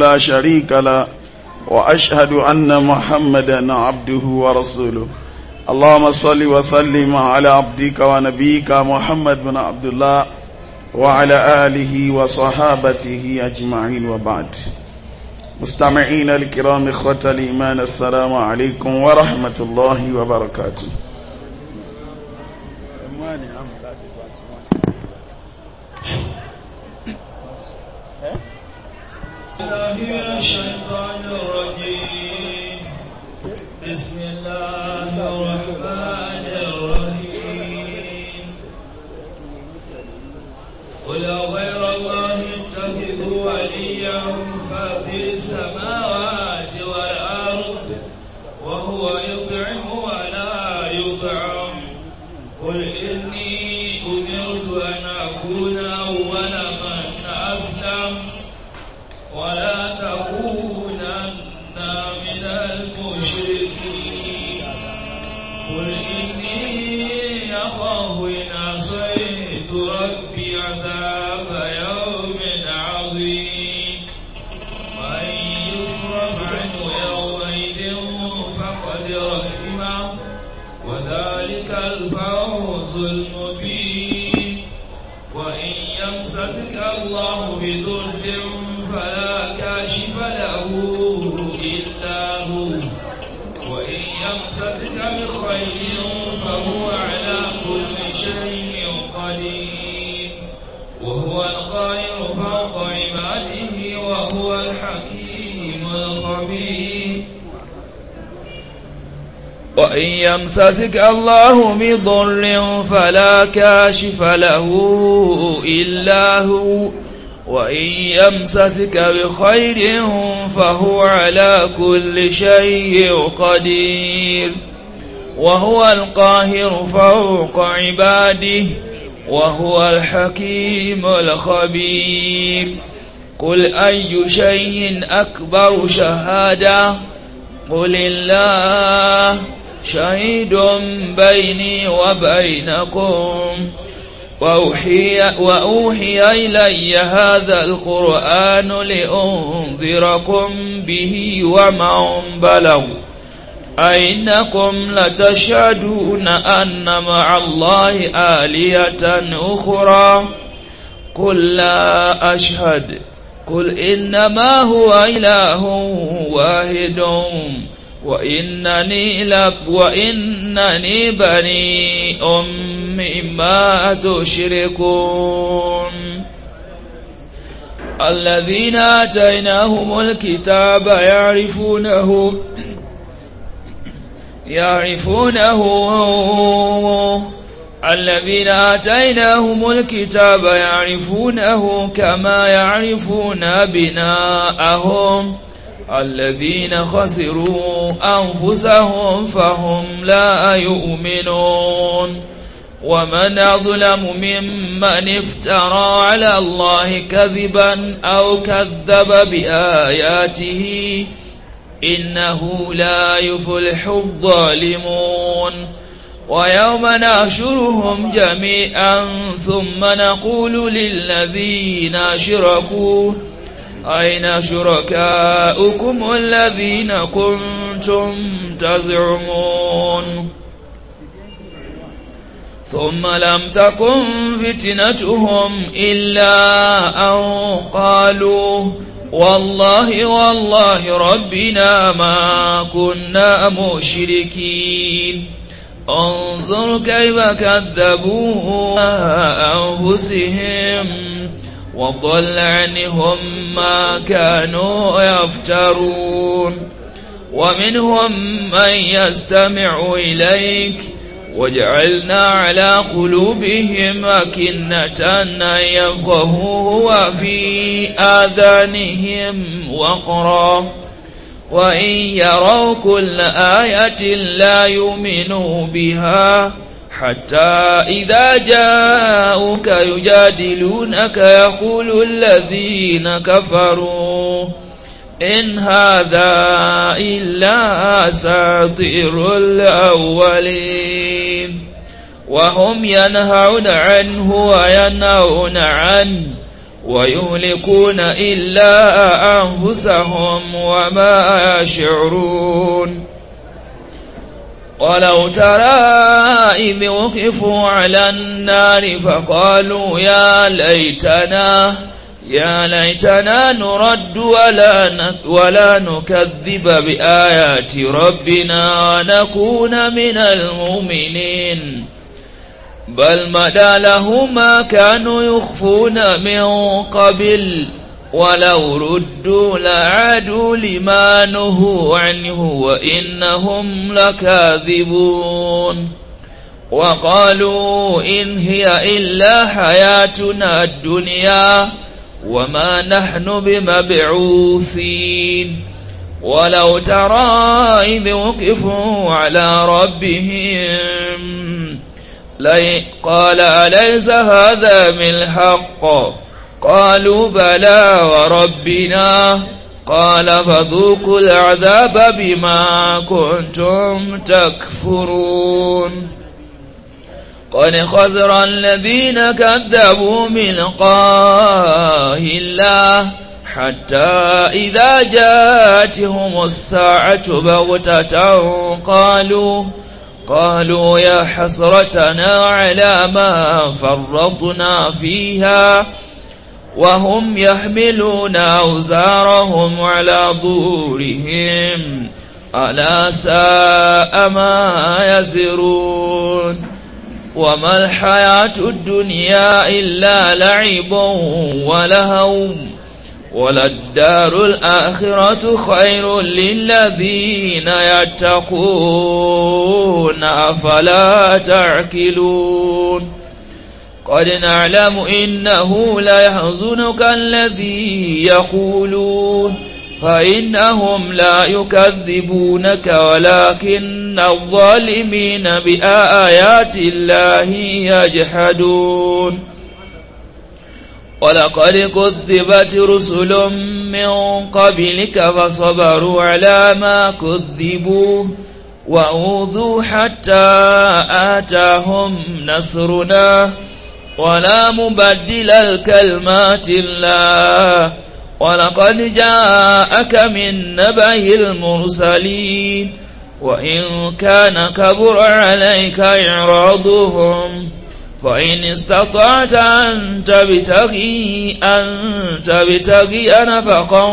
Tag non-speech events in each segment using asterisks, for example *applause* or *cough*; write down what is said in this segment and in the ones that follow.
لا شريك له وأشهد أن محمدا عبده ورسوله اللهم صل وسلم على عبدك ونبيك محمد بن عبد الله وعلى آله وصحابته أجمعين وبعد مستمعين الكرام إخوة الإيمان السلام عليكم ورحمة الله وبركاته بسم الله الرحمن الرحيم السماوات والارض عذاب يوم عظيم وإن يصرف عنه يومئذ فقد رحمه وذلك الفوز المبين وإن يمسسك الله بضر فلا كاشف له إلا هو وإن يمسسك بخير وهو الحكيم الخبير وإن يمسسك الله بضر فلا كاشف له إلا هو وإن يمسسك بخير فهو على كل شيء قدير وهو القاهر فوق عباده وهو الحكيم الخبير قل أي شيء أكبر شهادة قل الله شهيد بيني وبينكم وأوحي, وأوحي إلي هذا القرآن لأنذركم به ومن بلغ أينكم لتشهدون أن مع الله آلية أخرى قل لا أشهد قل إنما هو إله واحد وإنني لب وإنني بني مما تشركون الذين آتيناهم الكتاب يعرفونه يعرفونه الذين آتيناهم الكتاب يعرفونه كما يعرفون بناءهم الذين خسروا أنفسهم فهم لا يؤمنون ومن أظلم ممن افترى على الله كذبا أو كذب بآياته إنه لا يفلح الظالمون ويوم نحشرهم جميعا ثم نقول للذين شركوا أين شركاؤكم الذين كنتم تزعمون ثم لم تكن فتنتهم إلا أن قالوا والله والله ربنا ما كنا مشركين انظر كيف كذبوا أنفسهم وضل عنهم ما كانوا يفترون ومنهم من يستمع إليك وجعلنا على قلوبهم أكنة أن يفقهوه وفي آذانهم وقرا وإن يروا كل آية لا يؤمنوا بها حتى إذا جاءوك يجادلونك يقول الذين كفروا إن هذا إلا أساطير الأولين وهم ينهون عنه وينهون عنه ويهلكون إلا أنفسهم وما يشعرون ولو ترى إذ وقفوا على النار فقالوا يا ليتنا يا ليتنا نرد ولا ولا نكذب بآيات ربنا ونكون من المؤمنين بل مدى له ما كانوا يخفون من قبل ولو ردوا لعادوا لما نهوا عنه وإنهم لكاذبون وقالوا إن هي إلا حياتنا الدنيا وما نحن بمبعوثين ولو ترى إذ وقفوا على ربهم قال أليس هذا بالحق قالوا بلى وربنا قال فذوقوا العذاب بما كنتم تكفرون قد خسر الذين كذبوا قاه الله حتى إذا جاءتهم الساعة بغتة قالوا قالوا يا حسرتنا على ما فرطنا فيها وهم يحملون أوزارهم على ظهورهم ألا ساء ما يزرون وما الحياة الدنيا إلا لعب ولهو وللدار الآخرة خير للذين يتقون أفلا تعقلون قد نعلم إنه ليحزنك الذي يقولون فإنهم لا يكذبونك ولكن الظالمين بآيات الله يجحدون ولقد كذبت رسل من قبلك فصبروا على ما كذبوا وأوذوا حتى آتاهم نصرنا ولا مبدل الكلمات الله ولقد جاءك من نبه المرسلين وإن كان كبر عليك إعراضهم فإن استطعت أن تبتغي أن تبتغي نفقا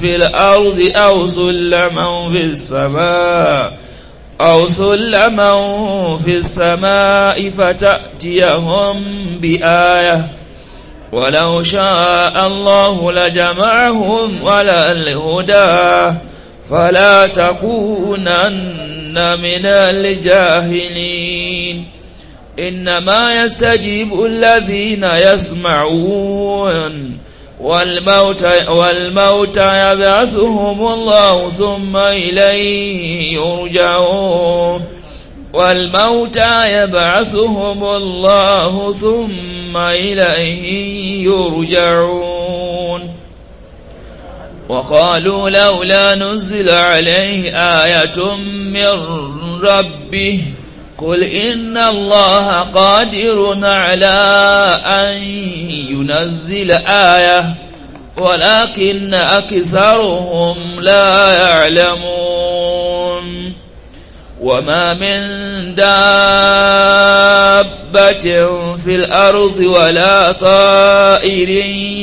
في الأرض أو سلما في السماء أو سلما في السماء فتأتيهم بآية ولو شاء الله لجمعهم على الهدى فلا تكونن من الجاهلين إنما يستجيب الذين يسمعون والموت, والموت يبعثهم الله ثم إليه يرجعون والموت يبعثهم الله ثم إليه يرجعون وقالوا لولا نزل عليه آية من ربه قل إن الله قادر على أن ينزل آية ولكن أكثرهم لا يعلمون وما من دابة في الأرض ولا طائر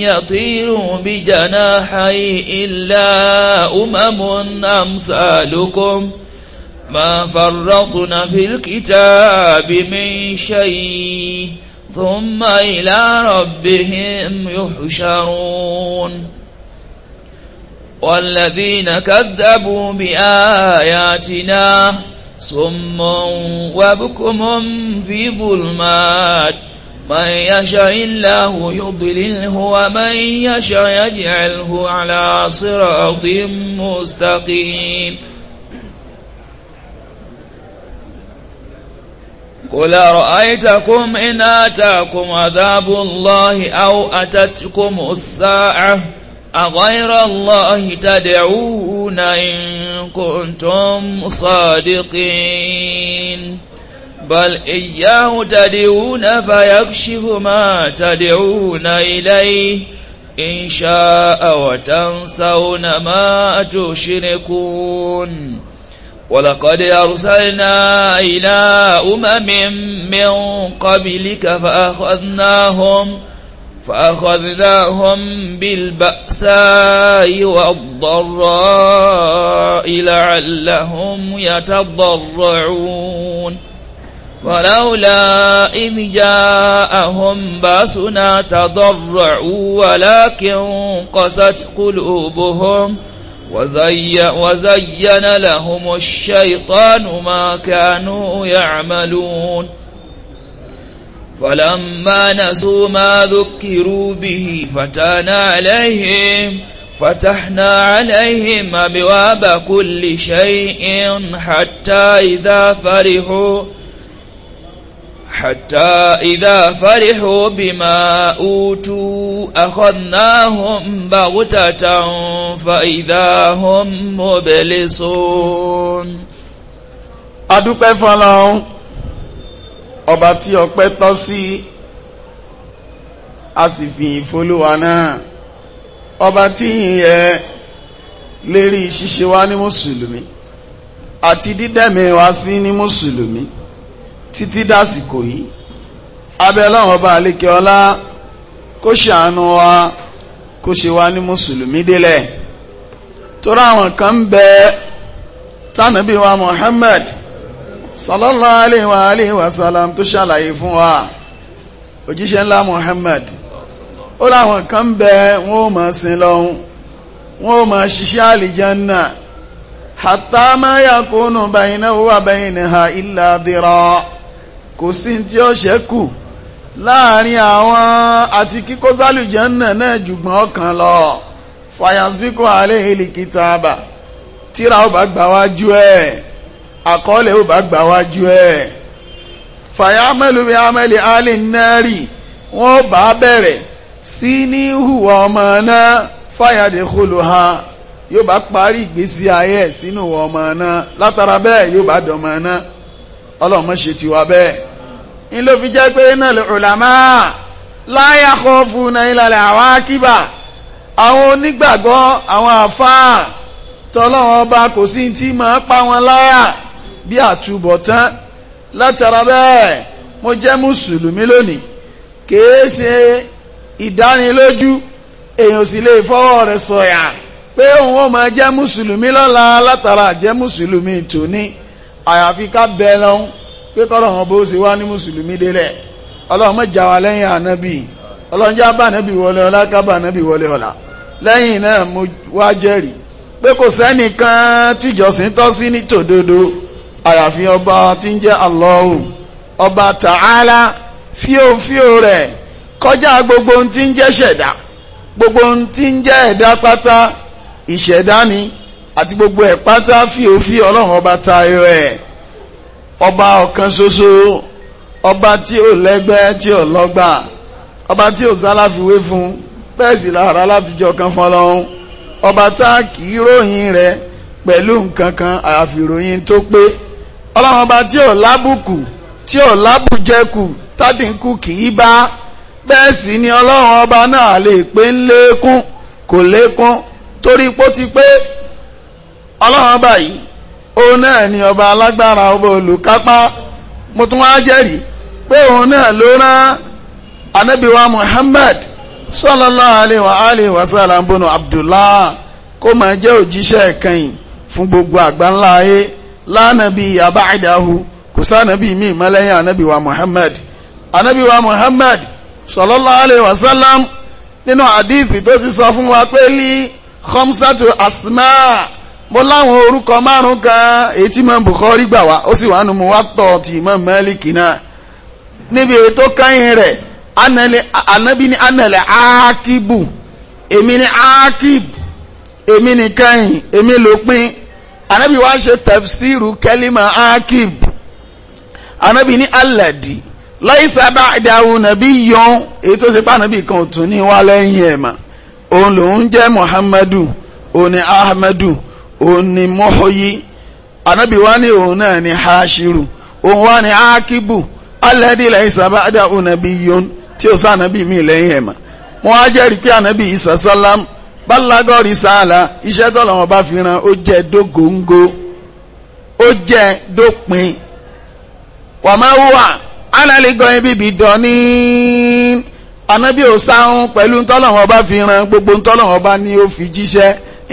يطير بجناحي إلا أمم أمثالكم ۖ ما فرطنا في الكتاب من شيء ثم إلى ربهم يحشرون والذين كذبوا بآياتنا صم وبكم في ظلمات من يشاء الله يضلله ومن يشاء يجعله على صراط مستقيم قل أرأيتكم إن آتاكم عذاب الله أو أتتكم الساعة أغير الله تدعون إن كنتم صادقين بل إياه تدعون فيكشف ما تدعون إليه إن شاء وتنسون ما تشركون ولقد أرسلنا إلى أمم من قبلك فأخذناهم فأخذناهم بالبأساء والضراء لعلهم يتضرعون ولولا إذ جاءهم باسنا تضرعوا ولكن قست قلوبهم ۖ وزي وزين لهم الشيطان ما كانوا يعملون فلما نسوا ما ذكروا به فتانا عليهم فتحنا عليهم أبواب كل شيء حتى إذا فرحوا حتى إذا فرحوا بما أوتوا أخذناهم بغتة فإذا هم مبلسون adúpẹ́ fọlọ́run ọba tí ọpẹ́ tọ́ sí a sì fi ìfolúwa náà ọba tí ìyẹn lérí ṣíṣe wa ní mùsùlùmí àti dídẹ̀mí wa sí ní mùsùlùmí títí dásìkò yìí abẹ́ ọlọ́run ọba àlékè ọlá kó ṣàánú wa kó ṣe wá ní mùsùlùmí délẹ̀ torí àwọn kan ń bẹ tánàbí wa Muhammad sallallahu alayhi wa alayhi wa sallam tó ṣàlàyé fún wa òjíṣẹ́ ńlá Muhammad ó láwọn kan bẹ wọn ò máa sin lọ́hun wọn ò máa ṣiṣẹ́ àlìjánná hatta ma yakunu baynahu wa baynaha illa dira kò sí tí ó ṣẹ́kù láàrin àwọn àti kíkó sálùjẹ́ náà náà jùgbọ́n ọkàn lọ fàyànsíkò alẹ́ ìlìkìtà àbà tíra ó bá gbà wájú ẹ̀ àkọọ́lẹ̀ ó bá gbà wájú ẹ̀ fàyàmẹ́lúmi amẹ́lì alẹ́ nẹ́rì wọ́n bá bẹ̀rẹ̀ sí ní hùwà ọmọ náà fàyàdé kòlò ha yóò bá parí ìgbésí ayé sínú ọmọ náà látara bẹ́ẹ̀ yóò bá dọ̀mọ náà ọlọ́run má ṣe tiwa bẹ́ẹ̀ ní ló fi jẹ́ pé náà ulama láyà kọ́ fún ìlàlẹ̀ àwọn akíbà àwọn onígbàgbọ́ àwọn àfáà tọ́lọ́run ọba kò sí tí máa pa wọn láyà bí àtúbọ̀tán látara bẹ́ẹ̀ mo jẹ́ mùsùlùmí lónìí kìí ṣe ìdánilójú èèyàn sì lè fọwọ́ rẹ̀ sọ̀yà pé òun ó máa jẹ́ mùsùlùmí lọ́la látara jẹ́ mùsùlùmí tòní àyàfi ká bẹ lọ́hún pé tọ́lọ́run bó ṣe wá ní mùsùlùmí délẹ̀ ọlọ́run má jà wá lẹ́yìn ànábì ọlọ́run já bá ànábì wọlé ọlá ká bá ànábì wọlé ọlá lẹ́yìn náà mo wá jẹ́rìí pé kò sẹ́nìkan tíjọsìn tọ́ sí ní tòdodo àyàfi ọba tí ń jẹ́ Allahu ọba tààlà fíòfíò rẹ̀ kọjá gbogbo ohun tí ń jẹ́ ṣẹ̀dá gbogbo ohun tí ń jẹ́ ẹ̀dá pátá ìṣẹ̀dá ni àti gbogbo ẹ̀ pátá fi òfin ọlọ́run ọba tayọ ẹ̀ ọba ọ̀kan ṣoṣo ọba tí ò lẹ́gbẹ́ tí ò lọ́gbà ọba tí ò sáláfiwé fún bẹ́ẹ̀ sì lára láfijọ́ kan fọlọ́run ọba tá kì í ròyìn rẹ̀ pẹ̀lú nǹkan kan àyàfi ìròyìn tó pé ọlọ́run ọba tí ò lábùkù tí ò lábùjẹkù tádínkù kì í bá bẹ́ẹ̀ sì ni ọlọ́run ọba náà lè pé ń lékún kò lékún torí pó ti pé ọlọ́run báyìí òun náà ni ọba alágbára ọba olùkápá mo tún wá jẹ́rìí pé òun náà ló rán anábìwá Muhammad sallallahu alayhi wa alihi wa sallam bùnú Abdullah kó máa jẹ́ òjíṣẹ́ kẹ́yìn fún gbogbo àgbáńlá ayé lánàbí abáìdáhu kò sánàbí mi mọ́lẹ́yìn anábìwá Muhammad anábìwá Muhammad sallallahu alayhi wa sallam nínú àdìsí tó ti sọ fún wa pé lí khamsatu asma' mo láwọn orúkọ márùn kan etí Imam Bukhari gbà wá ó sì wà nù Muwatta ti Imam Malik náà níbi ètò kẹ́yìn anabi ni anẹlẹ akibu èmi ni akib èmi ni kẹ́yìn èmi anabi wá ṣe tafsiru kelima akib anabi ni aladi láìsá bá ìdáhùn nàbí yan èyí tó nàbí kan ò tún ní wá lẹ́yìn ẹ̀ Muhammadu òun ni òun ni mọ́hóyí anábì wá ní òun náà ni haṣiru òun wá ní ákíbù alẹ́dìlẹ̀ ìsàbádà ònàbí yón tí ó sànàbí mi lẹ́yìn ẹ̀mà wọ́n á jẹ́rìí pé ànàbí ìsàsálám bálagọ́rì sáàlà iṣẹ́ tọ́lọ́wọ́n bá fi ran ó jẹ́ dógóńgó ó jẹ́ dópin wàmáwúwà alálẹ́gọ́ ibìbí dọ́ní ànábì ò sáhún pẹ̀lú ntọ́lọ́wọ́n bá fi ran gbogbo bá ní ó fi jíṣẹ́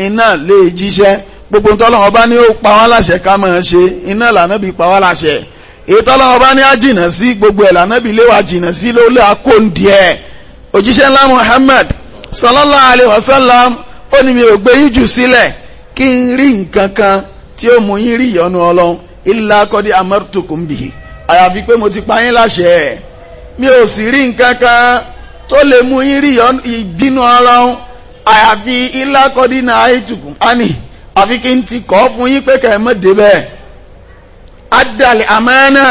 iná lè jíṣẹ́ gbogbo tọ́lọ́wọ́ bá ní ó pa wá láṣẹ ká máa ṣe iná lànàbí pa wá láṣẹ èyí tọ́lọ́wọ́ bá ní á jìnà sí gbogbo ẹ̀ lànàbí lé jìnà sí ló lé akóǹdíẹ̀ òjíṣẹ́ ńlá Muhammad sallallahu alayhi wa sallam ó ní mi ò gbé yín jù sílẹ̀ kí n rí nǹkan kan tí ó mú yín rí ìyọnu Ọlọ́run illa qad amartukum bihi àyàfi pé mo ti pa yín láṣẹ ẹ̀ mi ò sì rí nǹkan kan tó lè mú yín rí ìbínú Ọlọ́run àyàfi illa qad nahaytukum anhi àfi kí n ti kọ́ fún yín pé kẹ́ ẹ mọ̀ débẹ̀ adàlẹ̀ àmánà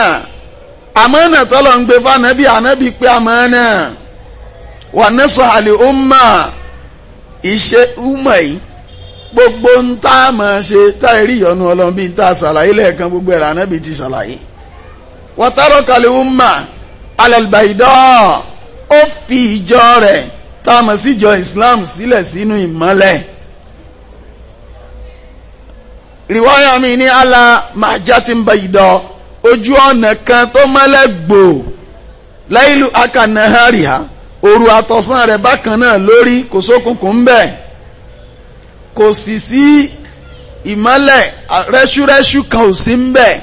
àmánà tọ́lọ̀ ń gbé fànàbí ànábì pé àmánà wà nẹ́sọ̀ àlè ọmọ ìṣe ọmọ yìí gbogbo ń tá a mọ̀ ṣe tá a rí ìyọnu ọlọ́run bíi tá a ṣàlàyé lẹ́ẹ̀kan gbogbo ẹ̀rọ ànábì ti ṣàlàyé wọ́tárọ̀ kalẹ̀ ọmọ alàlùbáyìdọ́ ó fi ìjọ rẹ̀ tá a mọ̀ síjọ Islam sílẹ̀ sínú ìmọ́lẹ̀. Si rìwáyà mi ní ala majatin bayda ojú ọ̀nà kan tó mọ́lẹ̀ gbòò láìlú akànnàhárìá òru àtọ̀sán rẹ̀ bákan náà lórí kò sókùnkùn bẹ̀ kò sì sí ìmọ́lẹ̀ rẹ́ṣúrẹ́ṣú kan ò sí ń bẹ̀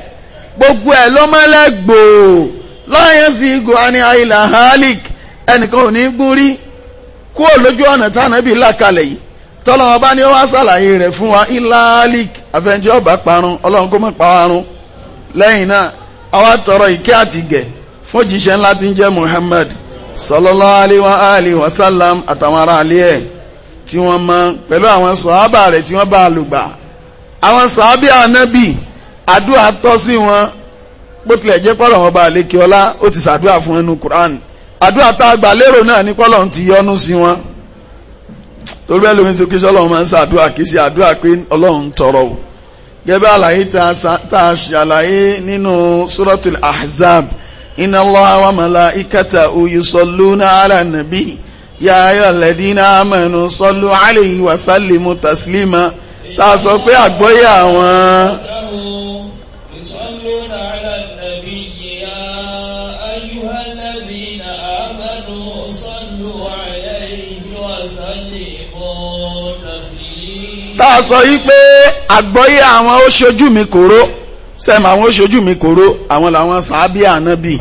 gbogbo ẹ̀ ló mọ́lẹ̀ gbòò lọ́yẹ̀ sí igun ani àìlà halik ẹnìkan ò ní gún rí kúrò lójú ọ̀nà tánàbí làkalẹ̀ yìí tọ́lọ́wọ́ bá ní ó wá sàlàyé rẹ̀ fún wa ilalik afẹ́ntí ọba parun ọlọ́run kó mọ̀ parun lẹ́yìn náà àwa tọrọ ìkẹ́ àti gẹ̀ fún jíṣẹ́ ńlá tí ń jẹ́ Muhammad sallallahu alaihi wa alihi wa sallam àtàwọn ará alẹ́ ẹ̀ tí wọ́n mọ pẹ̀lú àwọn sọ̀hábà rẹ̀ tí wọ́n bá lùgbà àwọn sọ̀hábì ànábì àdúrà tọ́ sí wọn bó tilẹ̀ jẹ́ pọ́lọ̀ bá torí bẹ́ẹ̀ lómi sọ kí sọ́lọ́run máa ń ṣàdúrà kì í ṣe àdúrà pé ọlọ́run tọrọ o gẹ́gẹ́ àlàyé tá a ṣàlàyé nínú suratul ahzab inna Allaha wa malaikatahu yusalluna ala nabi ya ayyuhalladhina amanu sallu alayhi wa sallimu taslima tá a sọ pé àgbọ́yé àwọn. tá a sọ yí pé àgbọ́yé àwọn ó ṣojú mi kòró sẹ́mi àwọn ó ṣojú mi kòró àwọn làwọn sàábí ànábì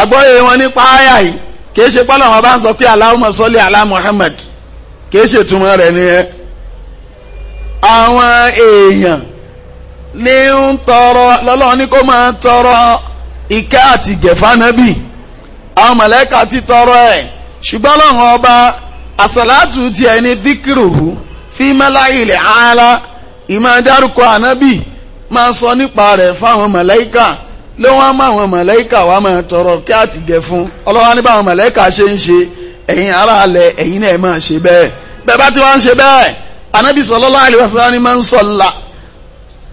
àgbọ́yé wọn nípa àyà yìí kìí ṣe pọ́lọ̀ wọn bá ń sọ pé Allahumma salli ala Muhammad kìí ṣe túmọ̀ rẹ̀ nìyẹn àwọn èèyàn ní ń tọrọ lọ́lọ́run ní kó máa tọrọ ìkẹ́ àti gẹ̀fà nábì àwọn mọ̀lẹ́kà ti tọrọ ẹ̀ ṣùgbọ́n lọ́run ọba àsàlátù tiẹ̀ ní díkìrùhù fi mẹ́láyì ilẹ̀ ààlá ìmọ̀ dárúkọ ànábì máa sọ nípa rẹ̀ fáwọn mọ̀lẹ́kà ló wá mọ́ àwọn mọ̀lẹ́kà wá máa tọrọ kí àtìgẹ̀ fún ọlọ́wọ́ nípa àwọn mọ̀lẹ́kà ṣe ń ṣe ẹ̀yin ara alẹ̀ ẹ̀yin náà máa ṣe bẹ́ẹ̀ bẹ́ẹ̀ bá ti wá ń ṣe bẹ́ẹ̀ ànábì sallallahu alaihi wasallam ni máa ń sọ̀la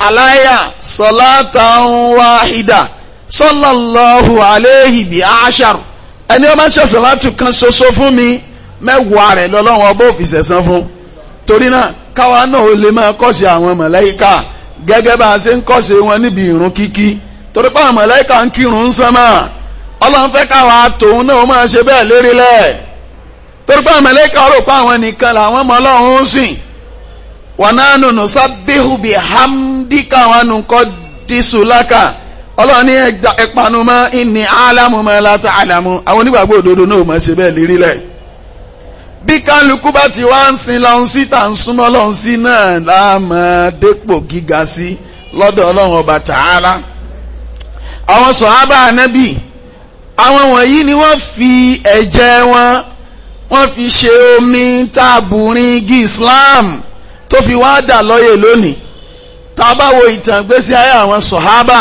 aláyà salatan wahida sallallahu torí náà káwa náà ó lè máa kọ́sẹ̀ àwọn màláíkà gẹ́gẹ́ bá a ṣe ń kọ́sẹ̀ wọn níbi ìrun kíkí torí pé àwọn màláíkà ń kírun ń sánmà ọlọ́run fẹ́ káwa tòun náà ó máa ṣe bẹ́ẹ̀ lérílẹ̀ torí pé àwọn màláíkà rò pé àwọn nìkan làwọn ọlọ́run bí kálukú bá ti wá ń sin lọ́hún sí tà ń súnmọ́ lọ́hún sí náà láàmú dépò gíga sí lọ́dọ̀ ọlọ́run ọba tààlà àwọn sọ̀hábà anábì àwọn wọ̀nyí ni wọ́n fi ẹ̀jẹ̀ wọn wọ́n fi ṣe omi táàbùrin igi Islam tó fi wá dà lọ́yẹ̀ lónìí tá a bá wo ìtàn gbésí ayé àwọn sọ̀hábà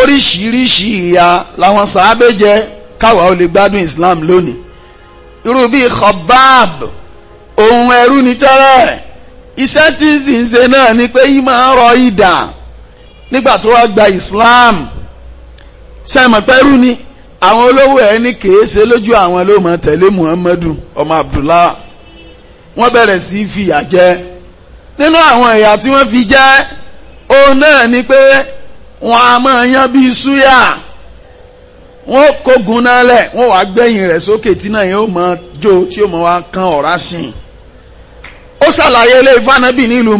oríṣiríṣi ìyà làwọn sàábé jẹ káwa gbádùn Islam lónìí irú bíi Khabbab òun ẹrú ni tẹ́lẹ̀ iṣẹ́ tí ń sì ń ṣe náà ni pé yìí máa ń rọ ìdà nígbà tó wá gba Islam sẹ́mọ̀ pẹ́rú ni àwọn olówó ẹ̀ ní kèé ṣe lójú àwọn ló tẹ̀lé Muhammadu ọmọ Abdullah wọ́n bẹ̀rẹ̀ sí fìyà jẹ nínú àwọn ẹ̀yà tí wọ́n fi jẹ òun náà ni pé wọ́n a máa yan bíi súyà wọ́n kógun náà lẹ̀ wọ́n wá gbẹ̀yìn rẹ̀ sókè tí náà yóò mọ jó tí yóò mọ wá kan ọ̀rá sìn ó ṣàlàyé ilé ìfànàbì nílùú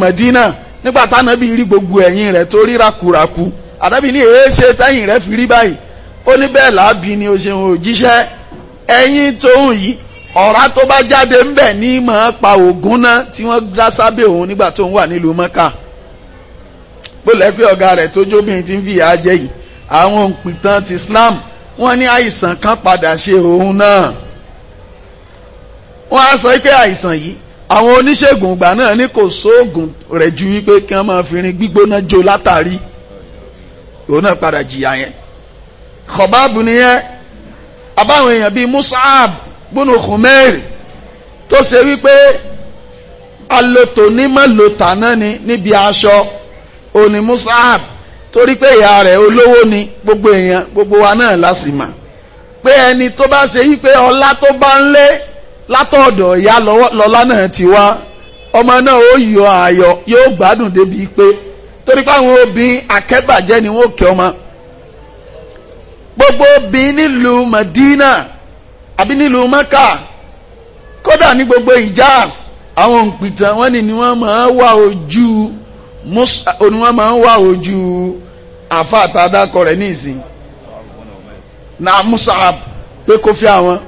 nígbà rí gbogbo ẹ̀yìn rẹ̀ tó rí rakuraku àdàbì ní èé ṣe tẹ́yìn rẹ̀ fi rí báyìí ó ní bẹ́ẹ̀ ni o ṣeun òjíṣẹ́ ẹ̀yìn tóun yìí ọ̀rá tó bá jáde ń bẹ̀ ní mọ̀ pa náà tí wọ́n dá sábẹ́ òun nígbà tó ń wà nílùú ọ̀gá rẹ̀ tó ti ń fìyà Islam wọ́n ní àìsàn kan padà ṣe òun náà wọ́n á sọ pé àìsàn yìí àwọn oníṣègùn ìgbà náà ní kò sóògùn rẹ̀ ju wípé kí wọ́n máa fi rin gbígbóná jó látàrí òun náà padà jìyà yẹn kọ̀báàbù nìyẹn abáwọn èèyàn bíi Mus'ab bùnú Khumair tó ṣe wípé alòtò ní mọ́lòtà náà ni níbi aṣọ òní Mus'ab torí pé ìyá rẹ̀ olówó ni gbogbo èèyàn gbogbo wa náà lásì mà pé ẹni tó bá ṣe yí pé ọlá tó bá ń lé látọ̀dọ̀ ìyá lọ́lá náà ti wá ọmọ náà ó yọ ayọ̀ yóò gbádùn débi pé torí pé àwọn obìnrin akẹ́bàjẹ́ ni wọ́n kẹ́ ọmọ gbogbo obìnrin nílùú Madina àbí nílùú Mẹ́kà kódà ní gbogbo Hijaz àwọn òǹpìtàn wọ́n ní ni wọ́n máa ń wá ojú ni wọ́n máa ń wá ojú àfa àtàdákọ rẹ̀ ní ìsìn na Mus'ab pé kó fi àwọn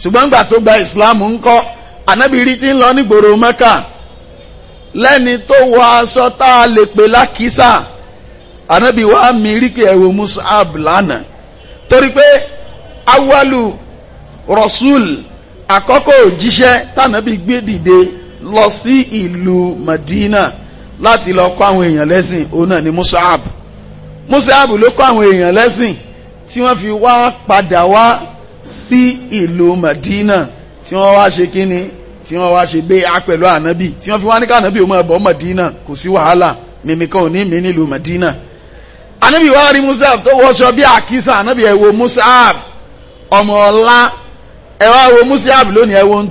ṣùgbọ́n nígbà tó gba ìsìláàmù ń kọ́ ànábì rí ti ń lọ nígboro Mẹ́kà lẹ́ni tó wọ aṣọ tá a lè pè lákìísà wa mi rí pé ẹ̀wọ̀ Mus'ab lánàá torí pé awalu rasul àkọ́kọ́ òjíṣẹ́ tànábì gbé dìde lọ sí ìlú Madina. láti lọ kọ́ àwọn èèyàn lẹ́sìn òun náà ni Mus'ab Mus'ab ló kọ́ àwọn èèyàn lẹ́sìn tí wọ́n fi wá padà wá sí ìlú Madina tí wọ́n wá ṣe kíni tí wọ́n wá ṣe béyà pẹ̀lú ànábì tí wọ́n fi wá ní kánábì òun ẹ̀bọ̀ Madina kò sí wàhálà mímíkan ò ní nílùú Madina ànábì wá rí Mus'ab tó wọṣọ bí àkísà ànábì ẹ̀ wo Mus'ab ọmọ ọlá ẹ̀ wá wo Mus'ab lónìí ẹ̀ wo ń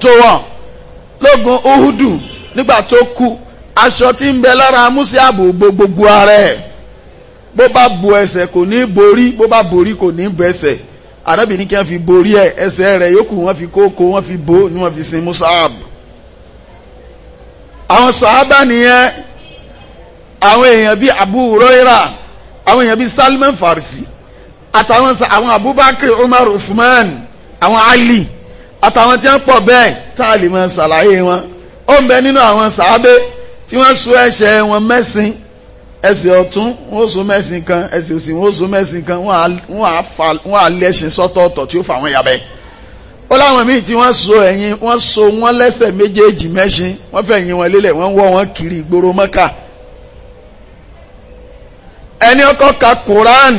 lógun Uhudu nígbà tó kú aṣọ tí ń bẹ lára Músíàbù bo gbogbo ara ẹ̀ bó bá bo ẹsẹ̀ kò ní borí bó bá borí kò ní bo ẹsẹ̀ Ànábì ní kí wọ́n fi borí ẹ̀ ẹsẹ̀ rẹ̀ yókù wọ́n fi kókó wọ́n fi bo ni wọ́n fi sin Músíàbù. àwọn sàhábà nìyẹn àwọn èèyàn bíi Abu Huraira àwọn èèyàn bíi Salman Farisi àtàwọn àwọn Abubakar Umar Uthman àwọn Ali àtàwọn tí wọ́n pọ̀ bẹ́ẹ̀ tá a lè máa ṣàlàyé wọn ó ń bẹ nínú àwọn sàábé tí wọ́n so ẹsẹ̀ wọn mẹ́sìn ẹsẹ̀ ọ̀tún wọ́n so mẹ́sìn kan ẹsẹ̀ òsì wọ́n so mẹ́sìn kan wọ́n á lẹ́sìn sọ́tọ̀ọ̀tọ̀ tí ó fà wọ́n yabẹ́ ó láwọn míì tí wọ́n so ẹ̀yìn wọ́n so wọ́n lẹ́sẹ̀ méjèèjì mẹ́sìn wọ́n fẹ́ yìn wọn lélẹ̀ wọ́n wọ́ wọn kiri ìgboro mọ́kà ẹni ọkọ ka Quran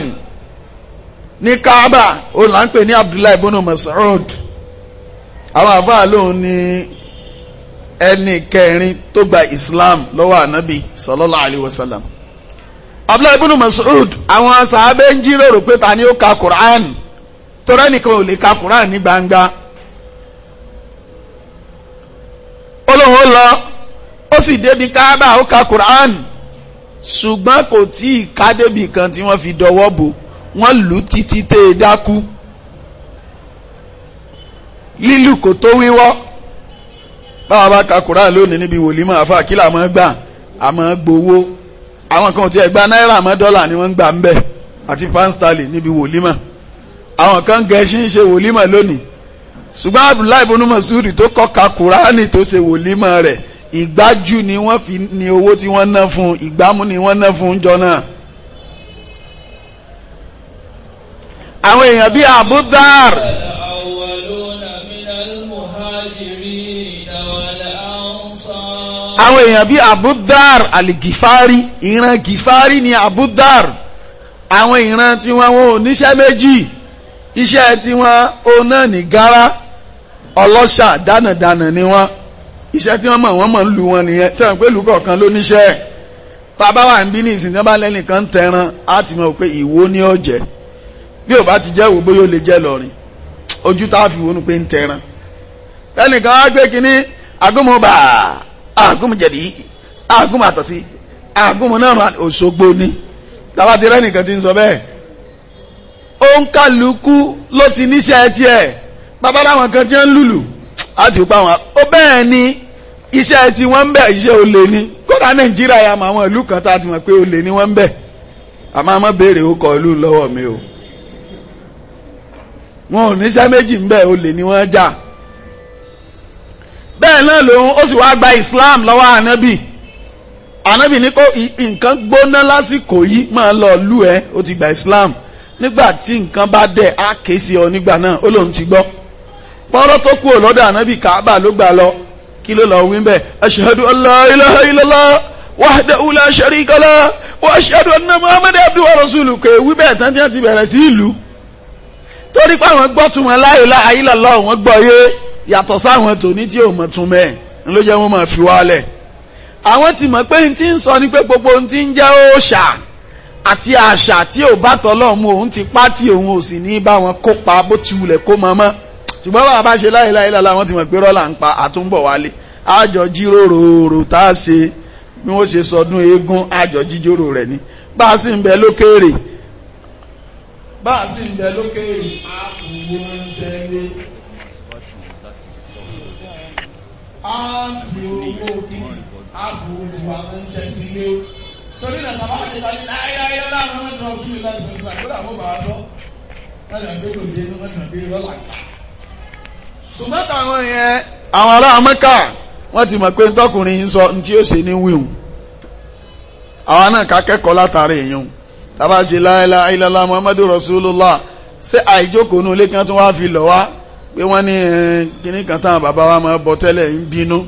ní Kaaba ó là ń pè ní Abdullahi ibn Mas'ud àwọn àbá lòun ní ẹni kẹrin tó gba islam lọ́wọ́ anabi sallallahu alayhi wa ọbụla abdullahi ibn mas'ud àwọn sàábẹ́ ń jíròrò pé ta ni ó ka quran torí ẹnìkan ò lè ka quran ní gbangba olóhùn lọ ó sì débi káábà ó ka quran ṣùgbọ́n kò tí ì ká débi kan tí wọ́n fi dọwọ bò wọn lù ú títí tẹ́ ẹ dákú lílù kò tó wíwọ́ báwa bá ka Quran lónìí níbi wòlímọ̀ àfa àkílà máa gbà àmọ́ gbowó àwọn kan tiẹ̀ gba náírà mọ́ dọ́là ni wọ́n ń gbà ń bẹ̀ àti pánstálì níbi wòlímọ̀ àwọn kan gẹ̀ẹ́sì ń ṣe wòlímọ̀ lónìí ṣùgbọ́n Abdullahi ibn Mas'ud tó kọ́ ka Quran tó ṣe wòlímọ̀ rẹ̀ ìgbájú ni wọ́n fi ní owó tí wọ́n ná fún ìgbámú ni wọ́n ná fún jọ náà. àwọn èèyàn bíi Abudar. àwọn èèyàn bíi abudar aligifari ìran gifari ni abudar àwọn ìran tí wọn ò níṣẹ́ méjì iṣẹ́ tí wọ́n ní gara ọlọ́ṣà dánàdánà ni wọ́n iṣẹ́ tí wọ́n mọ̀ wọ́n mọ̀ ń lu wọn nìyẹn sẹ́wọ̀n pé ìlú kọ̀ọ̀kan ló níṣẹ́ bàbá wa ń bí ní ìsìn tí wọ́n bá lẹ́nìkan tẹran á ti mọ̀ pé ìwo ni ó jẹ́ bí ò bá ti jẹ́ ìwo bóyá ó lè jẹ́ lọ́rin ojú tá a fi wo pé ń tẹran lẹ́nìkan á gbé kínní agúnmu bá agúnmu jẹ̀dí agúnmu àtọ̀sí agúnmu náà Òṣogbo ni tàbá ti rẹ́ nìkan ti ń sọ bẹ́ẹ̀ ó ń kálukú ló ti níṣẹ́ tiẹ̀ bàbá kan ti ń lùlù láti pa wọn ó bẹ́ẹ̀ ni iṣẹ́ tí wọ́n ń bẹ̀ iṣẹ́ olè ni kódà Nàìjíríà yà máa wọn ìlú kan tá a ti mọ̀ pé olè ni wọ́n ń bẹ̀ àmọ́ àmọ́ béèrè ó kọ ìlú lọ́wọ́ mi o wọn ò níṣẹ́ méjì ń bẹ̀ olè ni wọ́n já. Ja bẹ́ẹ̀ náà lòun ó sì wá gba Islam lọ́wọ́ anabi anabi ní kó nǹkan gbóná lásìkò yìí máa lọ lù ti gba Islam nígbà tí nǹkan bá dẹ̀ á ké sí ọ nígbà náà ó ti gbọ́ pọ́nrọ́ tó kú lọ́dọ̀ ànábì Káàbà ló gbà lọ kí ló lọ wí bẹ́ẹ̀ ashhadu an la ilaha illallah la wa wa kò wí bẹ́ẹ̀ tán ti bẹ̀rẹ̀ sí ìlú torí pé àwọn gbọ́ yàtọ̀ sáwọn tòní tí ò mọ̀ tún mẹ́ẹ̀ ló jẹ́ wọ́n máa fi wálẹ̀ àwọn ti mọ̀ pé n ti ń sọ ni pé gbogbo n ti ń jẹ́ òòṣà àti àṣà tí ò bá tọ́lọ̀ mu òun ti pa tí òun ò sì ní bá wọn kópa bó ti wulẹ̀ kó mọ́ mọ́ ṣùgbọ́n bá a bá ṣe láìláì lọ́la wọ́n ti mọ̀ pé rọ́là ń pa àtúnbọ̀ wálé àjọ jíròrò òrò tá a ṣe bí wọ́n ṣe sọdún eégún àjọ jíjòrò rẹ̀ ni bá a sì ń bẹ lókèèrè bá a sì ń bẹ lókèèrè á ń sẹ́lé á fi owó kí á fi owó tiwa torí na tàbá ti ta ní láyéláyé láwọn ọmọdé wọn sí ilé ẹsẹ sílá na wọn bàá na lọ́dà pé kò dé wọn tàn dé lọ́là. ṣùgbọ́n táwọn yẹn àwọn ará amẹ́kà wọ́n ti mọ̀ pé ntọ́kùnrin ń sọ yóò ṣe ní wíwù náà látàrí tàbá ti pé wọ́n ní kíní kan táwọn bàbá wa máa bọ tẹ́lẹ̀ ń bínú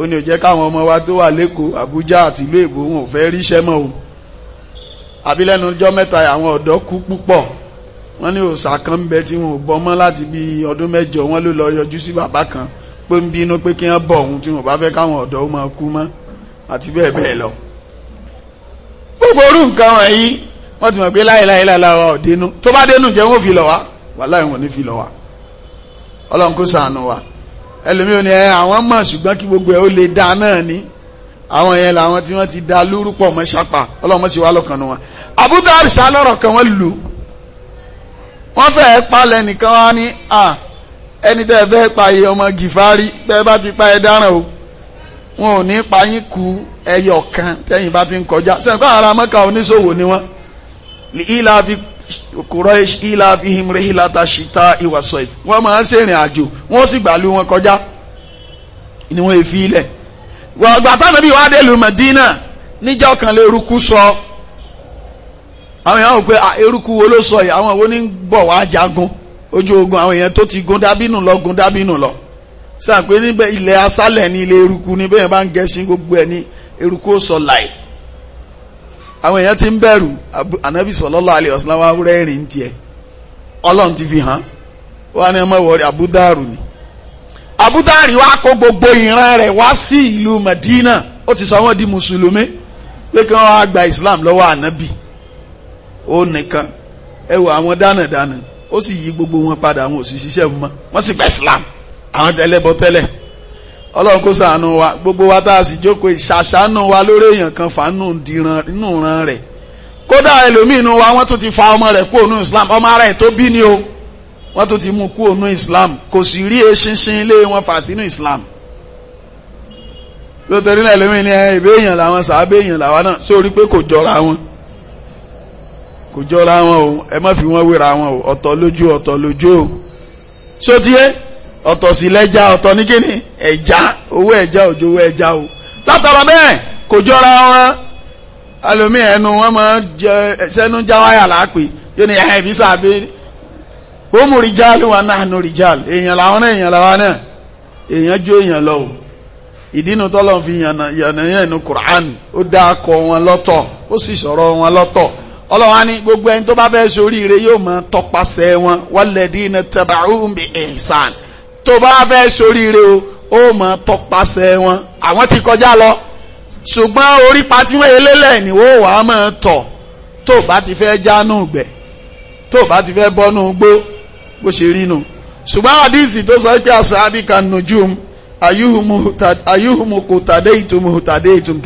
ó ní ó jẹ́ káwọn ọmọ wa tó wà lẹ́kọ̀ọ́ Àbújá àti ìlú èbó wọn ò fẹ́ ríṣẹ́ mọ́ o àbí lẹ́nu ọjọ́ mẹ́ta àwọn ọ̀dọ́ kú púpọ̀ wọ́n ní òòsà kan ń bẹ tí wọn ò bọ́ mọ́ láti bí ọdún mẹ́jọ wọn ló lọ yọjú sí bàbá kan pé ń bínú pé kí wọ́n bọ̀ òun tí wọn bá fẹ́ káwọn ọ̀dọ́ máa kú mọ́ àti bẹ́ẹ̀ bẹ́ẹ̀ lọ. gbogbo nǹkan wọ̀nyí wọ́n ti mọ̀ pé láìláìláìláwà ọlọ́run kó wa ẹlòmíràn ni ẹ àwọn mọ̀ ṣùgbọ́n kí gbogbo ẹ ó lè dá náà ni àwọn yẹn làwọn tí wọ́n ti da lórúkọ mọ́ ṣapa ọlọ́run mọ́ sí wa lọ́kàn wọn àbúdá àbùsà lọ́rọ̀ kan wọ́n lù wọ́n fẹ́ palẹ̀ nìkan wá ní à ẹni tẹ́ fẹ́ pa iye ọmọ gìfárí bẹ́ẹ̀ bá ti pa ẹ dáràn o wọn ò ní pa yín ku ẹyọ kan tẹ́yìn bá ti ń kọjá sẹ́yìn kọ́ ara mọ́ka oníṣòwò ni wọ́n ìlà fi Quraish ila fihim rehilata ṣìta ìwàsọ̀ì wọ́n máa ń ṣèrìn àjò wọ́n sì gbàlú wọn kọjá ni wọ́n fi ilẹ̀ gbàgbà táwọn bí wàá délùú lè sọ àwọn èèyàn wò pé eruku wo ló sọ yìí àwọn wo ní bọ̀ wá jagun ojú ogun àwọn èèyàn tó ti gun dábìnù lọ gun dábìnù lọ níbẹ̀ ilẹ̀ ni ilẹ̀ eruku ni bẹ́ẹ̀ bá gbogbo ẹ̀ eruku ó sọ àwọn èèyàn ti ń bẹ̀rù ànábì sallallahu alaihi wasallam wá rẹ́rìn tiẹ̀ ọlọ́run ti fi hàn wá ní ọmọ ìwọ̀rí abúdárù ni abúdárù wá kó gbogbo ìran rẹ̀ wá sí ìlú Madina ó ti sọ wọ́n di mùsùlùmí pé kí wọ́n á gba Islam lọ́wọ́ ànábì ó nìkan ẹ wo àwọn dánàdánà ó sì yí gbogbo wọn padà àwọn òṣìṣẹ́ mọ́ wọ́n sì gba Islam àwọn tẹ́lẹ̀ bọ́ tẹ́lẹ̀ ọlọ́run kó ṣàánú wa gbogbo wa tá a sì jókòó ṣàṣánú wa lórí èèyàn kan fàánù dìran inú ran rẹ̀ kódà ẹlòmíì wa wọ́n tún ti fa ọmọ rẹ̀ kú ònú islam ọmọ ara ẹ̀ tó bí ni o wọ́n tún ti mú kú ònú islam kò sì rí eṣinṣin ilé wọn fà sínú islam lótẹ́rí náà ẹlòmíì ní ẹ ìbé èèyàn làwọn sàábé èèyàn làwọn náà sórí pé kò jọra wọn kò jọra wọn o ẹ má fi wọn wéra wọn o ọ̀tọ̀ lójú ọ̀tọ̀ lójú o ṣó tiẹ́ ọ̀tọ̀ sí lẹ́jà ọ̀tọ̀ ní kíni ẹ̀já owó ẹ̀já òjò owó ẹ̀já o látara bẹ́ẹ̀ kò jọra wọn alomi ẹnu wọn máa jẹ sẹnu jáwáyà láàpè yóò ní ẹhẹ bí sàbẹ bómù rìjàl wà náà nù rìjàl èèyàn làwọn náà èèyàn làwọn náà èèyàn jó èèyàn lọ o ìdínú tọ́lọ̀ fi yànnà yẹn nu Qur'an ó dá akọ wọn lọ́tọ̀ ó sì sọ̀rọ̀ wọn lọ́tọ̀ ọlọ́wọ́n á ní gbogbo ẹni tó bá fẹ́ sóríire yóò máa tọpasẹ̀ wọn walladina taba'uhum bi ihsan tó bá fẹ́ soríire o ó mọ̀ tọpasẹ̀ wọn àwọn ti kọjá lọ ṣùgbọ́n orí ti elélẹ̀ ni ó wà á mọ̀ tọ̀ tó bá ti fẹ́ jánú gbẹ̀ tó bá ti fẹ́ bọ́nú gbó bó ṣe rí ṣùgbọ́n àdìsí tó sọ pé aṣọ abika nujum ayúhùmù kò tàdé ìtumù tàdé ìtumù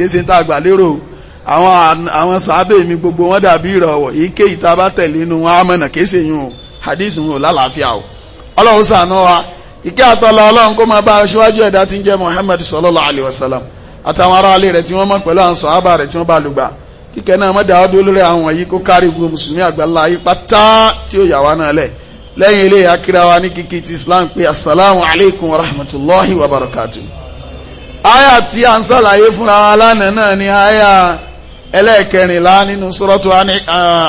mi gbogbo wọn dàbí ìrọ̀wọ̀ ike bá tẹ̀lé inú wọn o àdìsí wọn o ọlọ́run wa. ìkẹ́ àtọ́lọ ọlọ́run kó máa bá aṣíwájú ẹ̀dá tí ń jẹ́ Muhammad sallallahu alayhi wa sallam àtàwọn ará alẹ́ rẹ̀ tí wọ́n mọ̀ pẹ̀lú àwọn sọ̀hábà rẹ̀ tí wọ́n bá lùgbà kíkẹ́ náà mọ́dà ọdún àwọn wọ̀nyí kó kárí gbogbo mùsùlùmí àgbàlá ayé pátá tí ó yà wá náà lẹ̀ lẹ́yìn ilé akíra ní kíkí ti Islam pé asalaamu alaykum wa rahmatulahi wa barakatu. aya tí a ń sàlàyé fúnra wa lánàá náà ni aya ẹlẹ́ẹ̀kẹrìnlá nínú sọ́rọ́tù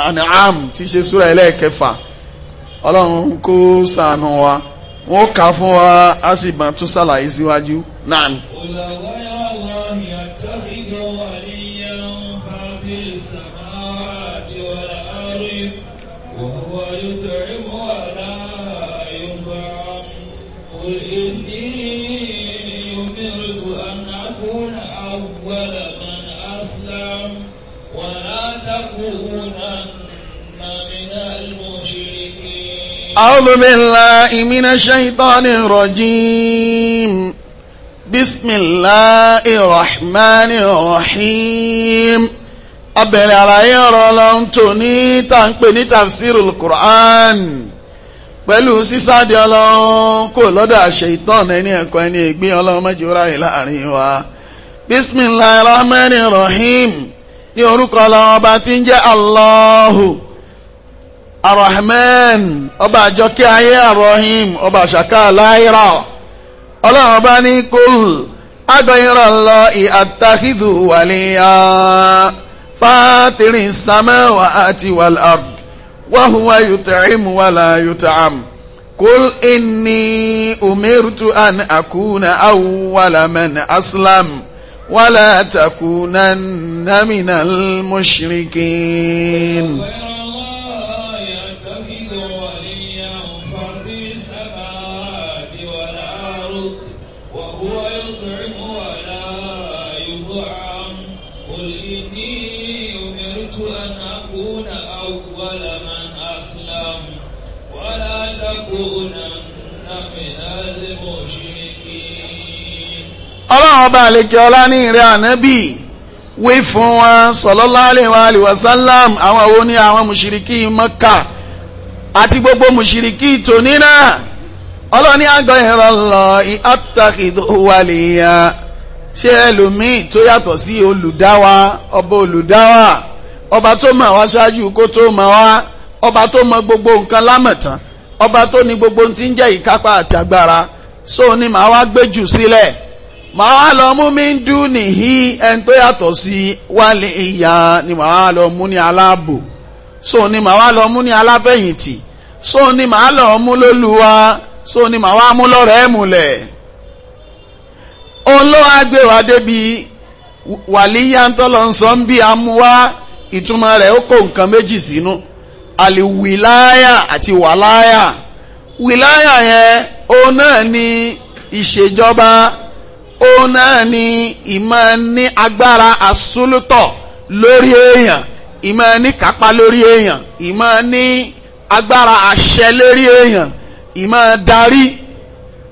An'am tí í ṣe súra ẹlẹ́ẹ̀kẹfà ọlọ́run kó ṣàánú wa wọ́n kà fún wa a sì máa tún ṣàlàyé síwájú náà ni. ولا تكونن من المشركين أعوذ بالله من الشيطان الرجيم بسم الله الرحمن الرحيم abẹ̀rẹ̀ àlàyé ọ̀rọ̀ ọlọ́run tó ní tá ń pè ní tafsirul Qur'an pẹ̀lú sísáde ọlọ́run kò lọ́dọ̀ àṣẹ ìtàn ẹni ẹ̀kọ́ ẹni ìgbín ọlọ́run mẹ́jọ ráyè láàrin wa bismillahir rahmanir rahim ní orúkọ ọlọ́run ọba tí ń jẹ́ Allahu arahman ọba àjọkẹ́ ayé arahim ọba àṣàkà láìra ọlọ́run ọba ní kul agbẹ̀yìnrán lọ ìhàtàkìdù wàlíyà fàtìrì sàmẹ́wà àti wàlárd wàhùwà yùtàìm wàlà yùtààm kul inni umirtu an akuna awwala man aslam wàlà takunanna minal mushrikin. ọlọ́run ọba àlejò ọlá ní ìrẹ́ ànábì wí fún wọn sallallahu alaihi wa sallam àwọn wo ni àwọn mùṣìríkì Mẹ́kà àti gbogbo mùṣìríkì tòní náà ọlọ́ni àgọ́ ìrọ̀lọ́ attakhidhu waliya ṣé ẹlòmíì tó yàtọ̀ sí olùdáwa ọba olùdáwa ọba tó mọ̀ wá ṣáájú kó tó mọ̀ wá ọba tó mọ̀ gbogbo nǹkan lámọ̀tán ọba tó ní gbogbo ti ń jẹ́ ìkápá àti agbára sóò ni màá wá gbé jù sílẹ̀ màá lọ mú mi ń dún nìyí ẹni yàtọ̀ sí wálé ìyá ni màá lọ mú ní aláàbò so ni màá lọ mú ní aláfẹ̀yìntì so ni màá lọ mú lólùwà so ni màá wá mú lọ́rẹ̀ ẹ̀mùlẹ̀ òun ló gbé wa débi wàlíyá ń ń bí amúwá ìtumọ̀ rẹ̀ ó kó nǹkan méjì sínú àlìwìláyà àti wàláyà wìláyà yẹn òun náà ni ìṣèjọba òun náà ni ìmọ̀ ní agbára asúlùtọ̀ lórí èèyàn ìmọ̀ ní kápá lórí èèyàn ìmọ̀ ní agbára àṣẹ lórí èèyàn ìmọ̀ darí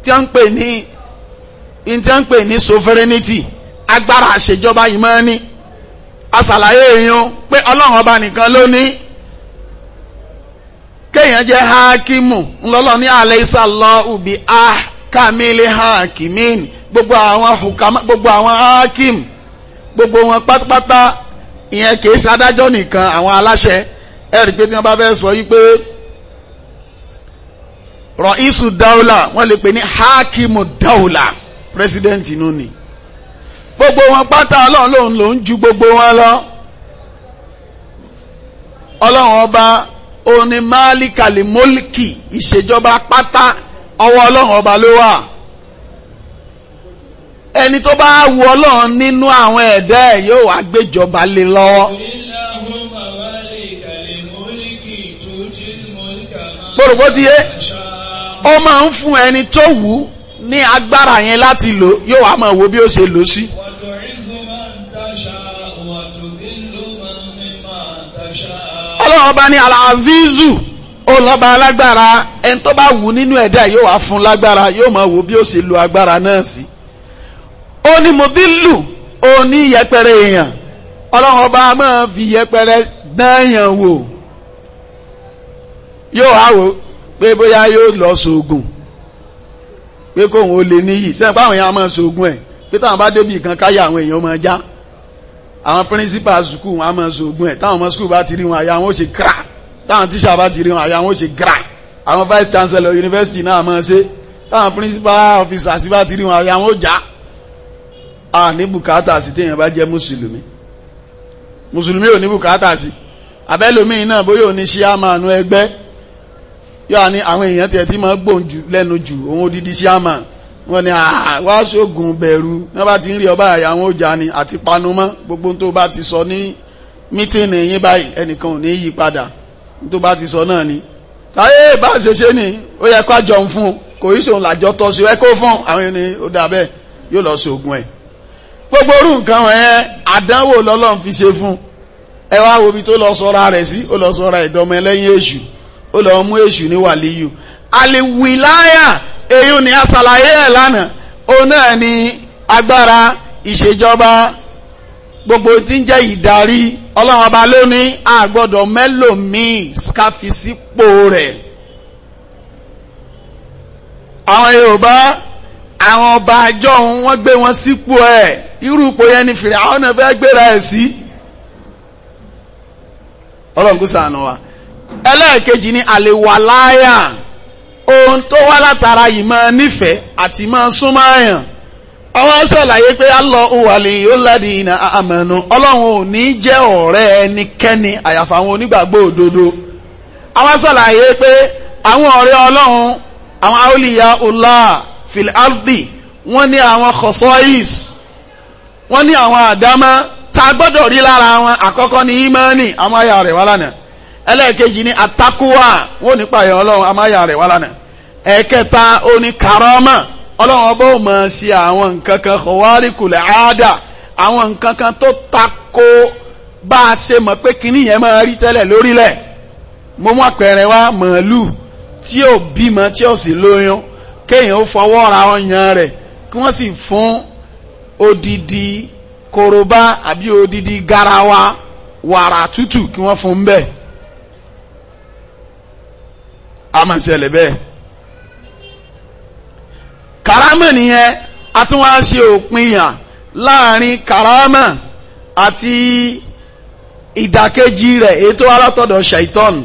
tí wọ́n ń pè ní tí wọ́n ń pè ní sovereignty agbára àṣejọba ìmọ̀ ní asàlàyé èèyàn pé ọlọ́run ọba nìkan ló ní kéèyàn jẹ́ hákímù ńlọ́lọ́ ní ubi ah kàmílì hakimin gbogbo àwọn hukama gbogbo àwọn hakim gbogbo wọn pátápátá ìyẹn kìí ṣe adájọ́ nìkan àwọn aláṣẹ ẹ rí pé tí wọ́n bá fẹ́ sọ yí pé rọ̀ísù dáúlà wọ́n lè pè ní hakimu dáúlà president inú ni gbogbo wọn pátá ọlọ́run lòun lòun ju gbogbo wọn lọ ọlọ́run ọba oní máàlìkàlì mólìkì ìṣèjọba pátá ọwọ́ ọlọ́run ọba ló wà ẹni tó bá wu ọlọ́run nínú àwọn ẹ̀dá ẹ̀ yóò wá gbéjọba lé lọ́wọ́. gbòrògbò ti yé ó máa ń fún ẹni tó wù ní agbára yẹn láti lò yóò wá máa wo bí ó ṣe lò sí. ọlọ́run ọba ní alazizu ó lọ́ba alágbára ẹni tó bá wù nínú ẹ̀dá yóò wá fún lágbára yóò máa wò bí ó ṣe lo agbára náà sí. ó ní mudillu ó ní yẹpẹrẹ èèyàn ọlọ́run ọba máa fi yẹpẹrẹ dáàyàn wò yóò wá wò pé bóyá yóò lọ sóògùn pé kóun ó lè níyì sẹ́yìn pé àwọn èèyàn máa sóògùn ẹ̀ pé táwọn bá débi kan káyà àwọn èèyàn máa já àwọn píríncípà sùkúù wọn á máa sóògùn ẹ̀ táwọn ọmọ sùkúù bá ti rí wọn àyà wọn ó ṣe kíra táwọn tíṣà bá ti rí wọn àyà wọn ṣe gra àwọn vice chancellor university náà máa ṣe táwọn principal officer sí bá ti rí wọn àyà wọn já a ní bùkátà sí téèyàn bá jẹ́ mùsùlùmí mùsùlùmí ò ní bùkátà sí abẹ́lòmíì náà bóyá ò ní ṣe àmàánú ẹgbẹ́ yóò ní àwọn èèyàn tiẹ̀ tí máa gbòòn jù lẹ́nu jù òun odidi sí wọn ni wá ṣoògùn bẹ̀rù wọn bá ti ń rí ọba àyà wọn ò ni àti panumọ́ gbogbo tó bá ti sọ ní mítìnì yín báyìí ẹnìkan ò ní yí padà tó bá ti sọ náà ni káyé bá ṣe ṣe ni ó yẹ kó àjọ ń fún kò í ṣòun làjọ tọ́ sí ẹ kó fún àwọn ẹni ó dà bẹ́ẹ̀ yóò lọ ṣoògùn ẹ̀ gbogbo orú nǹkan wọn yẹn àdánwò lọ́lọ́run fi ṣe fún ẹ wá wo ibi tó lọ sọra rẹ̀ sí ó lọ sọra ìdọ́mọ ẹlẹ́yìn èṣù ó lọ mú èṣù ní wàlíyù àlewìláyà èyí ni a ṣàlàyé ẹ̀ lánàá òun náà ni agbára ìṣèjọba gbogbo tí ń jẹ́ ìdarí ọlọ́run ọba ló ní àgbọ́dọ̀ mẹ́lòmíì káfíìsípò rẹ̀ àwọn yorùbá àwọn ọba àjọ wọn gbé wọn sípò ẹ̀ irú ipò yẹn ni fìrì àwọn náà fẹ́ gbéra ẹ̀ sí ọlọ́run kò sànù wa ẹlẹ́ẹ̀kejì ni àlewàláyà ohun tó wá látara yìí máa nífẹ̀ẹ́ àti máa súnmọ́ àyàn ọwọ́ sàlàyé pé Allahu waliyul ladina amanu ọlọ́run ò ní jẹ́ ọ̀rẹ́ ẹnikẹ́ni àyàfà àwọn onígbàgbọ́ òdodo àwọn sàlàyé pé àwọn ọ̀rẹ́ ọlọ́run àwọn awliyaullah fil ardi wọ́n ní àwọn khosais wọ́n ní àwọn àdámá ta gbọ́dọ̀ rí lára wọn àkọ́kọ́ ní imani amáyà rẹ̀ wá lánàá ẹlẹ́ẹ̀kejì ní atakuwa wọ́n nípa ọlọ́run rẹ̀ wá karama ọlọ́run ọba ò máa ṣe àwọn nǹkan kan kọ̀wárìkùlẹ̀ áádà àwọn nǹkan kan tó tako bá a ṣe mọ̀ pé kinní yẹn máa rí tẹ́lẹ̀ lórílẹ̀ mo mú àpẹẹrẹ wá màálù tí ò bímọ tí ò sì lóyún kéèyàn ó fọwọ́ ra ọyàn rẹ̀ kí wọ́n sì fún odidi korobá àbí odidi garawa wàrà tútù kí wọ́n fún bẹ́ẹ̀ a máa ṣẹlẹ̀ bẹ́ẹ̀ karama nìyẹn a tún wá ṣe òpinya láàrin kàrámà àti ìdàkejì rẹ̀ èyí tó wá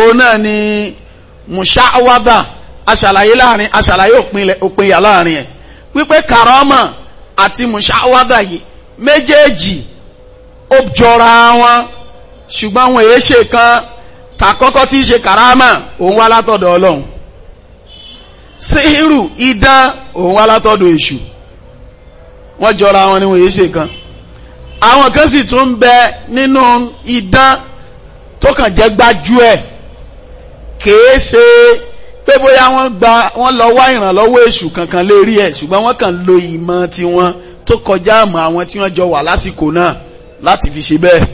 òun náà ni mùṣáwádà aṣàlàyé láàrin aṣàlàyé òpinya láàrin ẹ̀ wípé kàrámà àti mùṣáwádà yìí méjèèjì ó jọra wọn ṣùgbọ́n àwọn èéṣe kan tàkọ́kọ́ tí í ṣe karama òun wá látọ̀dọ̀ síhìrù ida òun wá látọ̀dọ̀ èṣù wọ́n jọra wọn ni wọ́n yé ṣe kan àwọn kan sì tún ń bẹ nínú idán tó kàn jẹ́ gbájú ẹ̀ kèé ṣe pé bóyá wọ́n gba wọ́n lọ wá ìrànlọ́wọ́ èṣù kankan lérí ẹ̀ ṣùgbọ́n wọ́n kàn lo ìmọ̀ tiwọn tó kọjá àmọ́ àwọn tí wọ́n jọ wà lásìkò náà láti fi ṣe bẹ́ẹ̀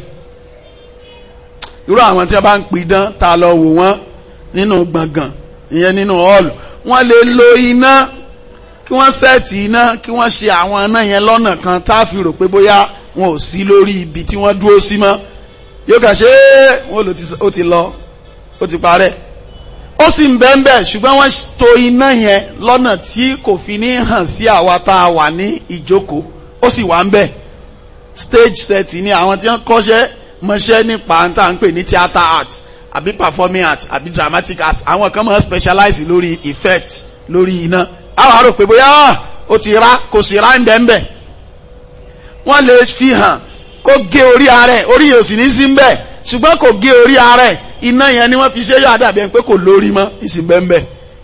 irú àwọn tí wọ́n bá ń pidán ta lọ wò wọ́n nínú gbọ̀ngàn ìyẹn nínú hall wọ́n lè lo iná kí wọ́n sẹ́ẹ̀tì iná kí wọ́n ṣe àwọn iná yẹn lọ́nà kan tá a fi rò pé bóyá wọn ò sí lórí ibi tí wọ́n dúró sí mọ́ yóò kà ṣe é wọn ò ti lọ ó ti parẹ́ ó sì ń bẹ́ńbẹ́ ṣùgbọ́n wọ́n tò iná yẹn lọ́nà tí kò fi ní hàn sí àwa tá a wà ní ìjókòó ó sì wà ń bẹ̀ stage set ni àwọn tí wọ́n kọ́ṣẹ́ mọṣẹ́ nípa tá à ń pè ní theatre art àbí performing arts àbí dramatic arts àwọn kan máa specialize lórí effect lórí iná àwọn àrò pé bóyá ah, ó ti rá kò sí rá ń bẹ̀ ń bẹ̀ wọ́n lè fi hàn kó gé orí ara ẹ̀ orí yóò sì ní sí ń bẹ̀ ṣùgbọ́n kò gé orí ara ẹ̀ iná yẹn ni wọ́n fi ṣe yóò dàbí ẹni pé kò lórí mọ́ ìsìnbẹ́ńbẹ́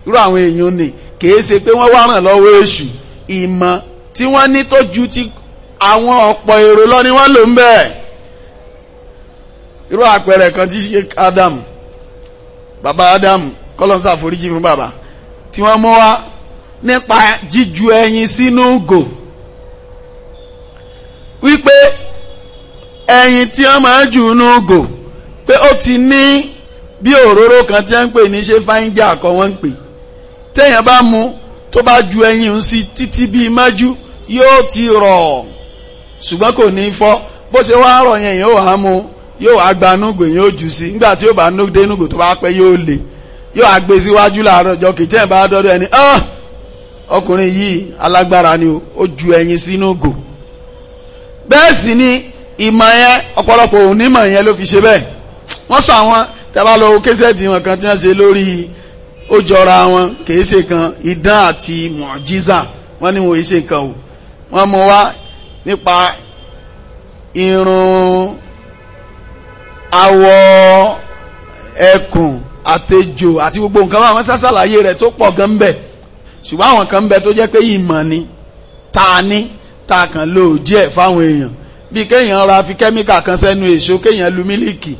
irú àwọn èèyàn ni kìí ṣe pé wọ́n wá ràn lọ́wọ́ èṣù ìmọ̀ tí wọ́n ní tó ju ti àwọn ọ̀pọ̀ èrò lọ ni wọ́n lò ń bẹ̀ irú àpẹẹrẹ kan tí ṣe Adam bàbá Adam kọlọ́nsà foríjì fún bàbá tí wọ́n mú wá nípa jíju ẹyin sínú ògò wípé ẹyin tí wọ́n máa jù nínú ògò pé ó ti ní bí òróró kan tí wọ́n ń pè ní ṣe fáínjà kọ́ wọ́n ń pè téèyàn bá mu tó bá ju ẹyin ń sí títí bíi májú yóò ti rọ̀ ṣùgbọ́n kò ní fọ́ bó ṣe wá rọ̀ yẹn yóò há mu yóò agba núgò yóò jù sí nígbà tí yóò bá dé núgò tó bá pẹ́ yóò lè yóò agbe síwájú láàárọ̀ ọjọ́ kìí tẹ́ ẹ̀ bá dọ́dọ̀ ẹni ọ́ ah! ọkùnrin yìí alágbára ni ó ju ẹyin sí núgò bẹ́ẹ̀ sì ni ìmọ̀ yẹn ọ̀pọ̀lọpọ̀ onímọ̀ yẹn ló fi ṣe bẹ́ẹ̀ wọ́n sọ àwọn tẹ́bá lọ késẹ́ẹ̀tì wọn kan tí wọ́n ṣe lórí ó wọn kìí ṣe kan idán àti mọ̀jíza wọ́n ní wọn ì ṣe nǹkan o wọ́n mú wá nípa irun awọ ẹkùn àtejò àti gbogbo nǹkan báwọn sásàlàyé rẹ̀ tó pọ̀ gan bẹ̀ ṣùgbọ́n àwọn kan bẹ tó jẹ́ pé ìmọ̀ ni ta ni ta kàn lò díẹ̀ fáwọn èèyàn bí kéèyàn ra fi kẹ́míkà kan sẹ́nu èso kéèyàn lu mílíkì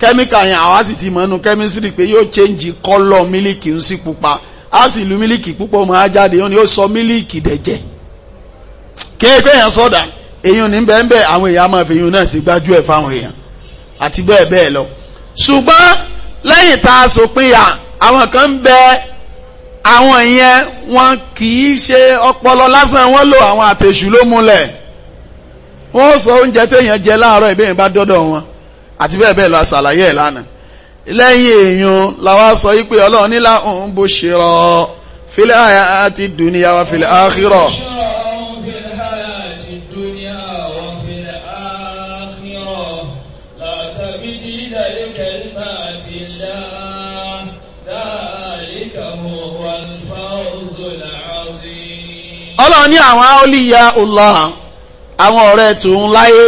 kẹ́míkà yẹn àwa sì ti mọ̀nú kẹ́mísírì pé yóò chẹ́ǹjì kọ́lọ̀ mílíkì ń sí pupa á sì lu mílíkì púpọ̀ mọ́ á jáde yóò ní ó sọ mílíkì dẹ̀jẹ̀ kéèkéèyàn sọ̀dà èèyàn ní bẹ́ẹ̀ bẹ́ẹ̀ àwọn èèyàn máa fi èèyàn náà sí gbájú ẹ̀ fáwọn èèyàn àti bẹ́ẹ̀ bẹ́ẹ̀ lọ ṣùgbọ́n lẹ́yìn tá a sòpinya àwọn kan ń bẹ àwọn yẹn wọn kì í ṣe ọpọlọ lásán wọn lò àwọn àtẹ̀sù ló múlẹ̀ wọn sọ oúnjẹ téèyàn jẹ láàárọ̀ ìbéèyàn bá dọ́dọ̀ wọn àti bẹ́ẹ̀ bẹ́ẹ̀ lọ àṣàlàyé ẹ̀ lánàá lẹ́yìn èèyàn làwa sọ wípé ọlọ́run nílá òun bó ṣe rọ fílẹ̀ àyà àti dùnìyàwó fílẹ̀ àkírọ̀. ọlọ́run ní àwọn ya Allah àwọn ọ̀rẹ́ tòun láyé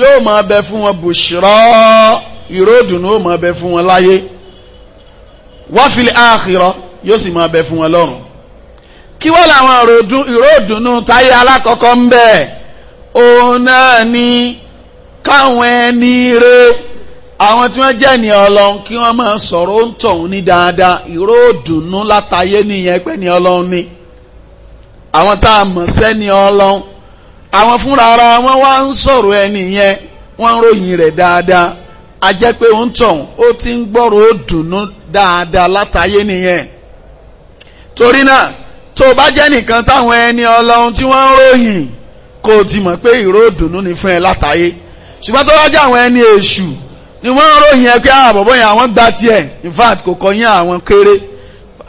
yóò máa bẹ fún wọn bùṣírọ́ ìròdùnú ó máa bẹ fún wọn láyé wafil akhirah yóò sì máa bẹ fún wọn lọ́run kí wọ́n làwọn ìròdùnú táyé alákọ̀ọ́kọ́ ń bẹ òun náà ni káwọn ẹni rẹ àwọn tí wọ́n jẹ́ ní ọlọ́run kí wọ́n máa sọ̀rọ̀ ń tọ̀hún ní dáadáa ìròdùnú látayé nìyẹn pé ní ọlọ́run ni. Dáadáa, àwọn tá a mọ̀ sẹ́ni ọlọ́run àwọn fúnra ara wọn wá ń sọ̀rọ̀ ẹni yẹn wọ́n ń ròyìn rẹ̀ dáadáa a jẹ́ pé ó ń ó ti ń gbọ́rọ̀ ó dùnnú dáadáa látayé nìyẹn torí náà tó bá jẹ́ nìkan táwọn ẹni ọlọ́run tí wọ́n ń ròyìn kó o mọ̀ pé ìró dùnnú ni fún ẹ látayé ṣùgbọ́n tó bá àwọn ẹni èṣù ni wọ́n ń ròyìn ẹ pé àbọ̀bọ̀ ah, yẹn àwọn gba tiẹ̀ in fact kò kọyìn àwọn kéré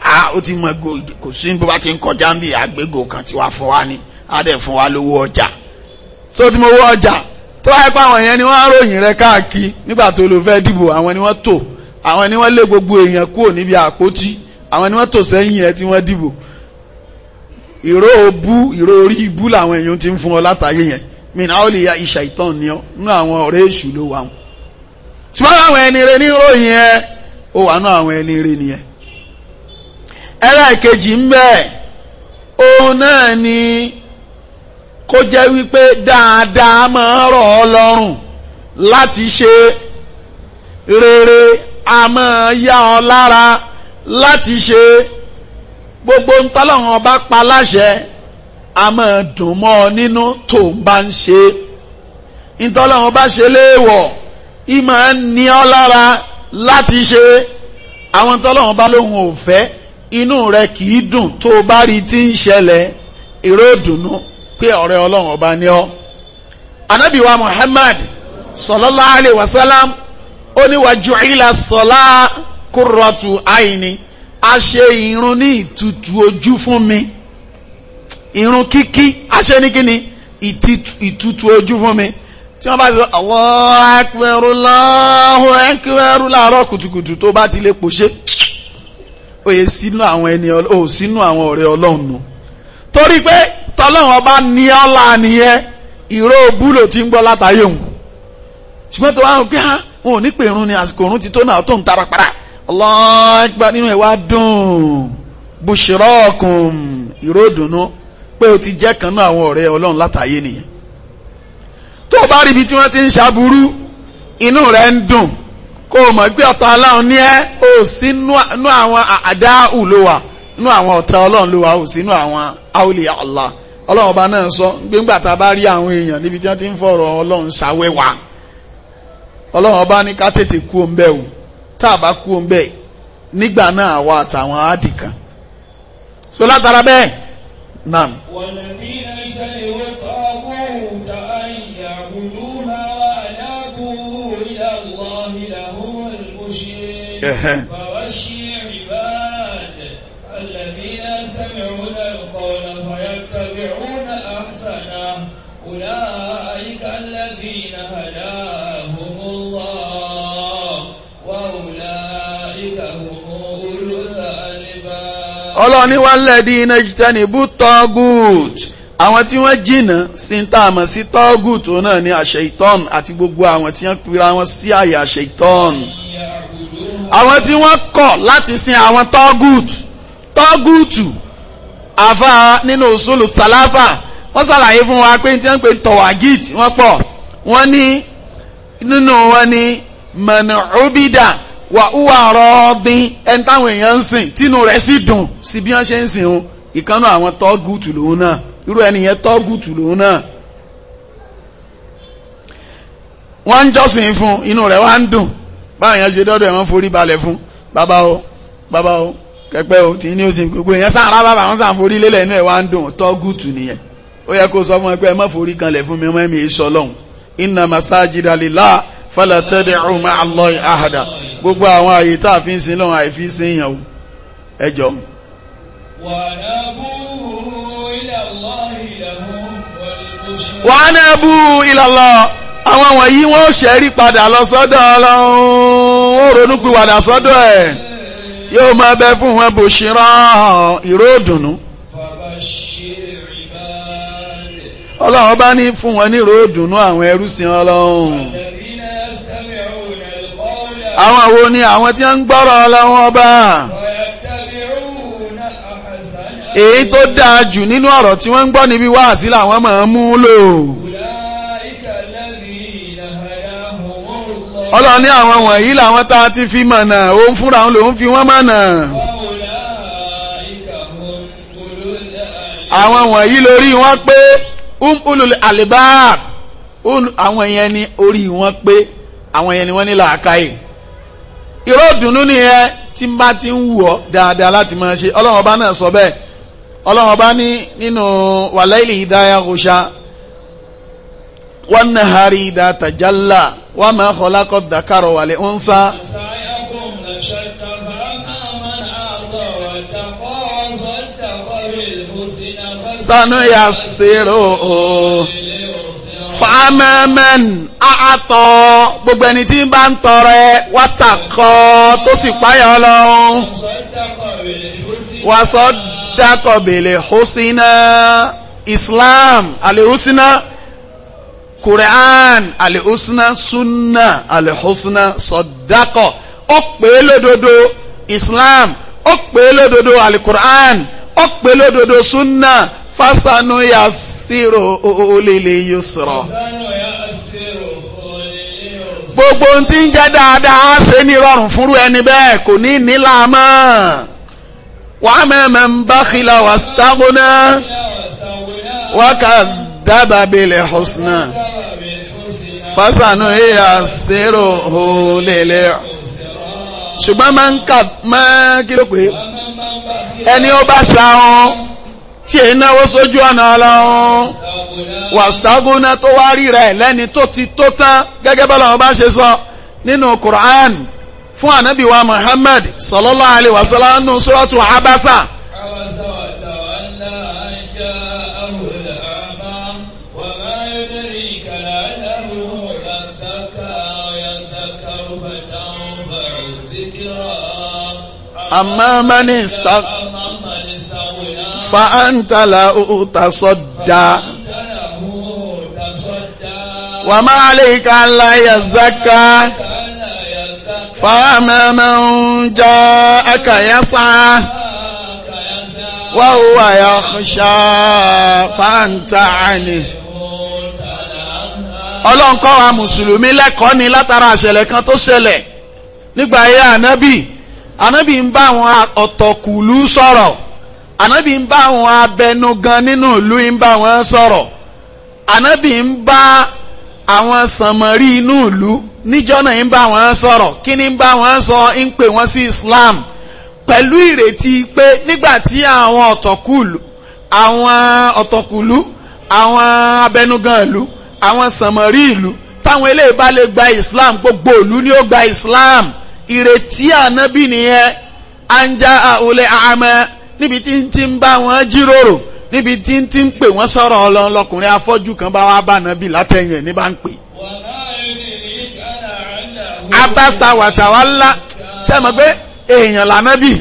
a ó ti mọ ego kò sí bó bá ti ń kọjá ń bí àgbégo kan ti wá fún wa ni á dẹ̀ fún wa lówó ọjà so tí mo wọ ọjà tó wáyé pé àwọn yẹn ni wọ́n ròyìn rẹ káàkiri nígbà tó lò fẹ́ dìbò àwọn ni wọ́n tò àwọn ni wọ́n lé gbogbo èèyàn kúrò níbi àpótí àwọn ni wọ́n tò sẹ́yìn ẹ tí wọ́n dìbò ìró obú ìró orí ibú làwọn èèyàn ti ń fún ọ látàyè yẹn mìíràn ó lè ya ìṣà ìtàn ni ọ nínú àwọn ọ̀rẹ́ èṣù ló wà wọn ṣùgbọ́n àwọn ẹni rẹ ní ròyìn ẹ ó wà nínú àwọn ẹni rẹ nìyẹn ẹlẹ́ẹ̀kejì ń bẹ òun náà ni kó jẹ́ wípé dáadáa máa rọ̀ ọ́ lọ́rùn láti ṣe rere a máa yá ọ lára láti ṣe gbogbo ntọ́lọ́wọ́n bá pa láṣẹ a máa dùn mọ́ ọ nínú tó ń bá ń ṣe ntọ́lọ́wọ́n bá ṣe léèwọ̀ ìmọ̀ ń ní ọ lára láti ṣe àwọn ntọ́lọ́wọ́n bá lóhun ò fẹ́ inú rẹ kì í dùn tó o bá rí tí ń ṣẹlẹ̀ èrò ìdùnnú pé ọ̀rẹ́ ọlọ́run ọba ni ọ́. Ànábì Muhammad sallallahu alayhi wa sallam ó ní wa ju'ila sọlá qurratu aini a ṣe irun ní ìtutù ojú fún mi irun kíkí a ṣe ní kíni ìtutù ojú fún mi tí wọ́n bá sọ Allahu akbar Allahu akbar láàárọ̀ kùtùkùtù tó bá ti lè pòṣe. Oye sínú àwọn ẹni ò sínú àwọn ọ̀rẹ́ ọlọ́run nù torí pé tọ́lọ́run ọba ní ọ́lá nìyẹn ìró búlò tí ń gbọ́ látàyè òun ṣùgbọ́n tó wá ń kí wọn ò ní pè irun ni àsìkò òun ti tó náà tó ń tara padà ọlọ́ọ̀gbà nínú ẹ̀ wá dùn bùṣírọ́ọ̀kùn ìró ìdùnnú pé o ti jẹ́ kan náà àwọn ọ̀rẹ́ ọlọ́run látàyè nìyẹn tó o bá rí ibi tí wọ́n ti ń ṣaburú inú rẹ̀ ń dùn kó o mọ̀ gbé ọ̀tọ̀ ọlọ́run ní ẹ́ ò sí nú àwọn àdáhù ló wà nú àwọn ọ̀tá ọlọ́run ló wà ò sí nú àwọn àwòlẹ̀ Allah ọlọ́run ọba náà sọ gbéńgbà tá a bá rí àwọn èèyàn níbi tí wọ́n ti ń fọ̀rọ̀ ọlọ́run ọba ní ká tètè kú o tá a bá kú so bẹ́ẹ̀ شيء فبشر عباد الذين يسمعون القول فيتبعون أحسنه أولئك الذين هداهم الله وأولئك هم أولو الألباب ọlọ́ni والذين اجتنبوا الطاغوت àwọn tí wọ́n jìnnà sí tá a mọ̀ sí tọ́gùtù náà ni àṣẹ ìtọ́n àti gbogbo àwọn tí wọ́n pera wọn sí àyè àṣẹ ìtọ́n àwọn tí wọ́n kọ̀ láti sin àwọn tọ́gùtù tọ́gùtù àfa nínú usulu salafa wọ́n sàlàyé fún wa pé tí wọ́n pe tọ̀wàgìt wọ́n pọ̀ wọ́n ní nínú wọn ní mọ̀nàúbídà wà úwà rọ́ọ̀dín ẹni táwọn èèyàn ń sìn tínú rẹ̀ sì dùn sí bí wọ́n ṣe ń sìn òun ìkànnà àwọn tọ́gùtù lòun náà irú ẹni yẹn tọ́gùtù lòun náà wọ́n ń jọ́sìn fún inú rẹ̀ wá ń dùn báyàn ṣe dọ́dọ̀ ẹ̀wọ̀n forí balẹ̀ fún bàbá o bàbá o kẹpẹ́ o tí ní o ti gbogbo èèyàn sáàrà bàbá wọn sàn forí lélẹ̀ inú ẹ̀ wá ń dùn tọ́gùtù nìyẹn ó yẹ kó sọ fún ẹ pé ẹ má forí kanlẹ̀ fún mi mọ́ ẹ̀mí èso Iná inna masajida lillah fala tad'u ma'a Allahi ahada gbogbo àwọn àyè tá a fi ń sin lọ́run àìfi sin yàn o ẹ jọ. wa anabu ila àwọn wọ̀nyí wọ́n ṣẹ́rí padà lọ sọ́dọ̀ ọlọ́run wọ́n ronú pìwàdà sọ́dọ̀ ẹ̀ yóò máa bẹ fún wọn bùṣírà ìró ìdùnnú ọlọ́run bá ní fún wọn ní ìró ìdùnnú àwọn ẹrúsìn ọlọ́run àwọn wo ni àwọn tí ń gbọ́rọ̀ ọlọ́run ọba èyí tó dáa jù nínú ọ̀rọ̀ tí wọ́n ń gbọ́ níbi wáàsí làwọn máa ń mú lò. ọlọ́run ní àwọn wọ̀nyí làwọn tá a ti fi mọ̀nà òun fúnra òun lòun fi wọ́n mọ̀nà. àwọn wọ̀nyí lórí wọn pé umulul alibab àwọn yẹn ni orí wọn pé àwọn yẹn ni wọ́n ní làákàyè. irọ́ ìdùnnú nìyẹn tí n bá ti ń wù ọ́ dáadáa láti máa ṣe ọlọ́run ọba náà sọ bẹ́ẹ̀ ọlọ́run ọba ní nínú wàlẹ́ẹ̀lì ìdáyà kò ṣá. والنهار إذا تجلى وما خلق الذكر والأنثى سنيسره fàámẹ́mẹ́n àtọ̀ gbogbo ẹni tí ń bá ń tọrẹ wátàkọ tó sì páyà ọlọ́run wàsọ́dàkọ̀bẹ̀lẹ̀ hosina Islam alẹ́ hosina alukur'an alihusna sunna alihusna sọdakọ ó pè é lódodo islam ó pè é lódodo alukur'an ó pè é lódodo sunna fasanu yasiru olele yusra. gbogbo ohun tí ń jẹ́ dáadáa ṣe ní ìrọ̀rùn fúnrú ẹni bẹ́ẹ̀ kò ní nílà wàá mẹ́mẹ́ ń bá kila wàá sítágbóná wákàtí dábàá bílẹ̀ husna fásánù ìyá sèrò òlélẹ̀ ṣùgbọ́n máa ń kà máa kí ló pé ẹni ó bá ṣàwọn tí èyí náwó sójú ọ̀nà ọlọ́run wàstágúnná tó wá ríra ẹ̀ lẹ́ni tó ti tó tán gẹ́gẹ́ bọ́lá wọn ṣe sọ nínú Qur'an fún ànábì Muhammad sallallahu alaihi wasallam nù suratu Abasa. àmọ́ mẹ́nìsítà fàáńtàlà òtàsọ́dà wà máa lè ká láyà zaka fàámẹ́ máa ń já akàyásá wà wà yà ṣá fàáńtà àní ọlọ́nkọ́ wa mùsùlùmí lẹ́kọ́ ni látara àṣẹlẹ̀ kan tó ṣẹlẹ̀ nígbà ayé ànábì anábì ń bá àwọn ọ̀tọ̀kùlú sọ̀rọ̀ anábì ń bá àwọn abẹnugan nínú ìlú ń bá wọn sọ̀rọ̀ anábì ń bá àwọn sànmọ́rí inú ìlú níjọ́ náà ń bá wọn sọ̀rọ̀ kí ni ń bá wọn sọ ń pè wọ́n sí Islam pẹ̀lú ìrètí pé nígbà tí àwọn ọ̀tọ̀kùlú àwọn ọ̀tọ̀kùlú àwọn abẹnugan ìlú àwọn sànmọ́rí ìlú táwọn eléyìí bá lè gba Islam gbogbo ìlú ni ó gba Islam. ìrètí ànábì nìyẹn anja àwòlẹ̀ àmọ́ níbi tí ń ti ń bá wọn jíròrò níbi tí ń ti ń pè lọkùnrin kan bá wá bá ànábì látẹ̀yìn ní bá ń pè. abasa wàtàwálá ṣe mọ̀ pé èèyàn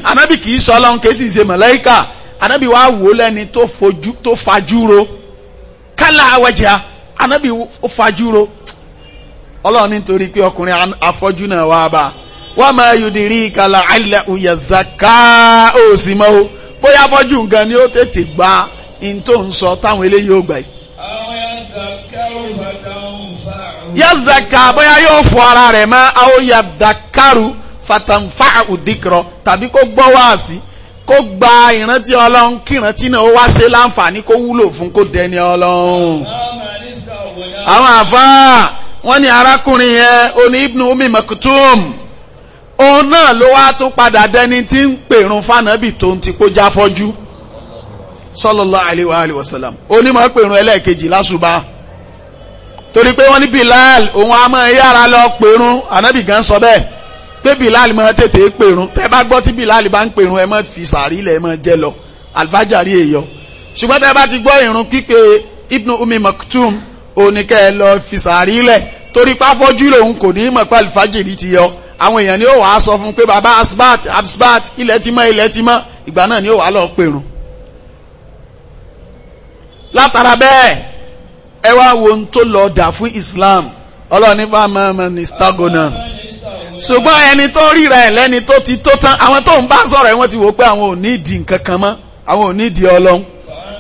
ànábì kì í sọ ọlọ́run kì í sì ṣe mọ̀lẹ́kà ànábì wá wò lẹ́ni tó fojú kálá àwẹ̀jà ànábì ó nítorí pé a. wọ́n máa yùdìrí ìkàlà àìlẹ̀ òyàzàká ó sì mọ́ o bóyá fọ́jú nǹkan ni ó tètè gba in tó ń sọ táwọn eléyìí ó gbà yìí. yàzàká bóyá yóò fọ ara rẹ̀ mọ́ àwọn yàdàkárù fatanfa òdìkọ̀rọ̀ tàbí kó gbọ́ wá sí kó gba ìrántí ọlọ́run kí ìrántí náà ó wá ṣe láǹfààní kó wúlò fún kó dẹni ọlọ́run. àwọn àfáà wọ́n ní arákùnrin yẹn oní ibnu umi makutum òun náà ló wá tún padà dẹni tí ń pèrun fànàbì tó ń ti kó jáfọ́jú sallallahu alaihi wa alihi wasallam onímọ̀ pèrun ẹlẹ́ẹ̀kejì lásùbà torí pé wọ́n ní Bilal òun a máa yára lọ pèrun ànábì gan sọ bẹ́ẹ̀ pé Bilal máa tètè pèrun tẹ́ bá gbọ́ tí Bilal bá ń pèrun ẹ má fi sàárì ilẹ̀ ẹ má jẹ lọ alfajari èyọ ṣùgbọ́n tẹ́ bá ti gbọ́ ìrun pípe Ibn Ummi Maktum òun ni kẹ́ ẹ lọ fi sàárì ilẹ̀ torí pé afọ́jú lòun kò ní mọ̀ pé alfajari ti yọ àwọn èèyàn ni ó wàá sọ fún pé bàbá asbat asbat ilẹ̀ ti mọ́ ilẹ̀ ti mọ́ ìgbà náà ni ó wàá lọ pèrún látara bẹ́ẹ̀ ẹ wá wo ohun tó lọ dà fún Islam ọlọ́ọ̀ni bá máa ma ní stagona ṣùgbọ́n ẹni tó ríra ẹ̀ lẹ́ni tó ti tó tán àwọn tó ń bá sọ̀rọ̀ ẹ̀ wọ́n ti wò pé àwọn ò ní ìdí nǹkan kan mọ́ àwọn ò ní ìdí ọlọ́run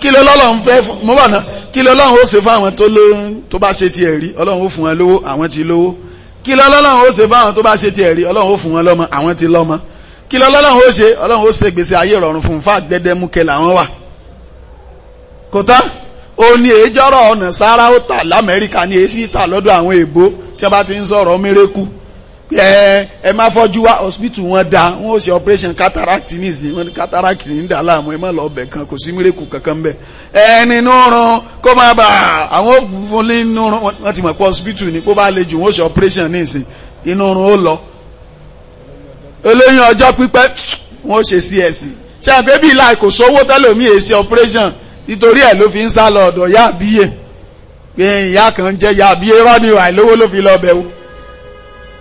kí ló lọ́lọ́run fẹ́ mọ́ bọ̀ náà kí ló lọ́run ó ṣe fún àwọn tó bá ṣe tiẹ̀ rí ọlọ́run ó fún wọn lówó àwọn ti lówó kí lọ́lọ́run ó ṣe fáwọn tó bá ṣe tiẹ̀ rí ọlọ́run ó fún wọn lọ́mọ àwọn ti lọ́mọ kí lọ́lọ́run ó ṣe ọlọ́run ó ṣe gbèsè ayé ìrọ̀rùn fún fún àgbẹ̀dẹ̀múkẹ́ làwọn wà kò tán ó ní èéjọ́rọ̀ ọ̀nà sára ó tà lamẹ́ríkà ní èsì tà lọ́dọ̀ àwọn èèbó tí wọ́n bá ti ń sọ̀rọ̀ mérékù ẹ ẹ má fọ́jú wá hospital wọn da wọn ò ṣe operation cataract nísìnyí wọn ní cataract ní dà láàmú ẹ má lọ ọbẹ̀ kan kò sí mírèkù kankan bẹ́ẹ̀ ẹni nùrùn kó má bà àwọn òfin ní nùrùn wọn ti mọ̀ pé hospital ni kó bá le jù wọn ò ṣe operation nísìnyí inúrun ó lọ olóyún ọjọ́ pípẹ́ wọn ò ṣe cs ṣe àgbébí láì kò sówó tẹ́lòmí èsì operation nítorí ẹ̀ ló fi ń sá lọ ọ̀dọ̀ yá àbíyè pé ìyá kan jẹ́ yá àbíyè rọ́ ni àìlówó ló fi lọ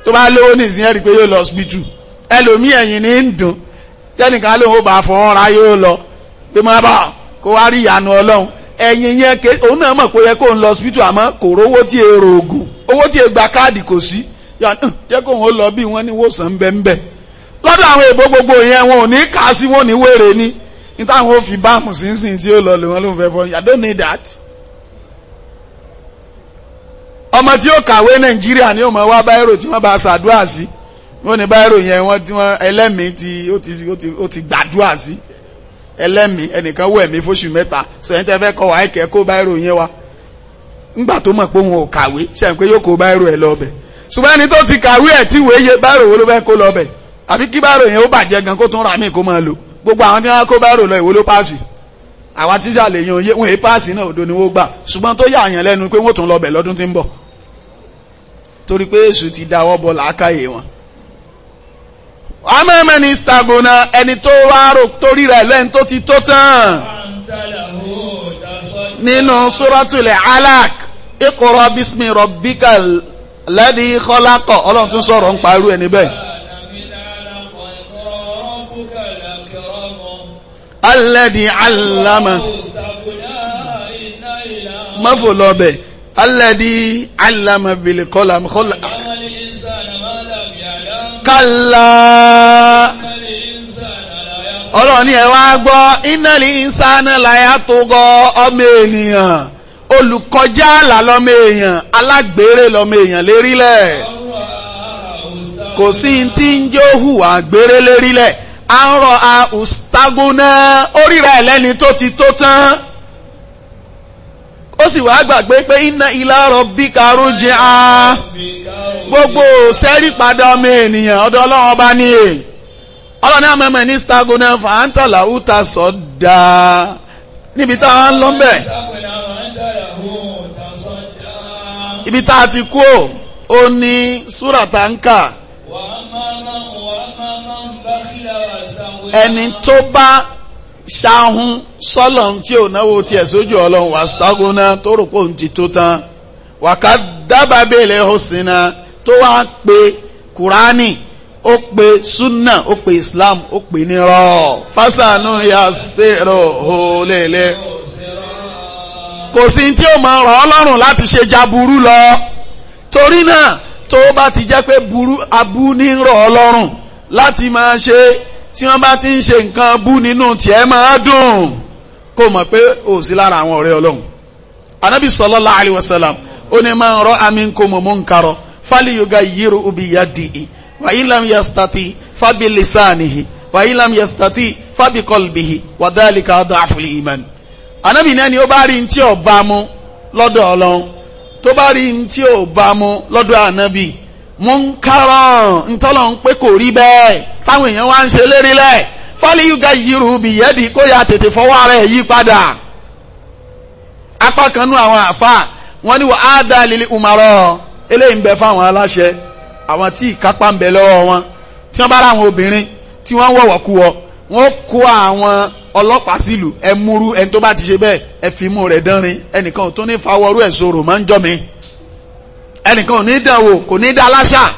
tó bá lówó nìsín ẹ̀rí pé yóò lọ hospital ẹlòmí ẹ̀yìn ní ń dùn tẹ́nìkan lóun ó bá fọ́n ra yóò lọ pé má bà kó wá rí ìyanu ọlọ́run ẹ̀yìn yẹn ké òun náà mọ̀ pé ó yẹ kó ń lọ hospital àmọ́ kò rówó tí e rò ògùn owó tí e gba káàdì kò sí jẹ́ kó òun lọ bí wọ́n ní wòsàn bẹ́ńbẹ́ lọ́dọ̀ àwọn èèbó gbogbo yẹn wọn ò ní kà sí wọn ò ní wèrè ni ọmọ tí ó kàwé nàìjíríà ni ó mọ wá báírò tí wọ́n bá ṣàdúrà sí wọ́n ní báírò yẹn wọ́n tí wọ́n ẹlẹ́mìí tí ó ti gbàdúrà sí ẹlẹ́mìí ẹnìkan wọ ẹ̀mí fóṣù mẹ́ta sọ yẹn tẹ́ fẹ́ kọ wà ẹ̀kẹ́ kó báírò yẹn wá ńgbà tó mọ̀ pé òun ò kàwé ṣe ń pé yóò kó báírò ẹ̀ lọ́bẹ̀ ṣùgbọ́n ẹni tó ti kàwé ẹ̀ tí wòye báírò wo ló fẹ́ kó lọ́bẹ̀ àfi kí báírò yẹn ó bàjẹ́ gan kó tún rà míì kó máa lò gbogbo àwọn tí wọ́n kó báírò lọ ìwó ló páàsì àwa tíṣà lè yan òye wọn èé páàsì náà òdo ni wọ́n gbà ṣùgbọ́n tó yà yàn lẹ́nu pé wọ́n tún lọ́bẹ̀ lọ́dún tí ń bọ̀ torí pé èṣù ti dáwọ́ bọ̀ làákàyè wọn amẹ́mẹ́ ni stagona ẹni tó wá rò torí rẹ̀ lẹ́ni tó ti tó tán nínú sóràtúlẹ̀ alak iqra bísmi rọ̀bíkà lẹ́dí kọ́lákọ̀ ọlọ́run tún sọ̀rọ̀ ń parú ẹni bẹ́ẹ̀. alẹ́dí alámà mọ́fò lọ́bẹ̀ alladhi allama bil qalam khala kalla ọlọ́run ni ẹ wá gbọ́ innal insana layatgha ọmọ ènìyàn olùkọjá àlà lọ́mọ èèyàn alágbèrè lọ́mọ èèyàn lérílẹ̀ kò sí tí ń jó hùwà gbèrè lérílẹ̀ àárọ̀ àùstágúnná oríra ẹ̀lẹ́ni tó ti tó tán ó sì wá gbàgbé pé iná ilá ọ̀rọ̀ bí karó jẹ́ á gbogbo sẹ́rí padà ọmọ ènìyàn ọ̀dọ̀ ọlọ́run ọba ní è ọlọ́run àmọ́ ẹ̀mọ́ ní stagona fàáńtàlà úta sọ dáa níbi tá a ń lọ bẹ́ẹ̀ ibi tá a ti kú ò ó ní súrà tá ẹni tó bá ṣáhún sọ́lọ̀n tí ò náwó tiẹ̀ sójú ọlọ́run wàstágúnná tó rò pé òun ti tó tán wàká dábàbẹ̀lẹ̀ hosina tó wá pe kùránì ó pe sunna ó pe islam ó pe nírọ́ fásánù ya sèrò hólélé kò sí tí ó máa rọ̀ ọlọ́run láti ṣe ja burú lọ torí náà tó bá ti jẹ́ pé burú abú ní rọ̀ ọlọ́run láti máa ṣe tí wọ́n bá ti ń ṣe nǹkan bú nínú tiẹ̀ máa dùn kó mọ̀ pé ò sí lára àwọn ọ̀rẹ́ ọlọ́run anabi sallallahu alaihi wasallam ó ní man ra'a minkum munkaran falyughayyiru biyadihi wa in lam yastati fabilisanihi wa in lam yastati fabiqalbihi wa dhalika ad'aful iman anabi náà ni ó bá rí ní tí ò bá mu lọ́dọ̀ ọlọ́run tó bá rí ní tí bá mu lọ́dọ̀ anabi munkaran ntọ́lọ̀ ń pé kò rí bẹ́ẹ̀ táwọn èèyàn wá ń ṣe lérí lẹ̀ fọ́líyúgà yìírù bìyẹ́dì kó ya tètè fọwọ́ ara ẹ̀ yí padà apá kan nú àwọn àfà wọ́n ní wọ́n á dá lílí umarọ́ eléyìí ń bẹ fáwọn aláṣẹ àwọn tí ìkápá ń bẹ lọ́wọ́ wọn tí wọ́n bá rá àwọn obìnrin tí wọ́n wọ̀wọ̀ kú wọ wọ́n kó àwọn ọlọ́pàá sílùú ẹ múrú ẹni tó bá ti ṣe bẹ́ẹ̀ ẹ fi mú rẹ̀ dánrin ẹnìkan tó ní fawọ́rú ẹ̀ sọ̀rọ̀ máa ń jọ́ mi ẹnìkan ò ní dàn wò kò ní dá láṣà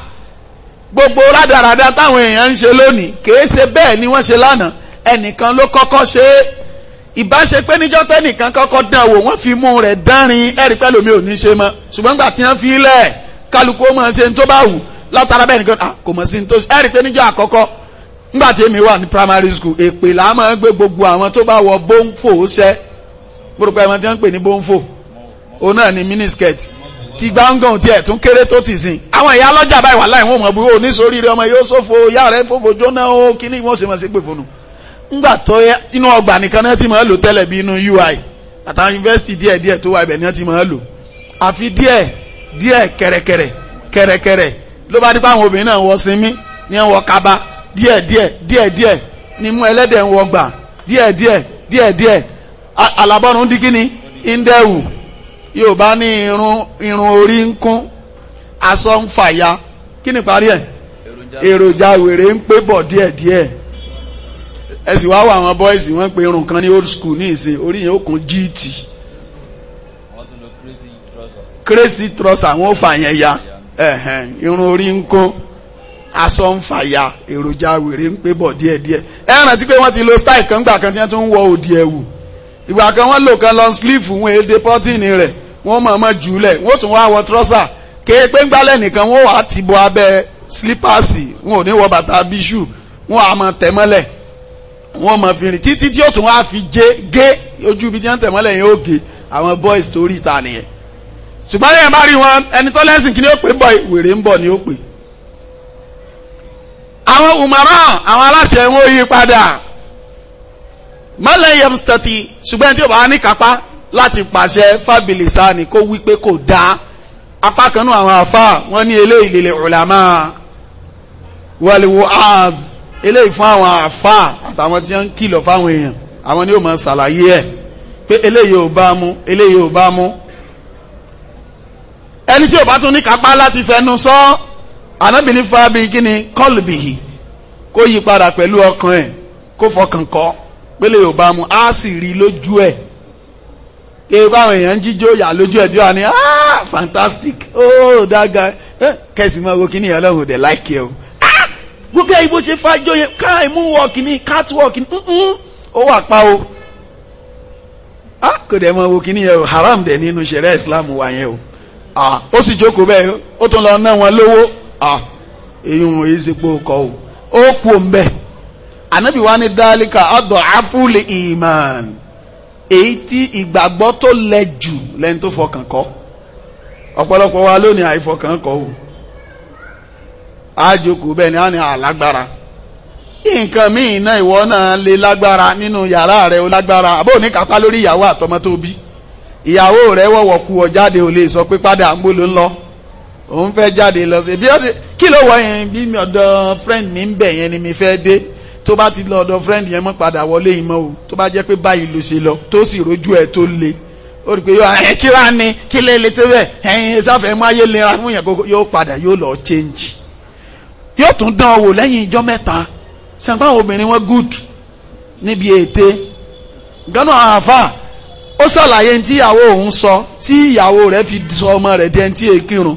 gbogbo rádaràda táwọn èèyàn ń ṣe lónìí kìí ṣe bẹ́ẹ̀ ni wọ́n ṣe lánàá ẹnìkan ló kọ́kọ́ ṣe é ìbáṣe pé níjọ́ tẹ́nìkan kọ́kọ́ dán wò wọ́n fi mú rẹ̀ dánrin ẹ̀rí pẹ́lú mi ò ní ṣe mọ́ ṣùgbọ́n gbà tí wọ́n fi lẹ̀ kálukú ó máa ṣe ní tó bá wù látara bẹ́ẹ̀ nìkan kò mọ̀ sí ní tó ṣe ẹ̀rí níjọ́ àkọ́kọ́ nígbà tí èmi wà ní primary school èpè là á máa gbé gbogbo àwọn tó bá wọ bóńfò ṣẹ́ gbọ́dọ̀ pé ẹ̀wọ̀n tí wọ́n ń pè ní bóńfò òun náà ni miniskirt ti gbáǹgàn ti ẹ̀ tún kéré tó ti sìn àwọn ìyá lọ́jà báyìí wà láì wọ́n mọ̀ búrò nísoríire ọmọ yóò sófo ìyá rẹ̀ fòfò jóná ó ni wọ́n ṣe mọ̀ sí pè fónù ńgbà tó yẹ inú ọgbà lò tẹ́lẹ̀ bí inú UI àtàwọn yunifásitì díẹ̀ díẹ̀ tó wà ibẹ̀ ni wọ́n ti máa lò àfi díẹ̀ díẹ̀ kẹ̀rẹ̀kẹ̀rẹ̀ kẹ̀rẹ̀kẹ̀rẹ̀ ló bá àwọn obìnrin náà wọ yóò bá ní irun irun orí ń kún aṣọ ń fàya kí ni parí ẹ̀ èròjà wèrè ń pé bọ̀ díẹ̀díẹ̀ ẹ sì wá wà àwọn bọ́ìsì wọ́n pe irun kan ní old school ní ìsìn orí yẹn ó kún gt crazy trọ́sà wọn ò fà yẹn ya irun orí ń kún aṣọ ń fàya èròjà wèrè ń pé bọ̀ díẹ̀díẹ̀ ẹ rántí pé wọ́n ti lo style kan gbà kan tí wọ́n tún ń wọ òdì ẹ̀wù ìgbà kan wọ́n lò kan long sleeve wọn èdè pọ́tìnì rẹ̀ wọ́n mọ̀ ọmọ jùlẹ̀ wọ́n tún wá wọ trọ́sà kéèpé ń gbálẹ̀ nìkan wọ́n wà á ti bọ abẹ́ slípàsì wọn ò ní wọ bàtà bíṣù wọn á mọ tẹ̀mọ́lẹ̀ wọn mọ fìrìn títí tí ó tún wá fi gé gé ojú ibi tí wọ́n tẹ̀mọ́lẹ̀ yẹn ó gé àwọn boys tó rí ta nìyẹn ṣùgbọ́n yẹn bá rí wọn ẹni tó lẹ́sìn kí ni ó pè bọ̀ wèrè ń bọ̀ ni ó pè àwọn umara àwọn aláṣẹ wọn ò yí padà mọ́lẹ̀ yẹn mustati ṣùgbọ́n tí ò bá ní kápá láti pàṣẹ fábìlìsà ni kó wí pé kò dá apá kanú àwọn àfà wọ́n ní eléyìí lè lè ulama wàlíwò áàz eléyìí fún àwọn àfà àtàwọn tí wọ́n ń kìlọ̀ fáwọn èèyàn àwọn ni ó máa ṣàlàyé ẹ̀ pé eléyìí ò bá mú eléyìí ò bá mú ẹni tí ò bá tún ní kápá láti fẹnu sọ anábìíní fábí kí ni kọlùbìhì kó yí padà pẹ̀lú ọkàn ẹ̀ kó fọkàn kọ́ pélé ò bá mú á sì rí lójú ẹ̀ kéwàá báwọn èèyàn jíjó yà lójú ẹ̀ tí wà ní ah fantastic oh that guy eh, kẹ́sì máa wo kíní o gbogbo ah, ìbò ṣe yẹn ní catwalk ní ó wà pa o ah, kò dẹ̀ mọ wo kíní yẹn o haram dẹ̀ nínú Islam wà yẹn o ah, ó sì jókòó bẹ́ẹ̀ ó tún lọ ná wọn lówó èyí wọn pé kọ o ó kú òun bẹ́ẹ̀ ànábì wa ní dálíkà ọ̀dọ̀ èyí tí ìgbàgbọ́ tó lẹ jù lẹ́ni tó fọkàn kọ́ ọ̀pọ̀lọpọ̀ wa lónìí àìfọkàn kọ́ o àjòkù bẹ́ẹ̀ ni a ní àlágbára nǹkan míì náà ìwọ náà lè lágbára nínú yàrá rẹ o lágbára àbó ní kápá lórí ìyàwó àtọmọ tó bí ìyàwó rẹ wọ̀wọ̀ ku ọ jáde ò lè sọ pé padà ń gbóló ń lọ òun fẹ́ jáde lọ sí bí kí ló wọ yẹn bí mi friend mi ń bẹ̀ yẹn ni mi fẹ́ dé tó bá ti lọ ọ̀dọ̀ friend yẹn mọ́ padà wọlé yìí mọ́ o tó bá jẹ́ pé báyìí ló ṣe lọ tó sì rójú ẹ̀ tó le ó rí pé yóò ẹ̀ kí wá ní kí lè lè tẹ́wẹ̀ ẹ̀yin sáfẹ́ mú ayé lera fún yẹn yóò padà yóò lọ change yóò tún dán wò lẹ́yìn ijọ́ mẹ́ta sẹ́ńpá àwọn obìnrin wọn good níbi ète gánà àáfà ó ṣàlàyé ní tíyàwó òun sọ tí ìyàwó rẹ̀ fi sọ ọmọ rẹ̀ dẹ́ntí èkírun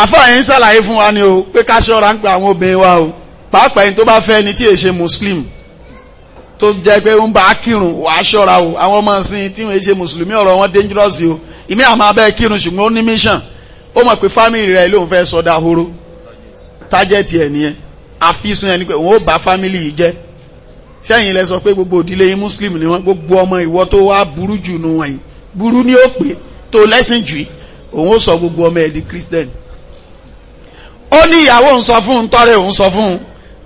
àfáà yìí ń sàlàyé fún wa ni o pé ká ṣọ́ra ń pa àwọn obìnrin wa o pàápàá yìí tó bá fẹ́ ni tí è ṣe muslim tó jẹ́ pé ń bá kírun wà á ṣọ́ra o àwọn ọmọ ìsìn tí wọ́n ṣe mùsùlùmí ọ̀rọ̀ wọn dangerous o ìmí àmọ́ abẹ́ kírun ṣùgbọ́n ó ní mission ó mọ̀ pé family rẹ̀ ló ń fẹ́ sọdá horo target ẹ̀ nìyẹn àfisùn ẹni pé òun ó bá family yìí jẹ́ sẹ́yìn lẹ sọ pé gbogbo òdílé yín muslim ni wọ́n gbogbo ọmọ ìwọ tó wá burú jù nù wọ̀nyí burú ni ó tó lẹ́sìn jù òun ó sọ gbogbo ọmọ ẹ̀ di christian ó ní ìyàwó ń sọ fún un tọ́rẹ̀ òun sọ fún un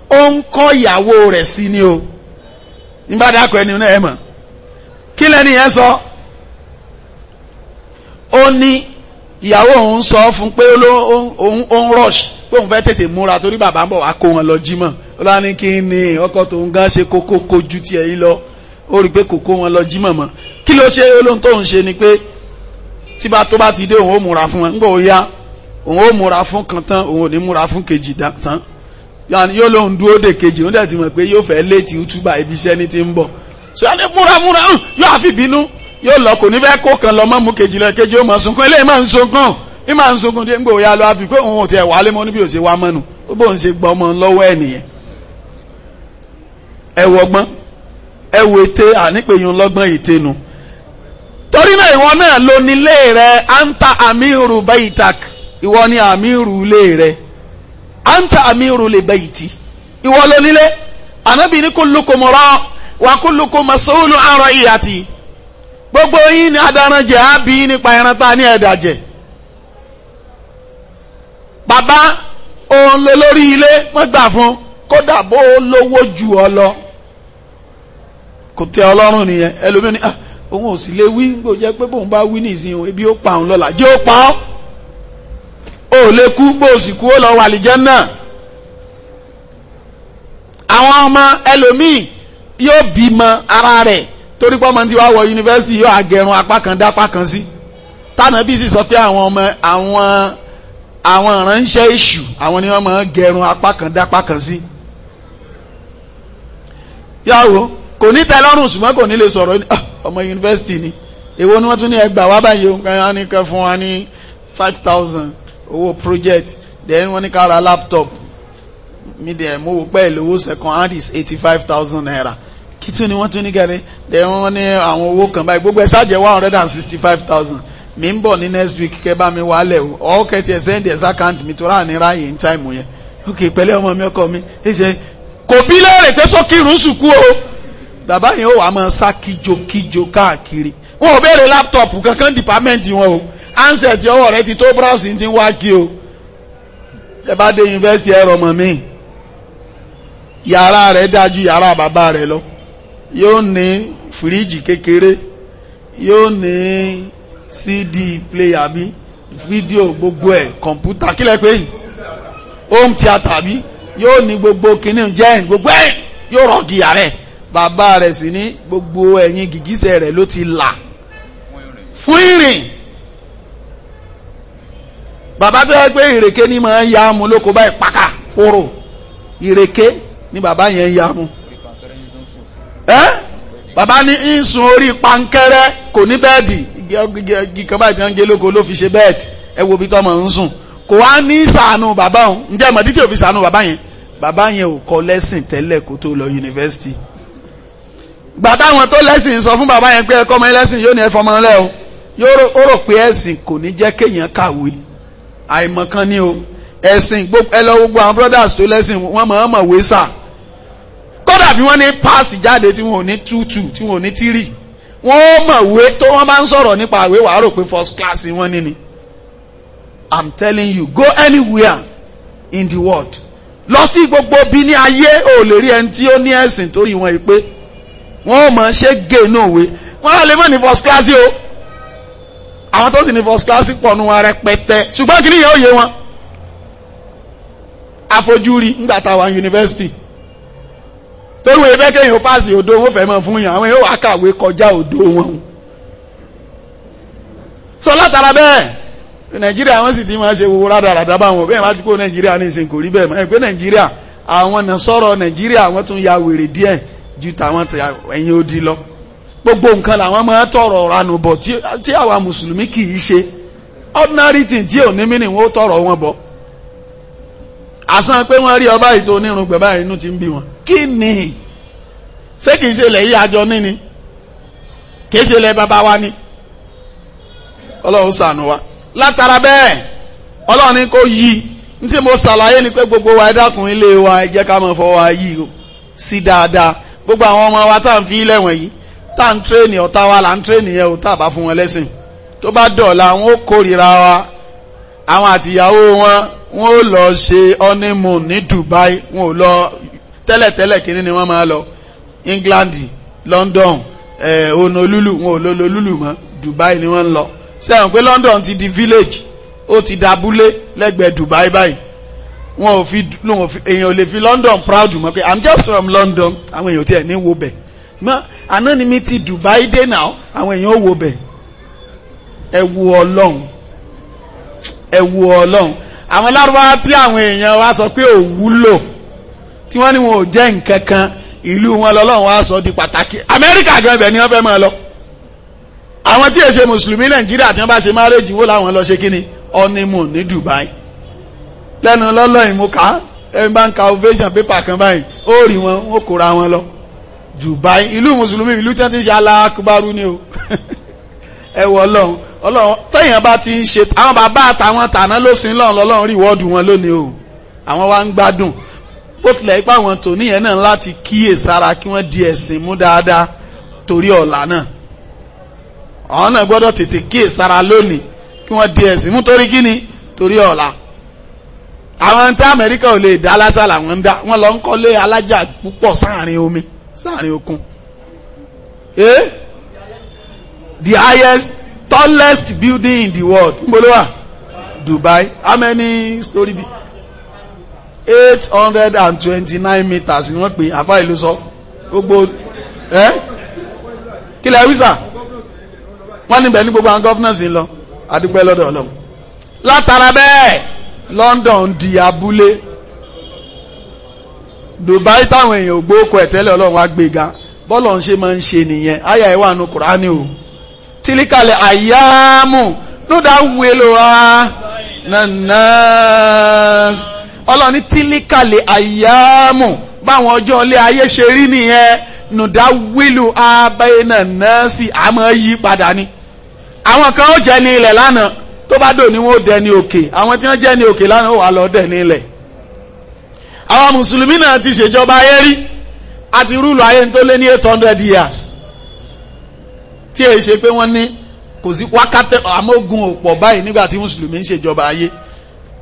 ó ń kọ́ ìyàwó rẹ̀ sí ni o nígbà dákọ̀ ẹni náà ẹ mọ̀ kí lẹ́ni yẹn sọ ó ní ìyàwó òun sọ fún pé ó ń rush pé òun fẹ́ tètè múra torí bàbá ń bọ̀ wá kó wọn lọ jímọ̀ ó lá ní kí ni ọkọ tó ń gán ṣe kókó kojú tiẹ̀ yìí lọ ó rí i pé kò kó wọn lọ jímọ̀ mọ́ kí ló ṣe olóhùn tó ń ṣe ni pé tí bá tó bá ti dé òun ó múra fún wọn nígbà ó yá òun ó múra fún kan tán òun ò ní múra fún kejì tán yàní yóò lóun dúró de kejì dẹ̀ ti mọ̀ pé yóò fẹ́ ibi iṣẹ́ ti ń bọ̀ so yàní múra múra hàn yóò àfi bínú yóò lọ kò ní kó kan lọ mọ́ mú kejì lọ kejì ó máa sunkún eléyìí máa ń sunkún máa ń sunkún dé lọ àfi pé òun ò tiẹ̀ wálé mọ́ ẹ ìwọ ni àmírù ilé rẹ anta àmírù lè bẹ ìtì ìwọ lónílé ànábì ní kullukum ra wa kullukum mas'ulun gbogbo yín ni adaranjẹ jẹ bí nípa ẹran tá a ní ẹ̀dà jẹ bàbá òun lè lórí ilé wọ́n gbà fún kódà bó lówó jù ọ lọ kò tẹ ọlọ́run nìyẹn ẹlòmíràn ah òun ebi ó pa òun lọ́la jẹ́ ó pa ó lè kú bó o sì kú ó lọ wà lìjẹ́ náà àwọn ọmọ ẹlòmíì yóò bímọ ara rẹ̀ torí pé ọmọ tí wàá wọ yunifásitì yóò agẹrun apá kan dá apá kan sí tànà bí sì sọ pé àwọn ọmọ àwọn àwọn ìránṣẹ́ èṣù àwọn ni wọ́n máa gẹrun apá kan dá apá kan sí yàwó kò ní tẹ́lọ́rùn ṣùgbọ́n kò ní lè sọ̀rọ̀ ah, ọmọ yunifásitì ni èwo ni wọ́n tún ní ẹgbàá wá báyìí nǹkan á ní kẹ fún wa ní five thousand owó project then wọ́n ní ká ra laptop mi dẹ̀ mo wò pẹ́ ìlówó second hand is eighty five thousand naira kí tún ni wọ́n tún ní gẹ̀rẹ́ then wọ́n ní àwọn owó kan báyìí gbogbo ẹ̀ ṣáàjẹ́ one hundred and sixty five thousand mi ń bọ̀ ní next week kẹ́ bá mi wálẹ̀ o ọ̀ kẹ́tì ẹ̀ send ẹ̀ sákàǹtì mi tó rà ní ráàyè ní táìmù yẹn ok pẹ̀lẹ́ ọmọ mi ọkọ mi ẹ ṣe kò bí lẹ́rẹ̀ tẹ́sọ́ o bàbá yẹn ó wà á máa sá kíjokíjo káàkiri wọn ò béèrè láptọ̀pù kankan dìpámẹ́ǹtì wọn o ansẹ̀ tí ọwọ́ rẹ ti tó búrọ́ọ̀sì ti ń wá kí o ẹ bá dé yunifásitì ẹ̀rọ mọ̀ mí yàrá rẹ̀ dájú yàrá bàbá rẹ̀ lọ yóò ní fíríjì kékeré yóò ní cd player bi. fídíò gbogbo ẹ̀ kọ̀mpútà kílẹ̀ pé home theatre bi. yóò ní gbogbo kìíní jẹ́ gbogbo ẹ̀ yóò rọ̀gì yàrá ẹ̀ bàbá rẹ̀ sì ní gbogbo ẹ̀yìn gìgísẹ̀ rẹ̀ ló ti là fún ìrìn bàbá tó yẹ pé ìrèké ni máa ń ya mu lóko báyìí pàkà kóró ìrèké ni bàbá yẹn ń ya mu ẹ bàbá ní ń sun orí pankẹ́rẹ́ kò ní bẹ́ẹ̀dì igi kan báyìí tí wọ́n ń gé lóko ló fi ṣe bẹ́ẹ̀dì ẹ wo bí tọ́mọ ń sùn kò wá ní sàánú bàbá òun ǹjẹ́ ìmọ̀dí tí ò fi bàbá yẹn bàbá yẹn ò kọ́ lẹ́sìn tẹ́lẹ̀ kó tó lọ yunifásitì gbàtà àwọn tó lẹ́sìn sọ fún bàbá yẹn pé ẹ kọ́ ọmọ yẹn lẹ́sìn yóò ní ẹ fọmọ lẹ́ ó rò pé ẹ̀sìn kò ní jẹ́ kéèyàn kàwé àìmọ̀kan ni o ẹ̀sìn ẹ lọ gbogbo àwọn brothers tó lẹ́sìn wọ́n mọ̀ ọ́n mọ̀ wé sà kódà bí wọ́n ní páàsì jáde tí wọ́n ò ní tútù tí wọ́n ò ní tírì wọ́n mọ̀ wé tó wọ́n bá ń sọ̀rọ̀ nípa àwé wàá rò pé first class wọ́n ní ni i'm telling you go anywhere in the world lọ sí gbogbo bí ní ayé ò lè rí ẹni tí ó ní ẹ̀sìn torí wọn yìí pé wọ́n mọ̀ ṣe gé inú òwe wọ́n lè mọ̀ ní first class yìí o. àwọn tó sì ní first class pọ̀ nu wọn rẹpẹtẹ ṣùgbọ́n kí nìyẹn ó yé wọn afojúrí nígbà táwa yunifásitì torí ìfẹ́ ó páàsì òdo owó fẹ́ mọ́ fún yàn àwọn yóò wá kàwé kọjá òdo wọn so látara bẹ́ẹ̀ nàìjíríà wọ́n sì ti máa ṣe wo rádaràdá báwọn bẹ́ẹ̀ bá ti kó nàìjíríà ní ìsìn kò rí bẹ́ẹ̀ mọ́ pé nàìjíríà àwọn nà sọ̀rọ̀ nàìjíríà wọ́n tún ya wèrè díẹ̀ ju tàwọn ẹ̀yìn odi lọ gbogbo nǹkan làwọn máa tọrọ ranù bọ̀ tí àwa mùsùlùmí kì í ṣe ordinary thing tí ò ní mí ni wọ́n tọrọ wọn bọ̀ àsan pé wọ́n rí ọba ìtò onírun gbẹ̀bá inú ti ń bí wọn kí ni ṣé kìí ṣe ilẹ̀ yí àjọ níní kìí ṣe ilẹ̀ bàbá wa ni ọlọ́run ṣàánú wa látara bẹ́ẹ̀ ọlọ́run ní kó yí ní tí mo ṣàlàyé ni pé gbogbo wa ẹ dákun ilé wa ẹ jẹ́ ká mọ̀ fọwọ́ wa yí o sí dáadáa gbogbo àwọn ọmọ wa tá à ń fi ilẹ̀ wọ̀nyí tá à ń tréènì ọ̀tá wa là ń tréènì yẹn o tá a bá fún wọn lẹ́sìn tó bá dọ̀la wọn ó kórìíra wa àwọn àtìyàwó wọn wọn ó lọ ṣe honeymoon ní Dubai wọn ò lọ tẹ́lẹ̀tẹ́lẹ̀ kínní ni wọ́n máa lọ England London eh, Honolulu wọn ò lọ lolulu mọ́ Dubai ni wọ́n ń lọ sẹ́wọ̀n pé London ti di village ó ti dabúlé lẹ́gbẹ̀ẹ́ Dubai báyìí wọn ò fi èèyàn ò lè fi London proud mọ́ pé I'm just from London àwọn èèyàn ò tiẹ̀ ní wo bẹ́ẹ̀ mọ́ àná Dubai dé now àwọn èèyàn ò wo bẹ̀ ẹ wo ọlọ́run ẹ wo ọlọ́run àwọn lárúbáwá tí àwọn èèyàn wa sọ pé ò wúlò tí wọ́n ní wọn ò jẹ́ nǹkan kan ìlú wọn lọ́lọ́run wa sọ di pàtàkì Amẹ́ríkà gan ibẹ̀ ni wọ́n fẹ́ máa lọ àwọn tí èsè mùsùlùmí Nàìjíríà tí wọ́n bá ṣe márèjì wó láwọn lọ ṣe kí ni ní Dubai lẹ́nu lọ́lọ́yìn mo kà á ẹ̀ ń bá ń ka ovation paper kan báyìí ó rí wọn ó kóra wọn lọ Dubai ìlú mùsùlùmí ìlú tí wọ́n ti ń ṣe alákùbárú ni o *laughs* ẹwọ ọlọ́run ọlọ́run tẹ́yìn bá ti ń ṣe àwọn bàbá àtàwọn tàná ló sin lọ́run lọ́lọ́run rí ìwọ́dù wọn lónìí o àwọn wa ń gbádùn bó tilẹ̀ ipá wọn tò níyẹn náà láti kíyè sára kí wọ́n di ẹ̀sìn mú dáadáa torí ọ̀la náà àwọn náà gbọ́dọ̀ tètè kíyè sára lónìí kí wọ́n di ẹ̀sìn mú torí kíni torí ọ̀la àwọn tí Amẹ́ríkà ò lè dá lásà làwọn dá wọ́n lọ ń kọ́lé alájà púpọ̀ sáàrin omi sáàrin okun eh the highest tallest building in the world mbolowa Dubai how many story be eight hundred and twenty-nine meters ni wọ́n pè àfáà ìlú sọ gbogbo ẹ́ eh? kílẹ̀ wíṣà wọ́n níbẹ̀ ní gbogbo àwọn gọ́fúnẹ̀sì lọ adúpẹ́ lọ́dọ̀ ọlọ́run látara bẹ́ẹ̀ London di abúlé Dubai táwọn èèyàn gbóòkò ẹ̀tẹ́lẹ̀ ọlọ́run wá gbéga bọ́lọ̀ ń ṣe máa ń ṣe nìyẹn àyà ẹ̀ wà nù kùránì o tìlíkàlẹ̀ àyáàmù núdà wúelo a nànàs ọlọ́run ní tìlíkàlẹ̀ àyáàmù báwọn ọjọ́ ilé ayé ṣe rí nìyẹn nùdà wílù abẹ́ nànàsì àmọ́ yí padà ni àwọn kan ó jẹ́ ní ilẹ̀ lánàá tó bá dò ní wọn ó dẹ ní òkè àwọn tí wọ́n jẹ́ ní òkè lánàá ó wà lọ́ọ́ dẹ̀ ní ilẹ̀ àwọn mùsùlùmí náà ti ṣèjọba ayé rí àti rúlù ayé tó lé ní eight years tí èyí ṣe pé wọ́n ní kò sí wákàtí amógun ò pọ̀ báyìí nígbà tí mùsùlùmí ń ṣèjọba ayé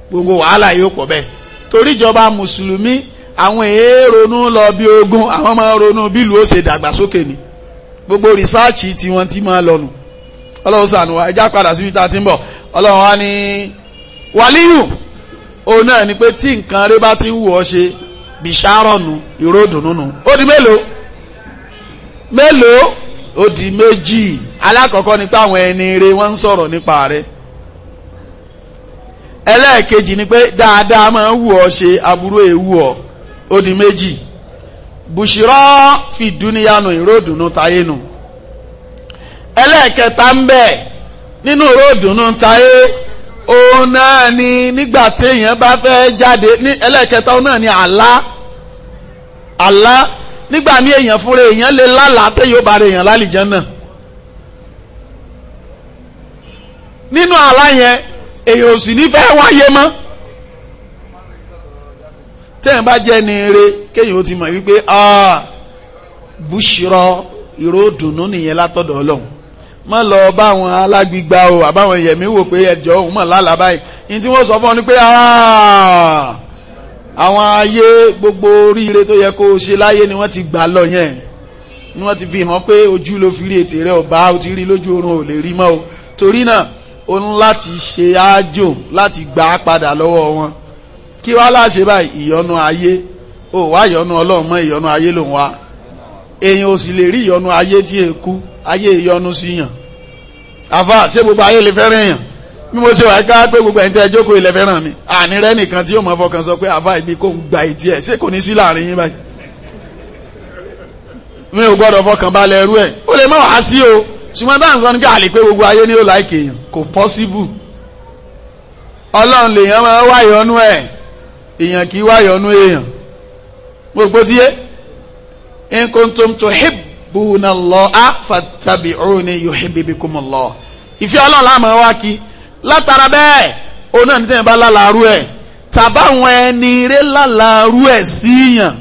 gbogbo wàhálà yóò pọ̀ bẹ́ẹ̀ torí ìjọba mùsùlùmí àwọn èé ronú lọ bí ogun àwọn máa ronú bílù ó ṣe dàgbàsókè ni gbogbo rìsáàchì tí wọ́n ti máa lọ́nu ọlọ́run sànù wa ẹjá padà síbi tá a ti ń bọ̀ ọlọ́run wa ní wàlíyù òun náà ni pé tí nǹkan rẹ bá ti ń wù ọ ṣe bí bìṣárọ̀nù ìròdùnnú ó di mélòó mélòó ó di méjì alákọ̀ọ́kọ́ ni pé àwọn ẹni rẹ wọ́n ń sọ̀rọ̀ nípa rẹ ẹlẹ́ẹ̀kejì ni pé dáadáa máa ń wù ọ ṣe aburú èèwù ọ ó di méjì bùṣírọ́ fìdúníyanu ìròdùnnú táyé nù ẹlẹ́ẹ̀kẹta ń bẹ nínú ìròdùnnú táyé. òun náà ni nígbà téèyàn bá fẹ́ jáde ní ẹlẹ́ẹ̀kẹta òun náà ni àlá àlá nígbà mí èèyàn fúnra èèyàn lè lálàá téèyàn ó bá rè èèyàn lálìjẹ́ náà nínú àlá yẹn èèyàn ò sì ní fẹ́ wáyé mọ́ téèyàn bá jẹ́ ni re kéèyàn ó ti mọ̀ wípé ah, bùṣírọ̀ ìró dùnú nìyẹn látọ̀dọ̀ ọlọ́run má lọ bá àwọn alágbígba o àbáwọn yẹ̀mí wò pé ẹjọ́ òun mọ̀ lálàá báyìí ní tí wọ́n sọ fún ọ ní pé àwọn ayé gbogbo oríire tó yẹ kó o ṣe láyé ni wọ́n ti gbà lọ yẹn ni wọ́n ti fi hàn pé ojú ló fi rí ètè rẹ ọba o ti rí lójú oorun ò lè rí mọ́ o torí náà o ní láti ṣe ájò láti gbà á padà lọ́wọ́ wọn kí wá láṣẹ báyìí ìyọnu ayé o wá ìyọnu ọlọ́run mọ́ ìyọnu ayé lòun wá èèyàn ò sì lè rí ìyọnu ayé tí èkú ayé ìyọnu sí yàn àfà ṣé gbogbo ayé lè fẹ́ràn èèyàn bí mo ṣe wà ká pé gbogbo ẹ̀yin tẹ́ jókòó ilẹ̀ fẹ́ràn mi àní rẹ nìkan tí yóò mọ fọkàn sọ pé àfà ìbí kò gba ìtì ẹ̀ ṣé kò ní sí láàrin yín báyìí mi ò gbọ́dọ̀ fọkàn balẹ̀ ẹrú ẹ̀ ó lè má wàá sí o ṣùgbọ́n bá ń sọ ní kí àlè pé gbogbo ayé ni ó láìkè èèyàn kò pọ́síbù ọlọ́run lèèyàn máa wá ìyọnu ẹ̀ èèyàn kì í wá ìyọnu èèyàn gbogbo tíye in kuntum tuhib tuhibbuna Allah fattabi'uni yuhibbikumullah ìfẹ́ ọlọ́run la máa wá kí látara bẹ́ẹ̀ òun náà ní tẹ́yìn bá lálàárú ẹ̀ tàbáwọn ẹni rẹ̀ lálàárú ẹ̀ síyàn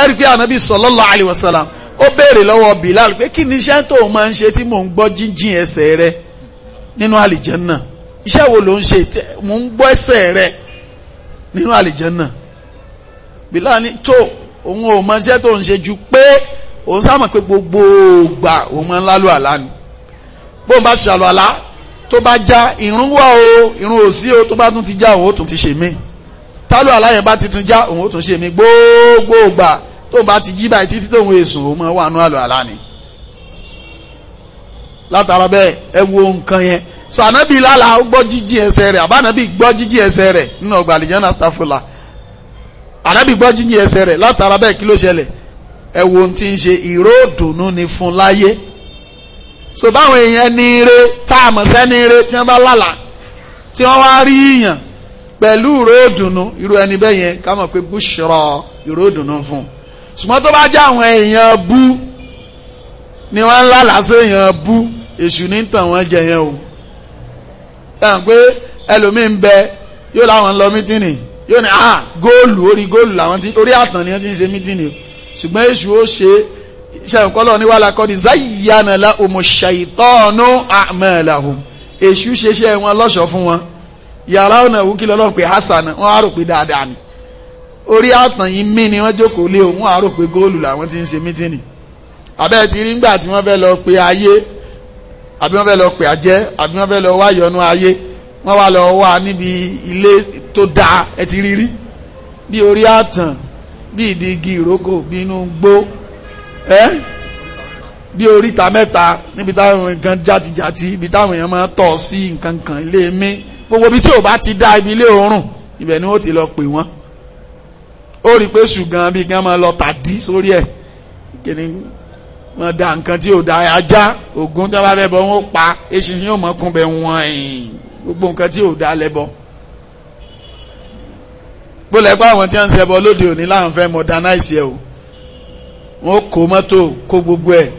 ẹ̀rí pé ànábì sallallahu alaihi wasallam ó béèrè lọ́wọ́ Bilal pé kí ni iṣẹ́ tó máa ń ṣe tí mò ń gbọ́ jíjìn ẹsẹ̀ rẹ nínú àlìjẹ́nà iṣẹ́ wo ló ń ṣe mò ń gbọ́ ẹsẹ̀ rẹ nínú àlìjẹ́nà Bilal ní tó òun ò mọ iṣẹ́ tó ń ṣe ju pé òun sáà mọ̀ pé gbogbo ògbà òun máa ń lálù àlá ni bóun bá ṣàlù àlá tó bá já irun wà o irun ò sí o tó bá tún ti já òun ó tún ti ṣe mí tálù àlá yẹn bá ti tún já òun ó tún ṣe mí gbogbo ògbà tóun bá ti jí báyìí títí tóun èso òun máa wà nú àlù àlá ni látara bẹ́ẹ̀ ẹ wo nǹkan yẹn so anabi lala gbọ́ jíjí ẹsẹ̀ rẹ̀ àbá gbọ́ jíjí ẹsẹ̀ rẹ̀ nínú ọgbà àlìjẹ́nà stafula anabi gbọ́ jíjí ẹsẹ̀ rẹ̀ látara bẹ́ẹ̀ kí ló ṣẹlẹ̀ ẹ̀wò tí ń ṣe ìró òdùnnú ni fún láyé so báwọn èèyàn ní ire tá a mọ̀ sẹ́ni ire tí wọ́n bá lálàá tí wọ́n wá rí yàn pẹ̀lú ìró òdùnnú irú ẹni bẹ́ẹ̀ yẹn ká mọ̀ pé búṣọ̀rọ̀ ìró òdùnnú fún un ṣùgbọ́n tó bá jẹ́ àwọn èèyàn bú ni wọ́n ń lálàá sí èèyàn bú èṣù ní tàn wọ́n jẹ yẹn o tàn pé ẹlòmíín bẹ yóò láwọn lọ mítìnì yóò ní ah góòlù orí góòlù làwọn ti orí àtàn ni wọ́n ti ń ṣe mítìnì o ṣùgbọ́n èṣù ó ṣe ṣàǹkọ́lọ̀ ní wàhálà kọ́ ni zayyana la omo ṣàìtọ́ọ̀nù àmàlàhùn èṣù ṣeṣẹ́ wọn lọ́ṣọ̀ fún wọn yàrá ọ̀nà òwú kìlọ̀ lọ́n pé hasana wọ́n á rò pé dáadáa ni orí àtàn yìí mí ni wọ́n jókòó lé òun á rò pé góòlù làwọn ti ń ṣe mítìnì àbẹ́ẹ̀ ti rí ńgbà tí wọ́n fẹ́ lọ pé ayé àbí wọ́n fẹ́ lọ pè àjẹ́ àbí wọ́n fẹ́ lọ wá yọnu ayé wọ́n wá lọ wá níbi ilé tó dáa ẹ ti rí rí bí orí àtàn bí ìdí igi ìrókò bí inú gbó ẹ́ bí oríta mẹ́ta níbi táwọn nǹkan játijàti ibi táwọn èèyàn máa tọ̀ sí nǹkan kan ilé mi gbogbo ibi tí ò bá ti dá ibi ilé òórùn ibẹ̀ ni ó ti lọ pè wọ́n ó rí i pé ṣùgbọ́n bí gan máa lọ tàdí sórí ẹ̀ kìnìún wọ́n da nǹkan tí ò da ajá ògún tí wọ́n bá fẹ́ bọ́ wọn ó pa eṣinṣin yóò mọ̀ kún bẹ́ẹ̀ wọ́n gbogbo nǹkan tí ò da lẹ́bọ̀ọ́ bólẹ̀ pé àwọn tí wọ́n ń ṣẹbọ lóde òní láwọn fẹ́ modernize ẹ̀ o wọ́n kó mọ́tò kó gbogbo ẹ̀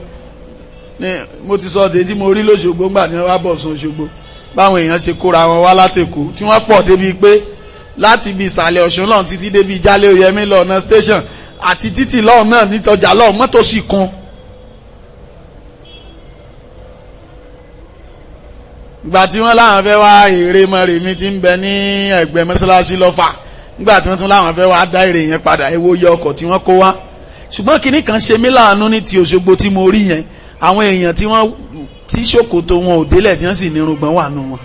ní mo ti sọ de tí mo rí lóṣogbo ńgbà tí wọ́n wá bọ̀ sùn Òṣogbo báwọn èèyàn ṣe kóra wọn wá látẹ̀kọ́ tí wọ́n pọ̀ débi pé láti ibi ìsàlẹ̀ Ọ̀ṣun lọ́n títí débi Jálẹ̀ Oyèmí lọ́nà station àti títì lọ́n náà nítọjà lọ́n mọ́tò sì kún. ìgbà tí wọ́n láwọn fẹ́ wá èrè mọ́rèmí ti ń bẹ ní ẹ̀gbẹ́ mọ́ṣáláṣí lọ́fà nígbà tí wọ́n tún láwọn fẹ́ wá dá èrè yẹn padà ewo yọ ọkọ̀ tí wọ́n kó wá ṣùgbọ́n kinní kan ṣe mí láàánú ní ti Òṣogbo tí mo rí yẹn àwọn èèyàn tí wọ́n tí ṣòkòtò wọn ò délẹ̀ tí wọ́n sì ní irùngbọ̀n wà nù wọn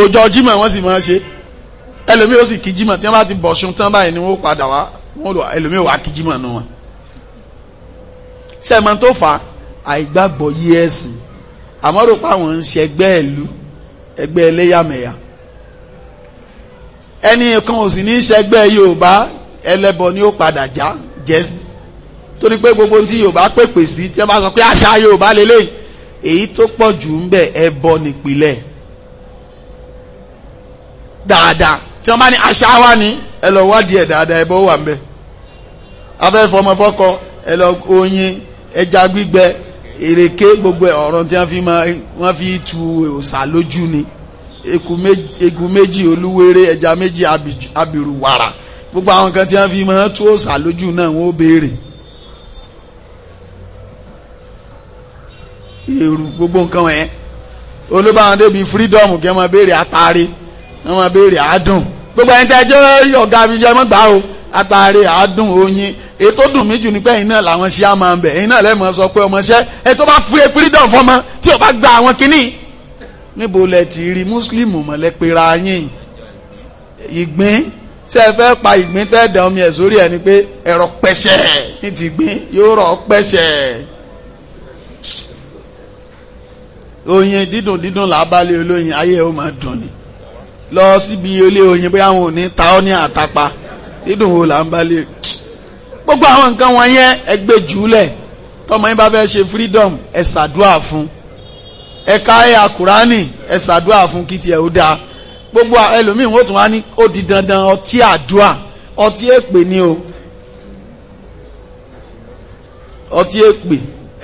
ọjọ́ Jímọ̀ wọ́n sì máa ṣe ẹlòmíì ó sì kí Jímọ̀ tí wọ́n bá ti bọ̀ṣun tán báyìí ni wọ́n padà wá wọ́n lò ẹlòmíì wá kí Jímọ̀ nù wọn sẹ́ẹ̀mọ́ tó fà á àìgbàgbọ́ yí ẹ̀sìn ẹni kan ò sì ní ṣẹgbẹ́ yorùbá ẹlẹ́bọ ni ó padà já jẹ́ torí pé gbogbo tí yorùbá pèpè sí tí wọ́n bá sọ pé àṣà yorùbá lélẹ̀ èyí tó pọ̀ jù ń bẹ ẹbọ nípìnlẹ̀ dáadáa tí wọ́n bá ní àṣà wa ni ẹ lọ wádìí ẹ̀ dáadáa ẹbọ wà ń bẹ afẹ́fọ́ ọmọ fọ́kọ ẹ lọ oyin ẹja gbígbẹ èrèké gbogbo ọ̀rọ̀ tí wọ́n fi tu òòṣà lójú ni eku méjì olúwéré ẹja méjì abirù wàrà gbogbo àwọn kan tí wọ́n fi máa tú òòsà lójú náà wọ́n béèrè èrù gbogbo nǹkan wọ̀nyẹn olóbáwọn débi freedom kí wọ́n máa béèrè àtàrí wọ́n máa béèrè àádùn gbogbo ẹni tẹ́jọ́ ọ̀gá mi ṣe mọ́ gbà o àtàrí àádùn oyin èyí tó dùn mí jù ní pé ẹ̀yin náà làwọn ṣe á máa ń bẹ̀ ẹ̀yin náà lẹ́mọ̀ sọ pé ọmọṣẹ́ ẹ tó bá fún fọmọ tí ò bá gba àwọn kinní níbo lẹ ti rí mùsùlùmù mọ̀lẹ́ pera yín ìgbín ṣé ẹ fẹ́ pa ìgbín tẹ́ẹ̀dẹ̀ omi ẹ̀ sórí ẹni pé ẹ̀rọ pẹ́ṣẹ̀ ní ti gbín yóò rọ̀ pẹ́ṣẹ̀ oyin dídùn dídùn làbálẹ̀ olóyin ayé ó máa dùn ni lọ síbi ilé oyin bóyá wọn ò ní ta ọ́ ní àtàpá dídùn wo là ń balẹ̀ gbogbo àwọn nǹkan wọn yẹn ẹgbẹ́ jùlẹ̀ tọmọ yín bá fẹ́ ṣe freedom ẹ ṣàdúrà fún un ẹ̀ka ẹ̀yà kùránì ẹ ṣàdúrà fún kí tiẹ̀ ó dáa gbogbo ẹlòmíì wọ́n tún wá ní ó di dandan ọtí àdúrà ọtí èpè ni o ọtí èpè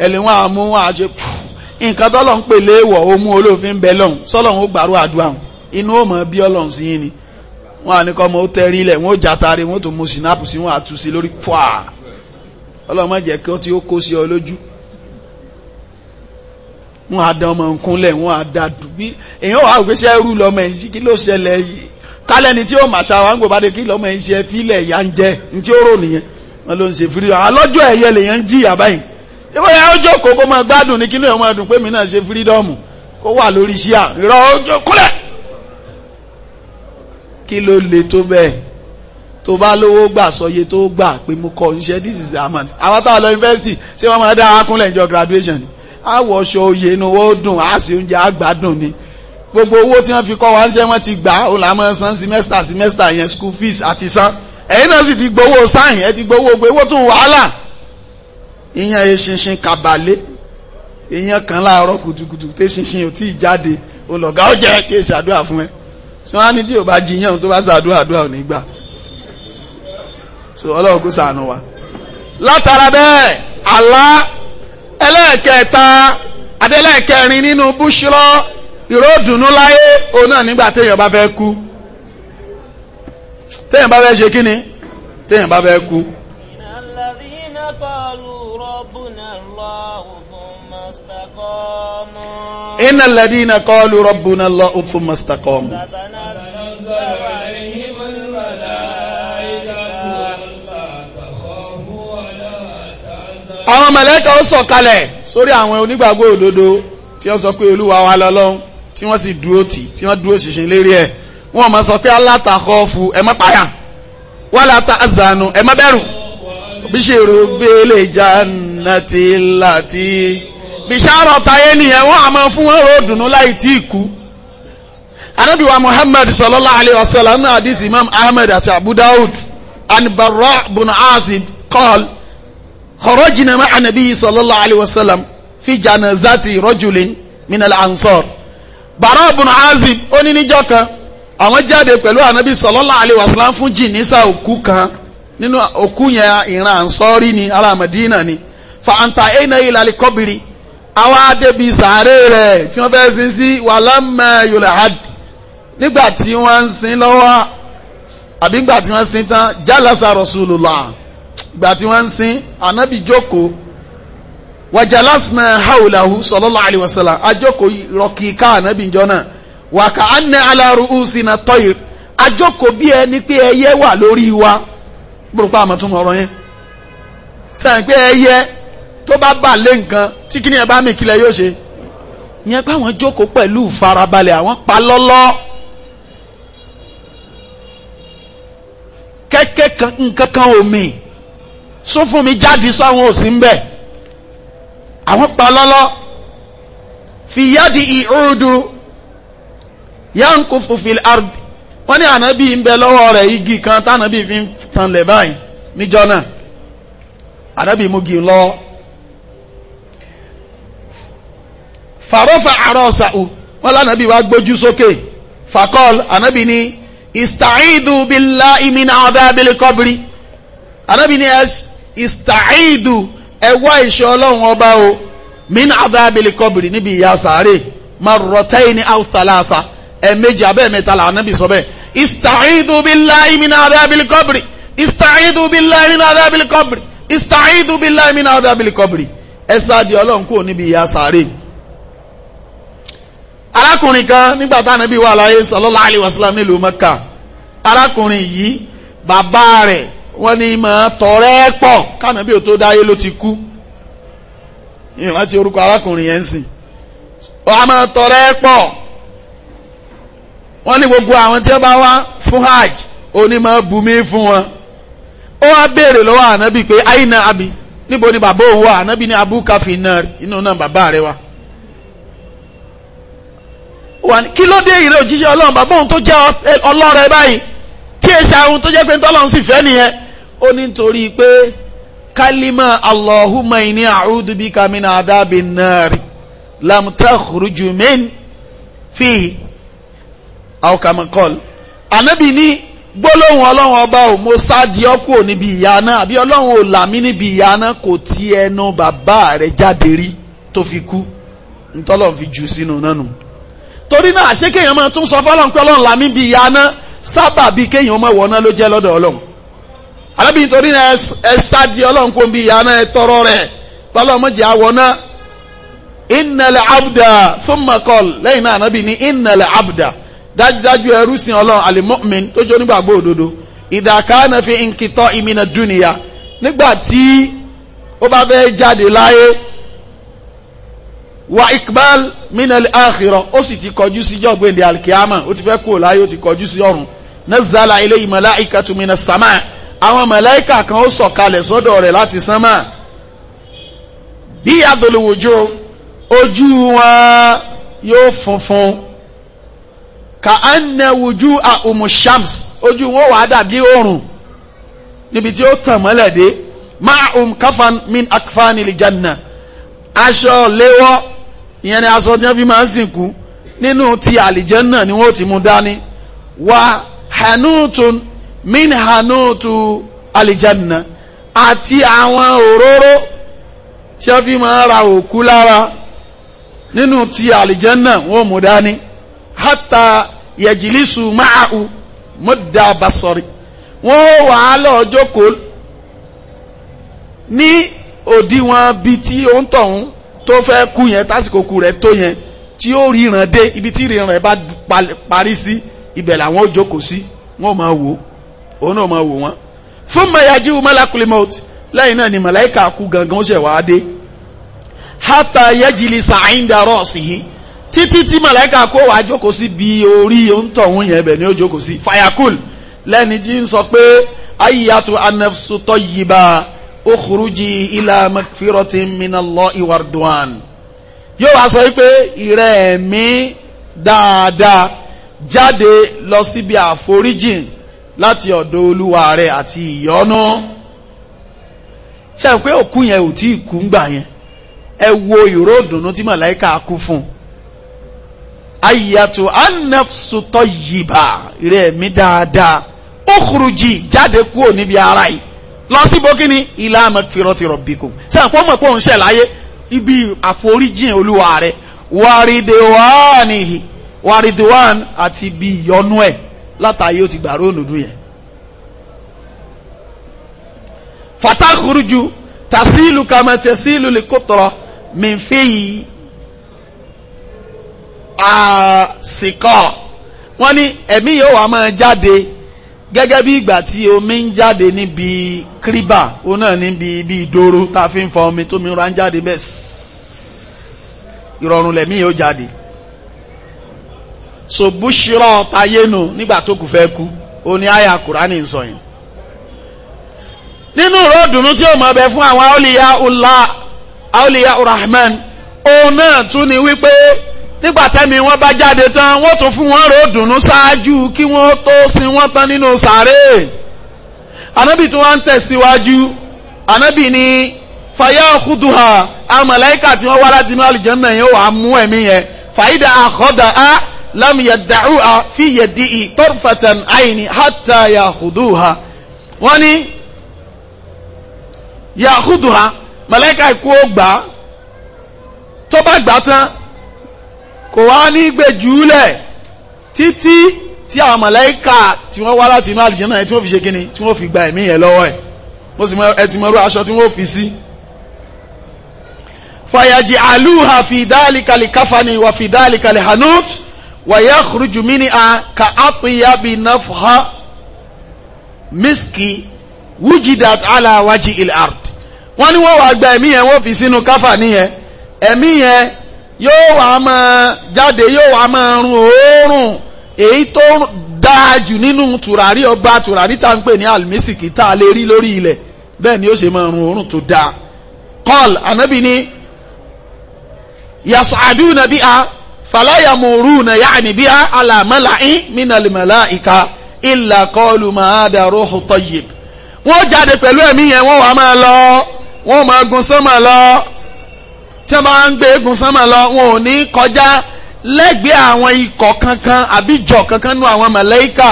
ẹlẹ́wọ̀n àmú àṣẹ nǹkan tọ́lọ̀ ń pè léèwọ̀ ó mú olófin bẹ lọ́hùn sọ́lọ́hún ó gbàrú àdúrà hùn inú ó mọ̀ bí ọlọ́run sí yín ni wọ́n á kọ́ ọmọ ó tẹ́rí ilẹ̀ wọ́n ó jàtàrí wọ́n ó tún mú sinapu sí wọ́n á lórí pọ́à ọlọ́run jẹ́ kí ó ti ó kó sí ọ lójú wọn a dán ọmọ nkúnlẹ̀ wọ́n á da dùbí èèyàn wà wípé ṣe rú lọ́mọ kí ló ṣẹlẹ̀ yìí kálẹ́ni tí ó mà ṣàwọn àgbò nti kí lọ́mọ ẹ̀ ṣe fílẹ̀ ìyá ń jẹ ní tí ó rò nìyẹn wọ́n ló ń ṣe fírí alọ́jọ́ ẹ̀yẹ lèyàn ń jìyà pé mi náà ṣe fírídọ́ọ̀mù kó wà lórí ṣíà rọ ọjọ́ kúlẹ̀ kí ló le tó bẹ́ẹ̀ tó bá lówó sọye tó pé mo kọ iṣẹ́ this is àwọn táwọn lọ yunifásitì ṣé wọ́n máa àwọ̀ṣọ oyè inú wọn ó dùn á sì oúnjẹ àgbàdùn ni gbogbo owó tí wọ́n fi kọ́ wa ń ṣe wọ́n ti gbà ó làmọ́ san semester semester yẹn school fees àti san ẹ̀yin náà sì ti gbowó sáyìn ẹ ti gbowó pé owó tún wàhálà ìyẹn eṣinṣin kàbálé ìyẹn kan láàárọ̀ kùtùkùtù pé ṣinṣin ò tí ì jáde olọ̀gá ó jẹ́ tí èsì àdúrà fún ẹ tí wọ́n á ní tí ò bá jiyàn tó bá ṣàdúrà àdúrà ò ní gbà so ọlọ́run kó ṣàánú wa látara bẹ́ẹ̀ Allah ẹlẹ́ẹ̀kẹta adẹ́lẹ́ẹ̀kẹrin nínú búṣúrọ́ ìròdùnú láyé òun náà nígbà téèyàn bá fẹ́ kú téèyàn bá fẹ́ ṣe kí ni téèyàn bá fẹ́ kú. Innal ladhina qalu rabbuna Allahu thumma istaqamu. àwọn mẹ̀lẹ́kà ó sọ̀kalẹ̀ sórí àwọn onígbàgbọ́ òdodo tí wọ́n sọ pé olúwa wa lọ́lọ́run tí wọ́n sì dúró tì tí wọ́n dúró ṣinṣin lérí ẹ̀ wọ́n máa sọ pé alátakọ́ fu ẹ má páyà wọ́n láta àzànù ẹ má bẹ̀rù bí ṣe rò gbélé jannati láti bìṣàrọ̀ táyé nìyẹn wọ́n àmọ́ fún wọn rò dùnú láì tí ì kú. anábìwá muhammad sallallahu alayhi wa sallam náà hadith imam ahmed àti abu dawud an barra bin asim qala kharajna مع النبي صلى الله عليه وسلم في janazati rajulin من الأنصار ansar bara ibn azib ó ní níjọ́ kan àwọn jáde pẹ̀lú ànábì sallallahu alayhi wa sallam fún jìnnìsà òkú kan nínú òkú yẹn ìran ansọ́rí ni ará Madina ni fa anta eina ilali kọ́bìrì àwa débi sàárè rẹ̀ tí wọ́n fẹ́ sin sí wàlámà yòlàhad nígbà tí wọ́n sin lọ́wọ́ àbí nígbà tí wọ́n sin tán jálásà rasulullah gbà tí wọ́n ń sin ànábì jókòó wajalasna wa rọkì ká ànábì njọ náà ala ru'usina tọ́yìr ajoko bí ẹni pé ẹyẹ wà lórí wa gbọ́dọ̀pá àmọ́tún ọ̀rọ̀ yẹn sàn pé ẹyẹ tó bá bà lé nǹkan tí kìnìyàn bá mi kílẹ̀ yóò ṣe ìyẹn pé àwọn jókòó pẹ̀lú farabalẹ̀ àwọn pa lọ́lọ́ kẹ́kẹ́ kan sọ fún mi jáde sáwọn òsì ń bẹ̀ àwọn pa lọ́lọ́ fi yádi ìrúdú yánkù fòfin ardi wọ́n ní ànábì ń bẹ lọ́wọ́ rẹ̀ igi kan tánàbì fi ń tanlẹ̀ báyìí níjọ́ náà ànábì mú gi lọ́wọ́ fàrọ́fà àrọ́sàù wọ́n lánàbí wá gbójú sókè fàkọ́l ànábì ní ìstàídù billahi min àdábìlì kọ́bìrì ànábì ní ìstàìdù ẹwà ìṣẹ́ ọlọ́run ọba o min adábìlì kọbìrì níbi ìyà sàárè marrataini aw thalatha ẹ̀ẹ̀mejì abẹ́ẹ̀mẹ́ta lànàbì sọ bẹ́ẹ̀ ìstàìdù billahi min adábìlì kọbìrì ìstàìdù billahi min adábìlì kọbìrì ìstàìdù billahi min adábìlì kọbìrì ẹ sáàdì ọlọ́run kò níbi ìyà sàárè arákùnrin kan nígbà tí ànábì wà láyé sallallahu alaihi wasallam nílùú Mẹ́kà arákùnrin yìí bàbá rẹ̀ wọ́n ní máa tọrẹ pọ̀ kánàbí o tó dáyé ló ti kú yìí ti orúkọ arákùnrin yẹn sìn ma a máa pọ̀ wọ́n ní gbogbo àwọn tí ọ bá wá fún hajj òní fún wọn ó wá béèrè lọ́wọ́ ànábì pé àyínà àbí níbo ni bàbá òun wà ànábì ní abúkàfì náà inú náà bàbá rẹ wà kí ló dé òjíṣẹ́ ọlọ́run bàbá òun tó tí tó jẹ́ pé ń tọ́lọ́run ó ní nítorí pé kálímà allahumma inni a'udhu bika min adhabin nar lam min fi alkamakol kama ni ní gbólóhùn ọlọ́run ọba ò mo sáàdì ọkù ò níbi ìyá náà àbí ọlọ́run ò níbi ìyá náà kò ti ẹnu bàbá rẹ̀ jáde rí fi kú ntọ́lọ́run fi jù sínú nánu torí náà àṣé kéèyàn máa tún sọ fọlọ́run pé ọlọ́run là bí ìyá náà sábà bíi arábìnrin torí náà ẹ sáàdì ọlọ́run kò bí ìyá náà ẹ tọrọ rẹ̀ tọ́lọ́mọdé àwọ̀ náà ìnàlẹ̀ abdà fúnmakọ́l lẹ́yìn náà anábì ní ìnàlẹ̀ abdà dájúdájú ẹrú sin ọlọ́run alimọ́min tó jẹ́ onígbàgbọ́ òdodo ìdàká náà fi nkìtọ́ ìmìnà dúnìyà nígbà tí ó bá fẹ́ jáde láyé wa ikbal minal akhirah ó sì ti kọjú sí jọ́gbẹ́ndé alkiyama ó ti fẹ́ kúrò láyé ó ti kọjú sí ọ̀run nazala ilayhi malaikatu minas samaa àwọn màláíkà kan ó sọ̀kalẹ̀ sọ́dọ̀ rẹ̀ láti sánmà bí adolowójó ojú wọn yóò funfun ka anna wujú àhùmù shams ojú wọn wà dàbí oòrùn níbi tí ó tàn mọ́lẹ̀ dé ma'um kafan min akfani lijanna aṣọ léwọ́ ìyẹn ni aṣọ tí wọ́n fi máa ń sìnkú nínú ti àlìjẹ́nà ni wọ́n ti mú dání wa hanutun min hanutu alijanna àti àwọn òróró tí a fi máa ra òkú lára nínú ti alijanna wọ́n mú dání hátà yẹjìlísù máàú mọ́dà basọ̀rì wọ́n wà á lọ jókòó ní òdiwọ̀n bí tí ó ń tọ̀hún tó fẹ́ kú yẹn tásìkò kú rẹ̀ tó yẹn tí ó ríran dé ibi tí ríran rẹ̀ bá parí sí ibẹ̀ làwọn ó jókòó sí wọ́n máa wò ó òun náà máa wò wọ́n fún mayaji malakuli maut lẹ́yìn náà ni màláìka kú gangan ṣe wàá dé hata yẹjìlì sàáyíndà rọ́ọ̀sì yìí títí tí màláìka kó wàá jókòó sí bí orí òǹtọ̀hún yẹn bẹ̀ ni ó jókòó sí fayakul lẹ́ni tí ń sọ pé ayyatu anafsu tayyiba ukhruji ila magfiratin minallahi warduwan yóò wá sọ wípé ìrẹ́ ẹ̀mí dáadáa jáde lọ síbi àforíjìn láti ọ̀dọ̀ olúwa rẹ̀ àti ìyọ́nú ṣe pé òkú yẹn ò tí ì kú ńgbà yẹn ẹ wo ìró ìdùnnú tí màláìka kú fún un ayàtò anafsutọ yìbà rẹ̀ mí dáadáa ó kúrújì jáde kúrò níbi ara yìí lọ sí bókínì ilá àmọ́kìrọ́ ti ṣe àpò mọ̀ pé òun ṣẹ̀ láyé ibi àforíjìn olúwa rẹ̀ wàrídéwàn àti ibi ìyọ́nú ẹ̀ látàyé ó ti gbàrú òdòdó yẹn fatahuruju tasilu kamatasilu likotoro minfeyi asikọ wọ́n ní ẹ̀mí yóò wá máa jáde gẹ́gẹ́ bí ìgbà tí omi ń jáde níbi kíríbà ó náà níbi ibi ìdóró tá a fi ń fa omi tómi ra jáde bẹ́ẹ̀ ìrọ̀rùn lẹ̀mí yóò jáde so bushirọ tayénu nígbà tó kù fẹ́ kú o ní àyà kùránì sọ yìí nínú ròdùnú tí ó mọ̀ bẹ fún àwọn aoliya ula aoliya urahman òun náà tún ni wípé nígbà tẹ́mi wọ́n bá jáde tán wọ́n tún fún wọn ròdùnú ṣáájú kí wọ́n tó sin wọ́n tán nínú sàárè anábì tún wá ń tẹ̀síwájú anábì ni fàyà ọ̀kúdùhà amọ̀lẹ́kà tí wọ́n wá láti inú àlùjànnà yẹn ó mú ẹ̀mí yẹn fàyídà àkọ́dà á lam yad'uha fi yadihi tarfatan aini hatta ya'khuduha wọ́n ní ya'khuduha màláíkà ikú ó gbà tó bá gbà tán kò wá ní gbé jùúlẹ̀ títí tí àwọn màláíkà tí wọ́n wá láti inú àlùjànnà náà tí wọ́n fi ṣe kíni tí wọ́n fi gba ẹ̀mí yẹn lọ́wọ́ ẹ̀ mo sì mọ ẹ ti mọ irú aṣọ tí wọ́n fi sí. fayaji aluha fi dhalika li wa fi dhalika li wàyà kúrújù mí ni a ka àpéyàbí náfà miski wujidat ala waji il ard wọ́n ní wọ́n wàá gba ẹ̀mí yẹn wọ́n fi sínú káfà nìyẹn ẹ̀mí yẹn yóò wá máa jáde yóò wá máa rún òórùn èyí tó dáa jù nínú tùràrí ọba tùràrí tá ń pè ní àlùmísìkì tá a lè rí lórí ilẹ̀ bẹ́ẹ̀ ni ó ṣe máa rún òórùn tó dáa kọ́l ànábì ni yasọ àdúrà nàbí a fàlàyà mòrú na yáàni bí alàmọ́láì mínàlìmọ̀láìka ìlà kọlù máa dàrú ọ̀tọ̀ yìí wọ́n jáde pẹ̀lú ẹ̀mí yẹn wọ́n wà máa lọ wọ́n máa gun sánmà lọ tí wọ́n bá ń gbé gun sánmà lọ wọn ò ní kọjá lẹ́gbẹ̀ẹ́ àwọn ikọ̀ kankan àbíjọ kankan nu àwọn mọ̀lẹ́kà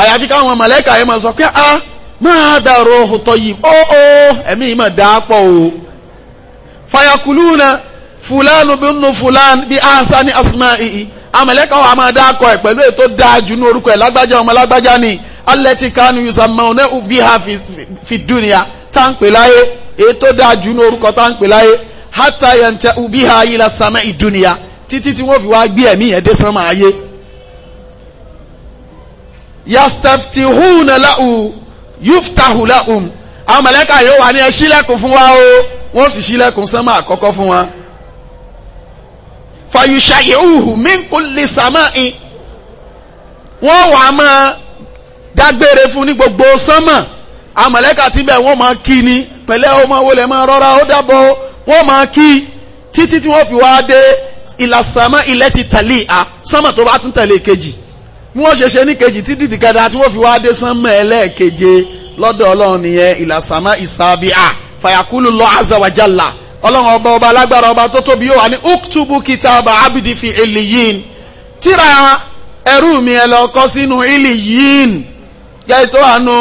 àyàfi káwọn mọ̀lẹ́kà yẹn máa sọ pé ah máa dàrú ọ̀tọ̀ yìí ó ó ẹ̀mí yìí máa dà á pọ̀ o fàyàkùlù náà fulanu bínú fulan bí asa e e e, ni asuma ii amalẹ́kọ̀ wa máa dá akọ ẹ̀ pẹ̀lú ètò dáájú ní orúkọ ẹ̀ lágbájá ọmọ lágbájá ni alẹ́tì kanu yusamọ́ ní ubi ha fi dúnìá tá ń pè láyé ètò dáájú ní orúkọ tá ń pè láyé hata yẹntẹ ubi ha yìí la sàmẹ́ ìdúnìá títí tí wọ́n fi wá gbé ẹ̀mí yẹn dé sánmà ayé. yastafti húnà láhùn yúftahù láhùn amalẹ́kọ̀ yóò wà ní ẹ ṣílẹ̀kùn fún wa o wọ́n sì ṣílẹ̀kùn sánmà àkọ́kọ́ fún wa fàyùṣà yòówù mí kò lè sàmà in wọ́n wàá máa dágbére fún ní gbogbo sánmà àmọ̀lẹ́kà tí bẹ́ẹ̀ wọ́n máa kí ni pẹ̀lẹ́ ọmọ wọlé máa rọra ó dábọ̀ wọ́n máa kí títí tí wọ́n fi wá dé ìlàsàmà ilẹ̀ ti tẹ̀lé à sánmà tó bá tún tẹ̀lé kejì bí wọ́n ṣe ṣe ní kejì tí dìdì tí wọ́n fi wá dé sánmà ẹlẹ́ẹ̀keje lọ́dọ̀ ọlọ́run nìyẹn ìlàsàmà ìsàbíà fàyàkúlù lọ azawajalla ọlọ́run ọba ọba alágbára ọba tó tóbi yóò wà ní uktubu kitaba abidi fi iliyin tíra ẹrú mi ẹ lọ kọ sínú iliyin jẹ́ tó àánú.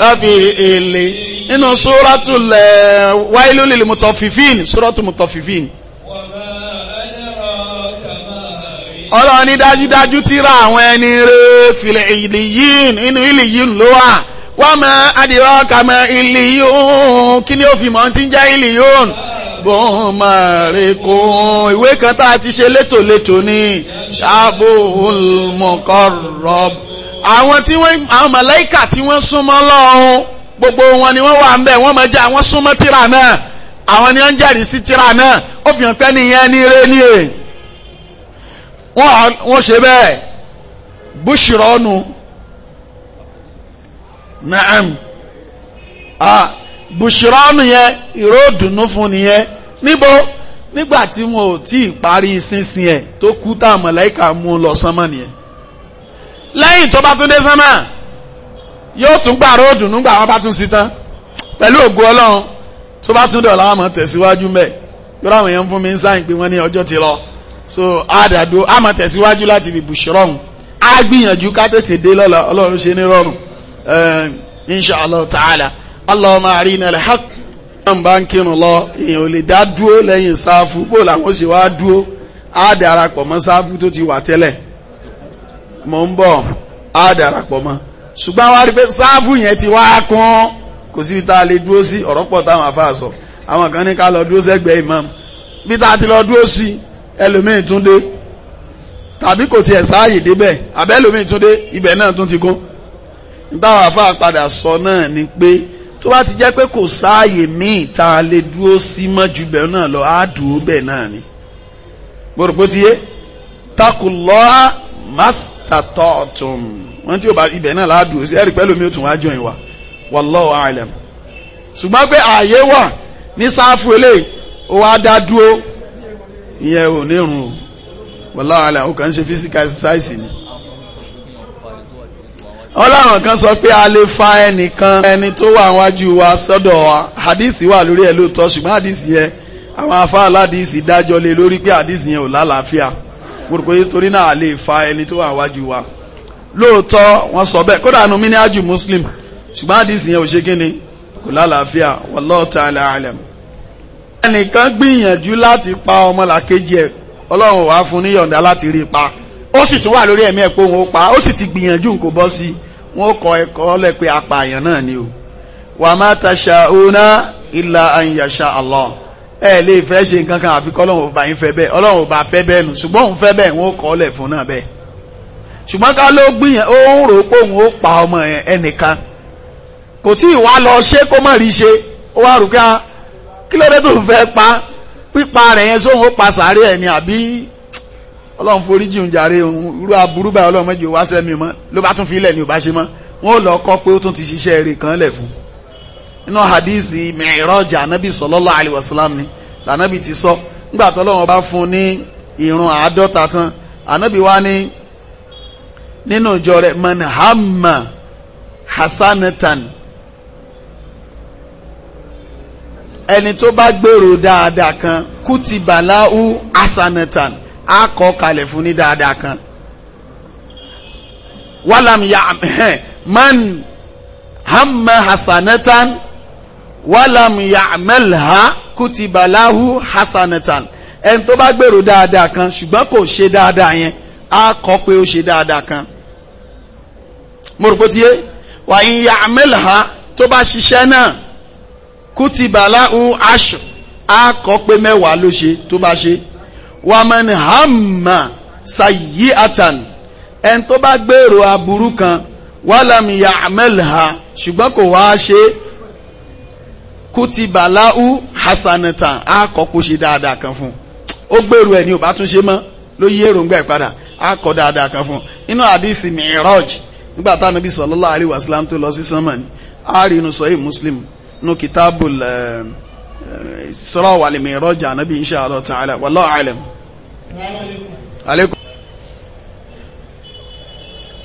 láfi èlé nínú sóràtù eh, lẹ wáìlú lè mutọ̀fífín sóràtù mutọ̀fífín. ọlọ́run ní dájúdájú tíra àwọn ẹni rẹ̀ filẹ̀ ìlìyìn nínú ìlìyìn ló wà wọ́n mọ adìrọ́ kàmọ́ ìlìyún kí ni ó fi mọ́ tí ń jẹ́ ìlìyún bọ́n máa rí kún ìwé kan tá a ti ṣe létòlétò ní ṣàbùhùl muqarrab àwọn tí wọ́n àwọn màláíkà tí wọ́n súnmọ́ lọ́hún gbogbo wọn ni wọ́n wà ń bẹ̀ wọ́n mọ̀ jẹ́ àwọn súnmọ́ tírà náà àwọn ni wọ́n ń jẹ́rìí sí tírà náà ó fi hàn pé nìyẹn ní ré ní è wọ́n ṣe bẹ́ẹ̀ bùṣìrọ́nù naam ah bùṣìrọ́nù yẹn ìró ìdùnnú fún nìyẹn níbo nígbà tí wọn ò tí ì parí sínsìn ẹ̀ tó kú tá mọ̀lẹ́kà mú lọ sánmọ̀ nìyẹn lẹ́yìn tó bá tún dé sánmọ̀ yóò tún gbà ró gbà wọn bá tún sí tán pẹ̀lú ògo ọlọ́run tó bá tún dé ọ̀la àmọ́ tẹ̀síwájú mẹ́ yọrọ àwọn èèyàn fún mi ń sáyìn pé wọ́n ní ọjọ́ ti lọ so àdàdo àmọ́ tẹ̀síwájú láti fi bùṣìrọ́hùn á gbìyànjú ká tètè dé lọ́la ọlọ́run ṣe ní rọrùn insha allah ta'ala allahumma arina al-haq náà bá ń kírun lọ èèyàn ò lè dá dúró lẹ́yìn sáfù bó làwọn sì wá dúró á darapọ̀ mọ́ sáfù tó ti wà tẹ́lẹ̀ mò ń bọ̀ á darapọ̀ mọ́ ṣùgbọ́n wá rí pé sáfù yẹn ti wá kún kò síbi tá a lè dúró sí ọ̀rọ̀ pọ̀ táwọn afáà sọ àwọn kan ní ká lọ dúró sẹ́gbẹ̀ẹ́ imam bí tá a ti lọ dúró sí ẹlòmíì tún dé tàbí kò tiẹ̀ sáàyè débẹ̀ àbẹ́lòmíì tún dé ibẹ̀ náà tún ti kún nítawọn àfáà padà sọ náà ni pé tó bá ti jẹ́ pé kò sáàyè míì tá a lè dúró sí mọ́jú bẹ́ẹ̀ náà lọ á dùn bẹ́ẹ̀ náà ni gbọ́dọ̀ ti yé takulọ́ọ́ mastatọ́ọ̀tún wọ́n tí ó bá ibẹ̀ náà láàdù sí ẹ̀rì pẹ́lú mi ó tún wá jọ ìwà wallahu a'lam ṣùgbọ́n pé ààyè wà ní sáfù ilé ó wá dá dúró ìyẹn ò nírun wallahu a'lam ó kàn ń ṣe physical exercise ni wọ́n láwọn kan sọ pé a lè fa ẹnìkan ẹni tó wà wájú wa sọ́dọ̀ wa hadisi wà lórí ẹ̀ lóòótọ́ ṣùgbọ́n hadisi yẹn àwọn afá aládìsí dájọ́ lé lórí pé hadisi yẹn ò lálàáfíà gbogbo yìí torí náà a lè fa ẹni tó wà wájú wa lóòótọ́ wọ́n sọ bẹ́ẹ̀ kódà nu miniájú muslim ṣùgbọ́n hadisi yẹn ò ṣe kí ni kò lálàáfíà wallahu ta'ala alam. ẹnìkan gbìyànjú láti pa ọmọlàkejì ẹ̀ ọlọ́run wàá fún níyọ̀ǹda láti rí pa ó sì tún wà lórí ẹ̀mí ẹ̀pọ̀ òun ó pa ó sì ti gbìyànjú kò bọ́ sí wọn ó kọ ẹ̀kọ́ lẹ̀ ni o wà má taṣà ọ̀nà ìlà àyàṣà Allah ẹ lè fẹ́ ṣe nǹkan kan àfi kọ́lọ́hún ọba yín fẹ́ bẹ́ẹ̀ ọlọ́hún ọba fẹ́ bẹ́ẹ̀ nù ṣùgbọ́n òun fẹ́ bẹ́ẹ̀ wọn ó kọ́ lẹ̀ fún náà bẹ́ẹ̀ ṣùgbọ́n ká ló gbìyàn ó ń rò pé pa ọmọ ẹnìkan kò tí ì lọ kó rí ṣe ó wá rò pé ah, kí pa pípa rẹ̀ yẹn sóhun ó pa sàárẹ̀ ẹ̀ ni àbí ọlọ́run forí jìn jàre irú aburú báyìí ọlọ́run méjì wá sẹ́mi mọ́ ló bá tún fi ilẹ̀ ní òbá ṣe mọ́ wọ́n lọ kọ́ pé ó tún ti ṣiṣẹ́ rẹ̀ kan lẹ̀ fún inú hadisi Mi'raj anabi sallallahu alaihi wasallam ni lànàbì ti sọ nígbà tó ọlọ́run bá fún ní ìrun àádọ́ta tán anabi wá ní nínú ìjọ rẹ̀ man hamma hasanatan ẹni tó bá gbèrò dáadáa kan kútìbàláú hasanatan á kọ́ kalẹ̀ fún ní dáadáa kan wàlám ya man hamma hasanatan wàlám ya amelha kutibalahu hasanatan ẹni tó bá gbèrò dáadáa kan ṣùgbọ́n kò ṣe dáadáa yẹn á kọ́ pé ó ṣe dáadáa kan mo rò pé ya amelha tó bá ṣiṣẹ́ náà kutibalahu ash a kọ́ pé mẹ́wàá ló ṣe tó bá ṣe wàmán hàmà sàyí àtàn ẹni tó bá gbèrò aburú kan wàlámì yàmẹ́lha ṣùgbọ́n kò wá ṣe kùtìbàláhù hasanatan á kọ́ kó ṣe dáadáa kan fún un ó gbèrò ẹ̀ ní ò bá tún ṣe mọ́ ló yí èròǹgbà ẹ̀ padà á dáadáa kan fún un inú àdìsí mìíràj nígbà táwọn Ànábì sallallahu alaihi wasallam tó lọ sí sánmà ni a rí inú sọ́yìn Muslim nù kìtàbù lẹ́ẹ̀. Isra wal Mi'raj ànábì insha Allah ta'ala wallahu a'lam. alaikum.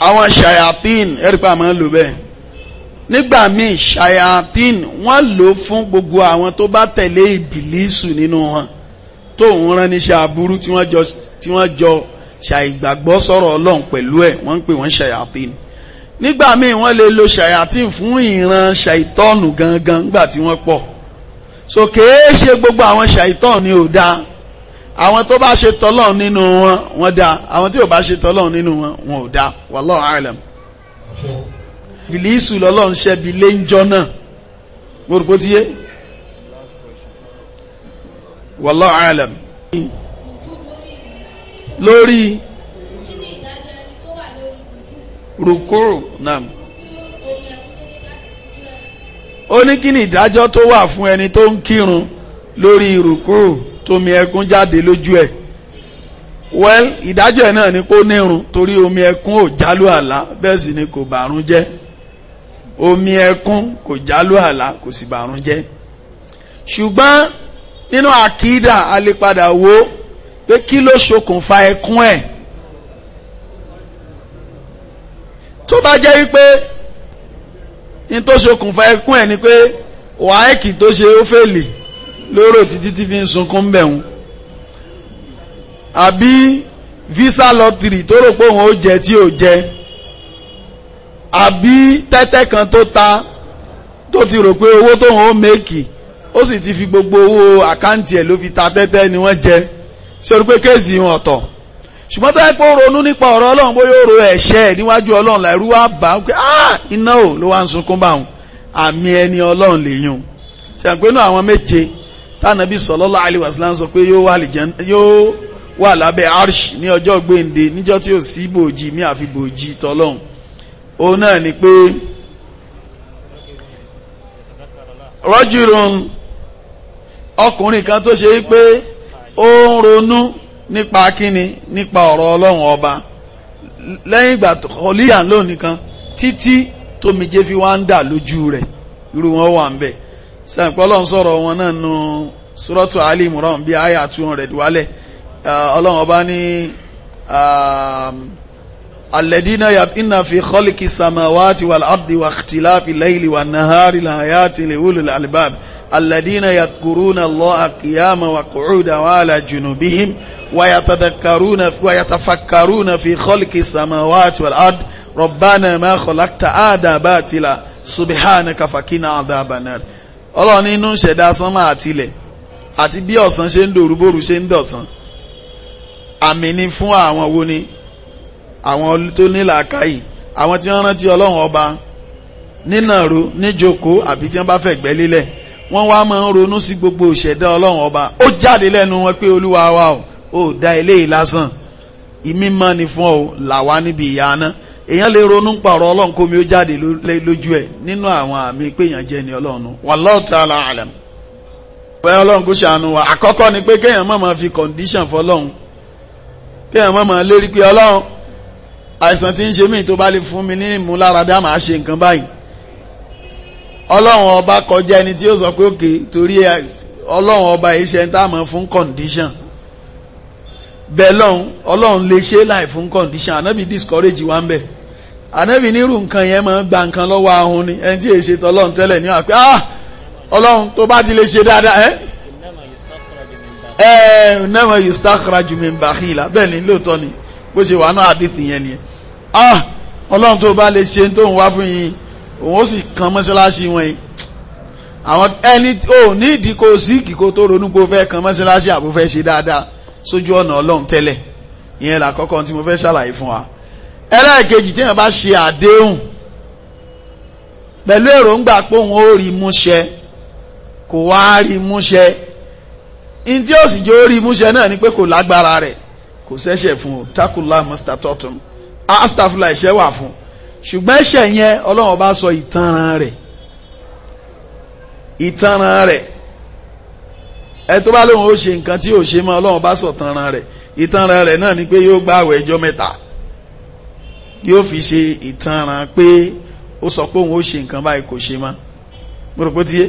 àwọn ṣayatin ẹ̀rípa máa ń lò bẹ́ẹ̀ nígbà míì ṣayatin wọ́n lò fún gbogbo àwọn tó bá tẹ̀lé ìbìlísù nínú wọn tó ń rán níṣẹ́ aburú tí wọ́n jọ tí wọ́n jọ ṣàìgbàgbọ́ sọ̀rọ̀ ọlọ́run pẹ̀lú ẹ̀ wọ́n ń pè wọ́n ṣayatin nígbà míì wọ́n lè lo ṣayatin fún ìran ṣàìtọ́nù gangan nígbà tí wọ́n pọ̀ so kèé ṣe gbogbo àwọn ṣàìtàn ni ò dáa àwọn tó bá ṣe tọ́lọ́run nínú wọn wọn dáa àwọn tí ò bá ṣe tọ́lọ́run nínú wọn wọn ò dáa wallahu a'lam bìlísù lọ́lọ́run ṣẹ́bi léńjọ́ náà mo rò pé ti yé wallahu a'lam lórí rukuru naam ó ní kí ni ìdájọ́ tó wà fún ẹni tó ń kírun lórí ìrùkú tómi ẹkún jáde lójú ẹ̀ well ìdájọ́ ẹ̀ náà ni kó nírun torí omi ẹkún ò jálù àlá bẹ́ẹ̀ sì ni kò bàrún jẹ́ omi ẹkún kò jálù àlá kò sì bàrún jẹ́ ṣùgbọ́n nínú àkídà a wo pé kí ló ṣokùnfà ẹkún ẹ̀ tó bá jẹ́ wípé ní tó ṣokùnfà ẹkún ẹ̀ ni pé wàhálì tó ṣe ó fèlè lóró títí tí fi ń sunkún bẹ̀hùn àbí visa lottery tó rò pé òun ó jẹ tí ò jẹ àbí tẹ́tẹ́ kan tó ta tó ti rò pé owó tóun ó méèkì ó sì ti fi gbogbo owó àkáǹtì ẹ̀ ló fi ta tẹ́tẹ́ ni wọ́n jẹ ṣé o rí pé kéèsì wọn ọ̀tọ̀ ṣùgbọ́n tó yẹ pé ronú nípa ọ̀rọ̀ ọlọ́run bó yóò ro ẹ̀ṣẹ́ níwájú ọlọ́run láìrú bá pé ah, iná o ló wá ń sunkún bá wọn àmì ẹni ọlọ́run lèyún ṣàpé inú àwọn méje tánàbí sọ pé yóò wà lábẹ́ ní ọjọ́ kan tó ṣe pé ó ń ronú nípa kíni nípa ọ̀rọ̀ ọlọ́run ọba lẹ́yìn ìgbà tó kọlíyà ló nìkan títí tómijé fi wá ń dà lójú rẹ̀ irú wọn wà ń bẹ̀ sàǹpọ̀lọ́ sọ̀rọ̀ wọn náà nu suratu Ali Imran bíi àyà two hundred wálẹ̀ ọlọ́run ọba ní alẹ́dínà yàtínà fi kọ́lìkì samawati wal ardi wa ikhtilafi layli wa nahari la hayati li ulul albab alẹ́dínà yàtkuruna Allaha qiyama wa qu'udan wa ala junubihim. ويتذكرون ويتفكرون في خلق السماوات والأرض ربنا ما خلقت هذا باطلا سبحانك فقنا عذاب النار ọlọ́run nínú ṣẹ̀dá sánmà àtilẹ̀ àti bí ọ̀sán ṣe ń dòrúbòrú ṣe ń dọ̀sán àmì ni fún àwọn wo ni àwọn tó ní làákàyè àwọn tí wọ́n rántí ọlọ́run ọba nínàró níjókòó àbí tí wọ́n bá fẹ̀gbẹ́ lélẹ̀ wọ́n wá máa ń ronú sí gbogbo ìṣẹ̀dá ọlọ́run ọba ó jáde lẹ́nu wọn pé olúwa wa o ó dá eléyìí lásán ìmímọ́ ni fún ọ làwa níbi ìyá náà èèyàn lè ronú ń pààrọ̀ ọlọ́run kó mi ó jáde lójú ẹ̀ nínú àwọn àmì péyàn jẹ́ ni ọlọ́run wallahu ta'ala alam pẹ́ ọlọ́run kó ṣàánú wa àkọ́kọ́ ni pé kéèyàn má máa fi condition fọlọ́run kéèyàn má máa lérí pé ọlọ́run àìsàn tí ń ṣe mí tó bá lè fún mi ní ìmúláradá màá ṣe nǹkan báyìí ọlọ́run ọba kọjá ẹni tí ó sọ pé òkè torí ọlọ́run ọba iṣẹ́ ń tá a máa fún condition bẹ́ẹ̀ lọ́hún ọlọ́run lè ṣe láì fún condition ànábì discourage wa ń bẹ̀ ànábì nírú nǹkan yẹn máa ń gba nǹkan lọ́wọ́ ahun ni ẹni tí èsì tọ́lọ́run tẹ́lẹ̀ ní àpé ah ọlọ́run tó bá ti lè ṣe dáadáa ẹ́ ẹ́ nama yustakhraju min bakhila bẹ́ẹ̀ ni lóòótọ́ ni bó ṣe wà náà àdìtì yẹn ni ah ọlọ́run tó bá lè ṣe tó ń wá fún yín òun ó sì kan mọ́ṣáláṣí wọn yìí àwọn ẹni ò ní ìdí kó síkì tó ronú pé ó fẹ́ kan mọ́ṣáláṣí àbúfẹ́ ṣe dáadáa sójú ọ̀nà ọlọ́run tẹ́lẹ̀ ìyẹn làkọ́kọ́ tí mo fẹ́ ṣàlàyé fún wa ẹlẹ́ẹ̀kejì tí èèyàn bá ṣe àdéhùn pẹ̀lú èròǹgbà pé òun ó rí múṣẹ kò wá rí múṣẹ in tí ó sì jẹ́ ó rí múṣẹ náà ni pé kò lágbára rẹ̀ kò ṣẹ̀ṣẹ̀ fún o takula mr totten astafula ẹ̀ṣẹ̀ wà fún ṣùgbọ́n ẹ̀ṣẹ̀ yẹn ọlọ́run bá sọ ìtanràn rẹ̀ ìtanràn rẹ̀ ẹ tó bá lóun ó ṣe nǹkan tí ò ṣe mọ́ ọlọ́run bá sọ tanran rẹ̀ ìtanran rẹ̀ náà ni pé yóò gba àwẹ̀ ọjọ́ mẹ́ta yóò fi ṣe ìtanran pé ó sọ pé òun ó ṣe nǹkan báyìí kò ṣe mọ́ mo rò pé ti yé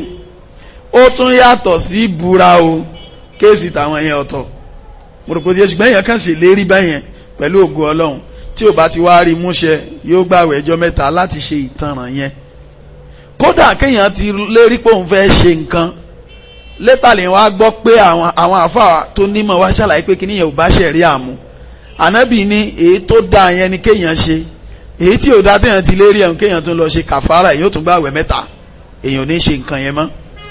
ó tún yàtọ̀ sí búra o kéèsì tàwọn yẹn ọ̀tọ̀ mo rò pé ti yé ṣùgbọ́n èèyàn kàn ṣe lérí báyẹn pẹ̀lú ògo ọlọ́run tí ò bá ti wá rí múṣẹ yóò gba àwẹ̀ ọjọ́ mẹ́ta láti ṣe ìtanran yẹn kódà kéèyàn ti lérí pé òun fẹ́ ṣe nǹkan lẹ́tà lè wá gbọ́ pé àwọn àwọn àfáà tó nímọ̀ wá ṣàlàyé pé kí ò bá ṣẹ̀rí àmú ànábì ní èyí tó da yẹn ni kéèyàn ṣe èyí tí ò da téèyàn ti lérí ẹ̀hún kéèyàn tó lọ ṣe kàfàrà èyí ó tún gbààwẹ̀ mẹ́ta èyàn ò ní ṣe nǹkan yẹn mọ́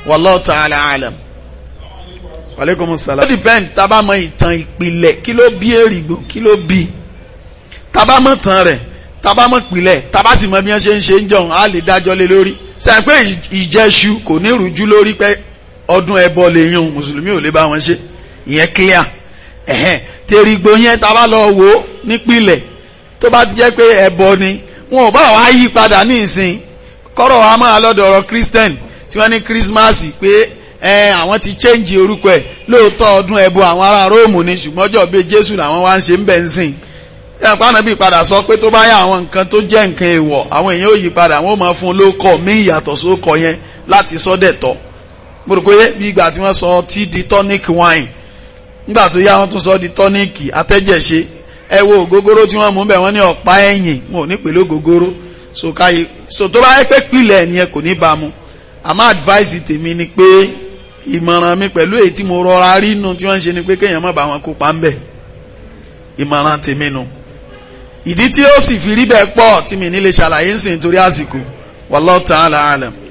wallahu ta'ala alam. wàlẹ́kùn sàlám. ó dìpẹ́ǹd tábà mọ ìtàn ìpìlẹ̀ kí ló bí èrìgbò kí ló bí tábà mọ tàn rẹ̀ tábà mọ ìpìlẹ̀ tábà sì mọ bí wọ́n ṣe ń ṣe ń jọun á lè dájọ́ lé lórí sẹ́yìn pé ìjẹ́ṣu kò ní rújú lórí pé ọdún ẹbọ lè yún mùsùlùmí ò lè bá wọn ṣe ìyẹn clear ẹ̀hẹ́n tèrìgbò yẹn tá a bá lọ wò ó nípìnlẹ̀ tó bá ti jẹ́ pé ẹbọ ni wọn ò bá wàá yí padà ní ìsìn kọ́rọ̀ wa máa lọ́dọ̀ ọ̀rọ̀ christian tí wọ́n ní kírísímàsì pé ẹ àwọn ti change orúkọ ẹ̀ lóòótọ́ ọdún ẹbọ àwọn ará róòmù ni ṣùgbọ́n ọjọ́ bíi jésù làwọn wá ń ṣe ń bẹ̀ ń sìn ìyàpáàna bíi padà sọ pé tó bá yá àwọn nǹkan tó jẹ́ nǹkan èèwọ̀ àwọn èèyàn ò yí padà wọn ò máa fún un lóko mí ìyàtọ̀ sóko yẹn láti sọ́dẹ̀ tọ́ gbòrògbé bí ìgbà tí wọ́n sọ tí di tonic wine nígbà tó yá wọ́n tún sọ di tonic atẹ́jẹ̀ṣe ẹ wo gogoro tí wọ́n mú bẹ̀ wọ́n ní wọn ò so so kò ní mu advice tèmi ni pé ìmọ̀ràn mi pẹ̀lú èyí tí mo rọra rí nu tí wọ́n ń ṣe ni pé kéèyàn má bá wọn kópa ń bẹ̀ ìmọ̀ràn tèmi nu ìdí tí ó sì fi rí bẹ́ẹ̀ pọ̀ tí mi ní lè ṣàlàyé ń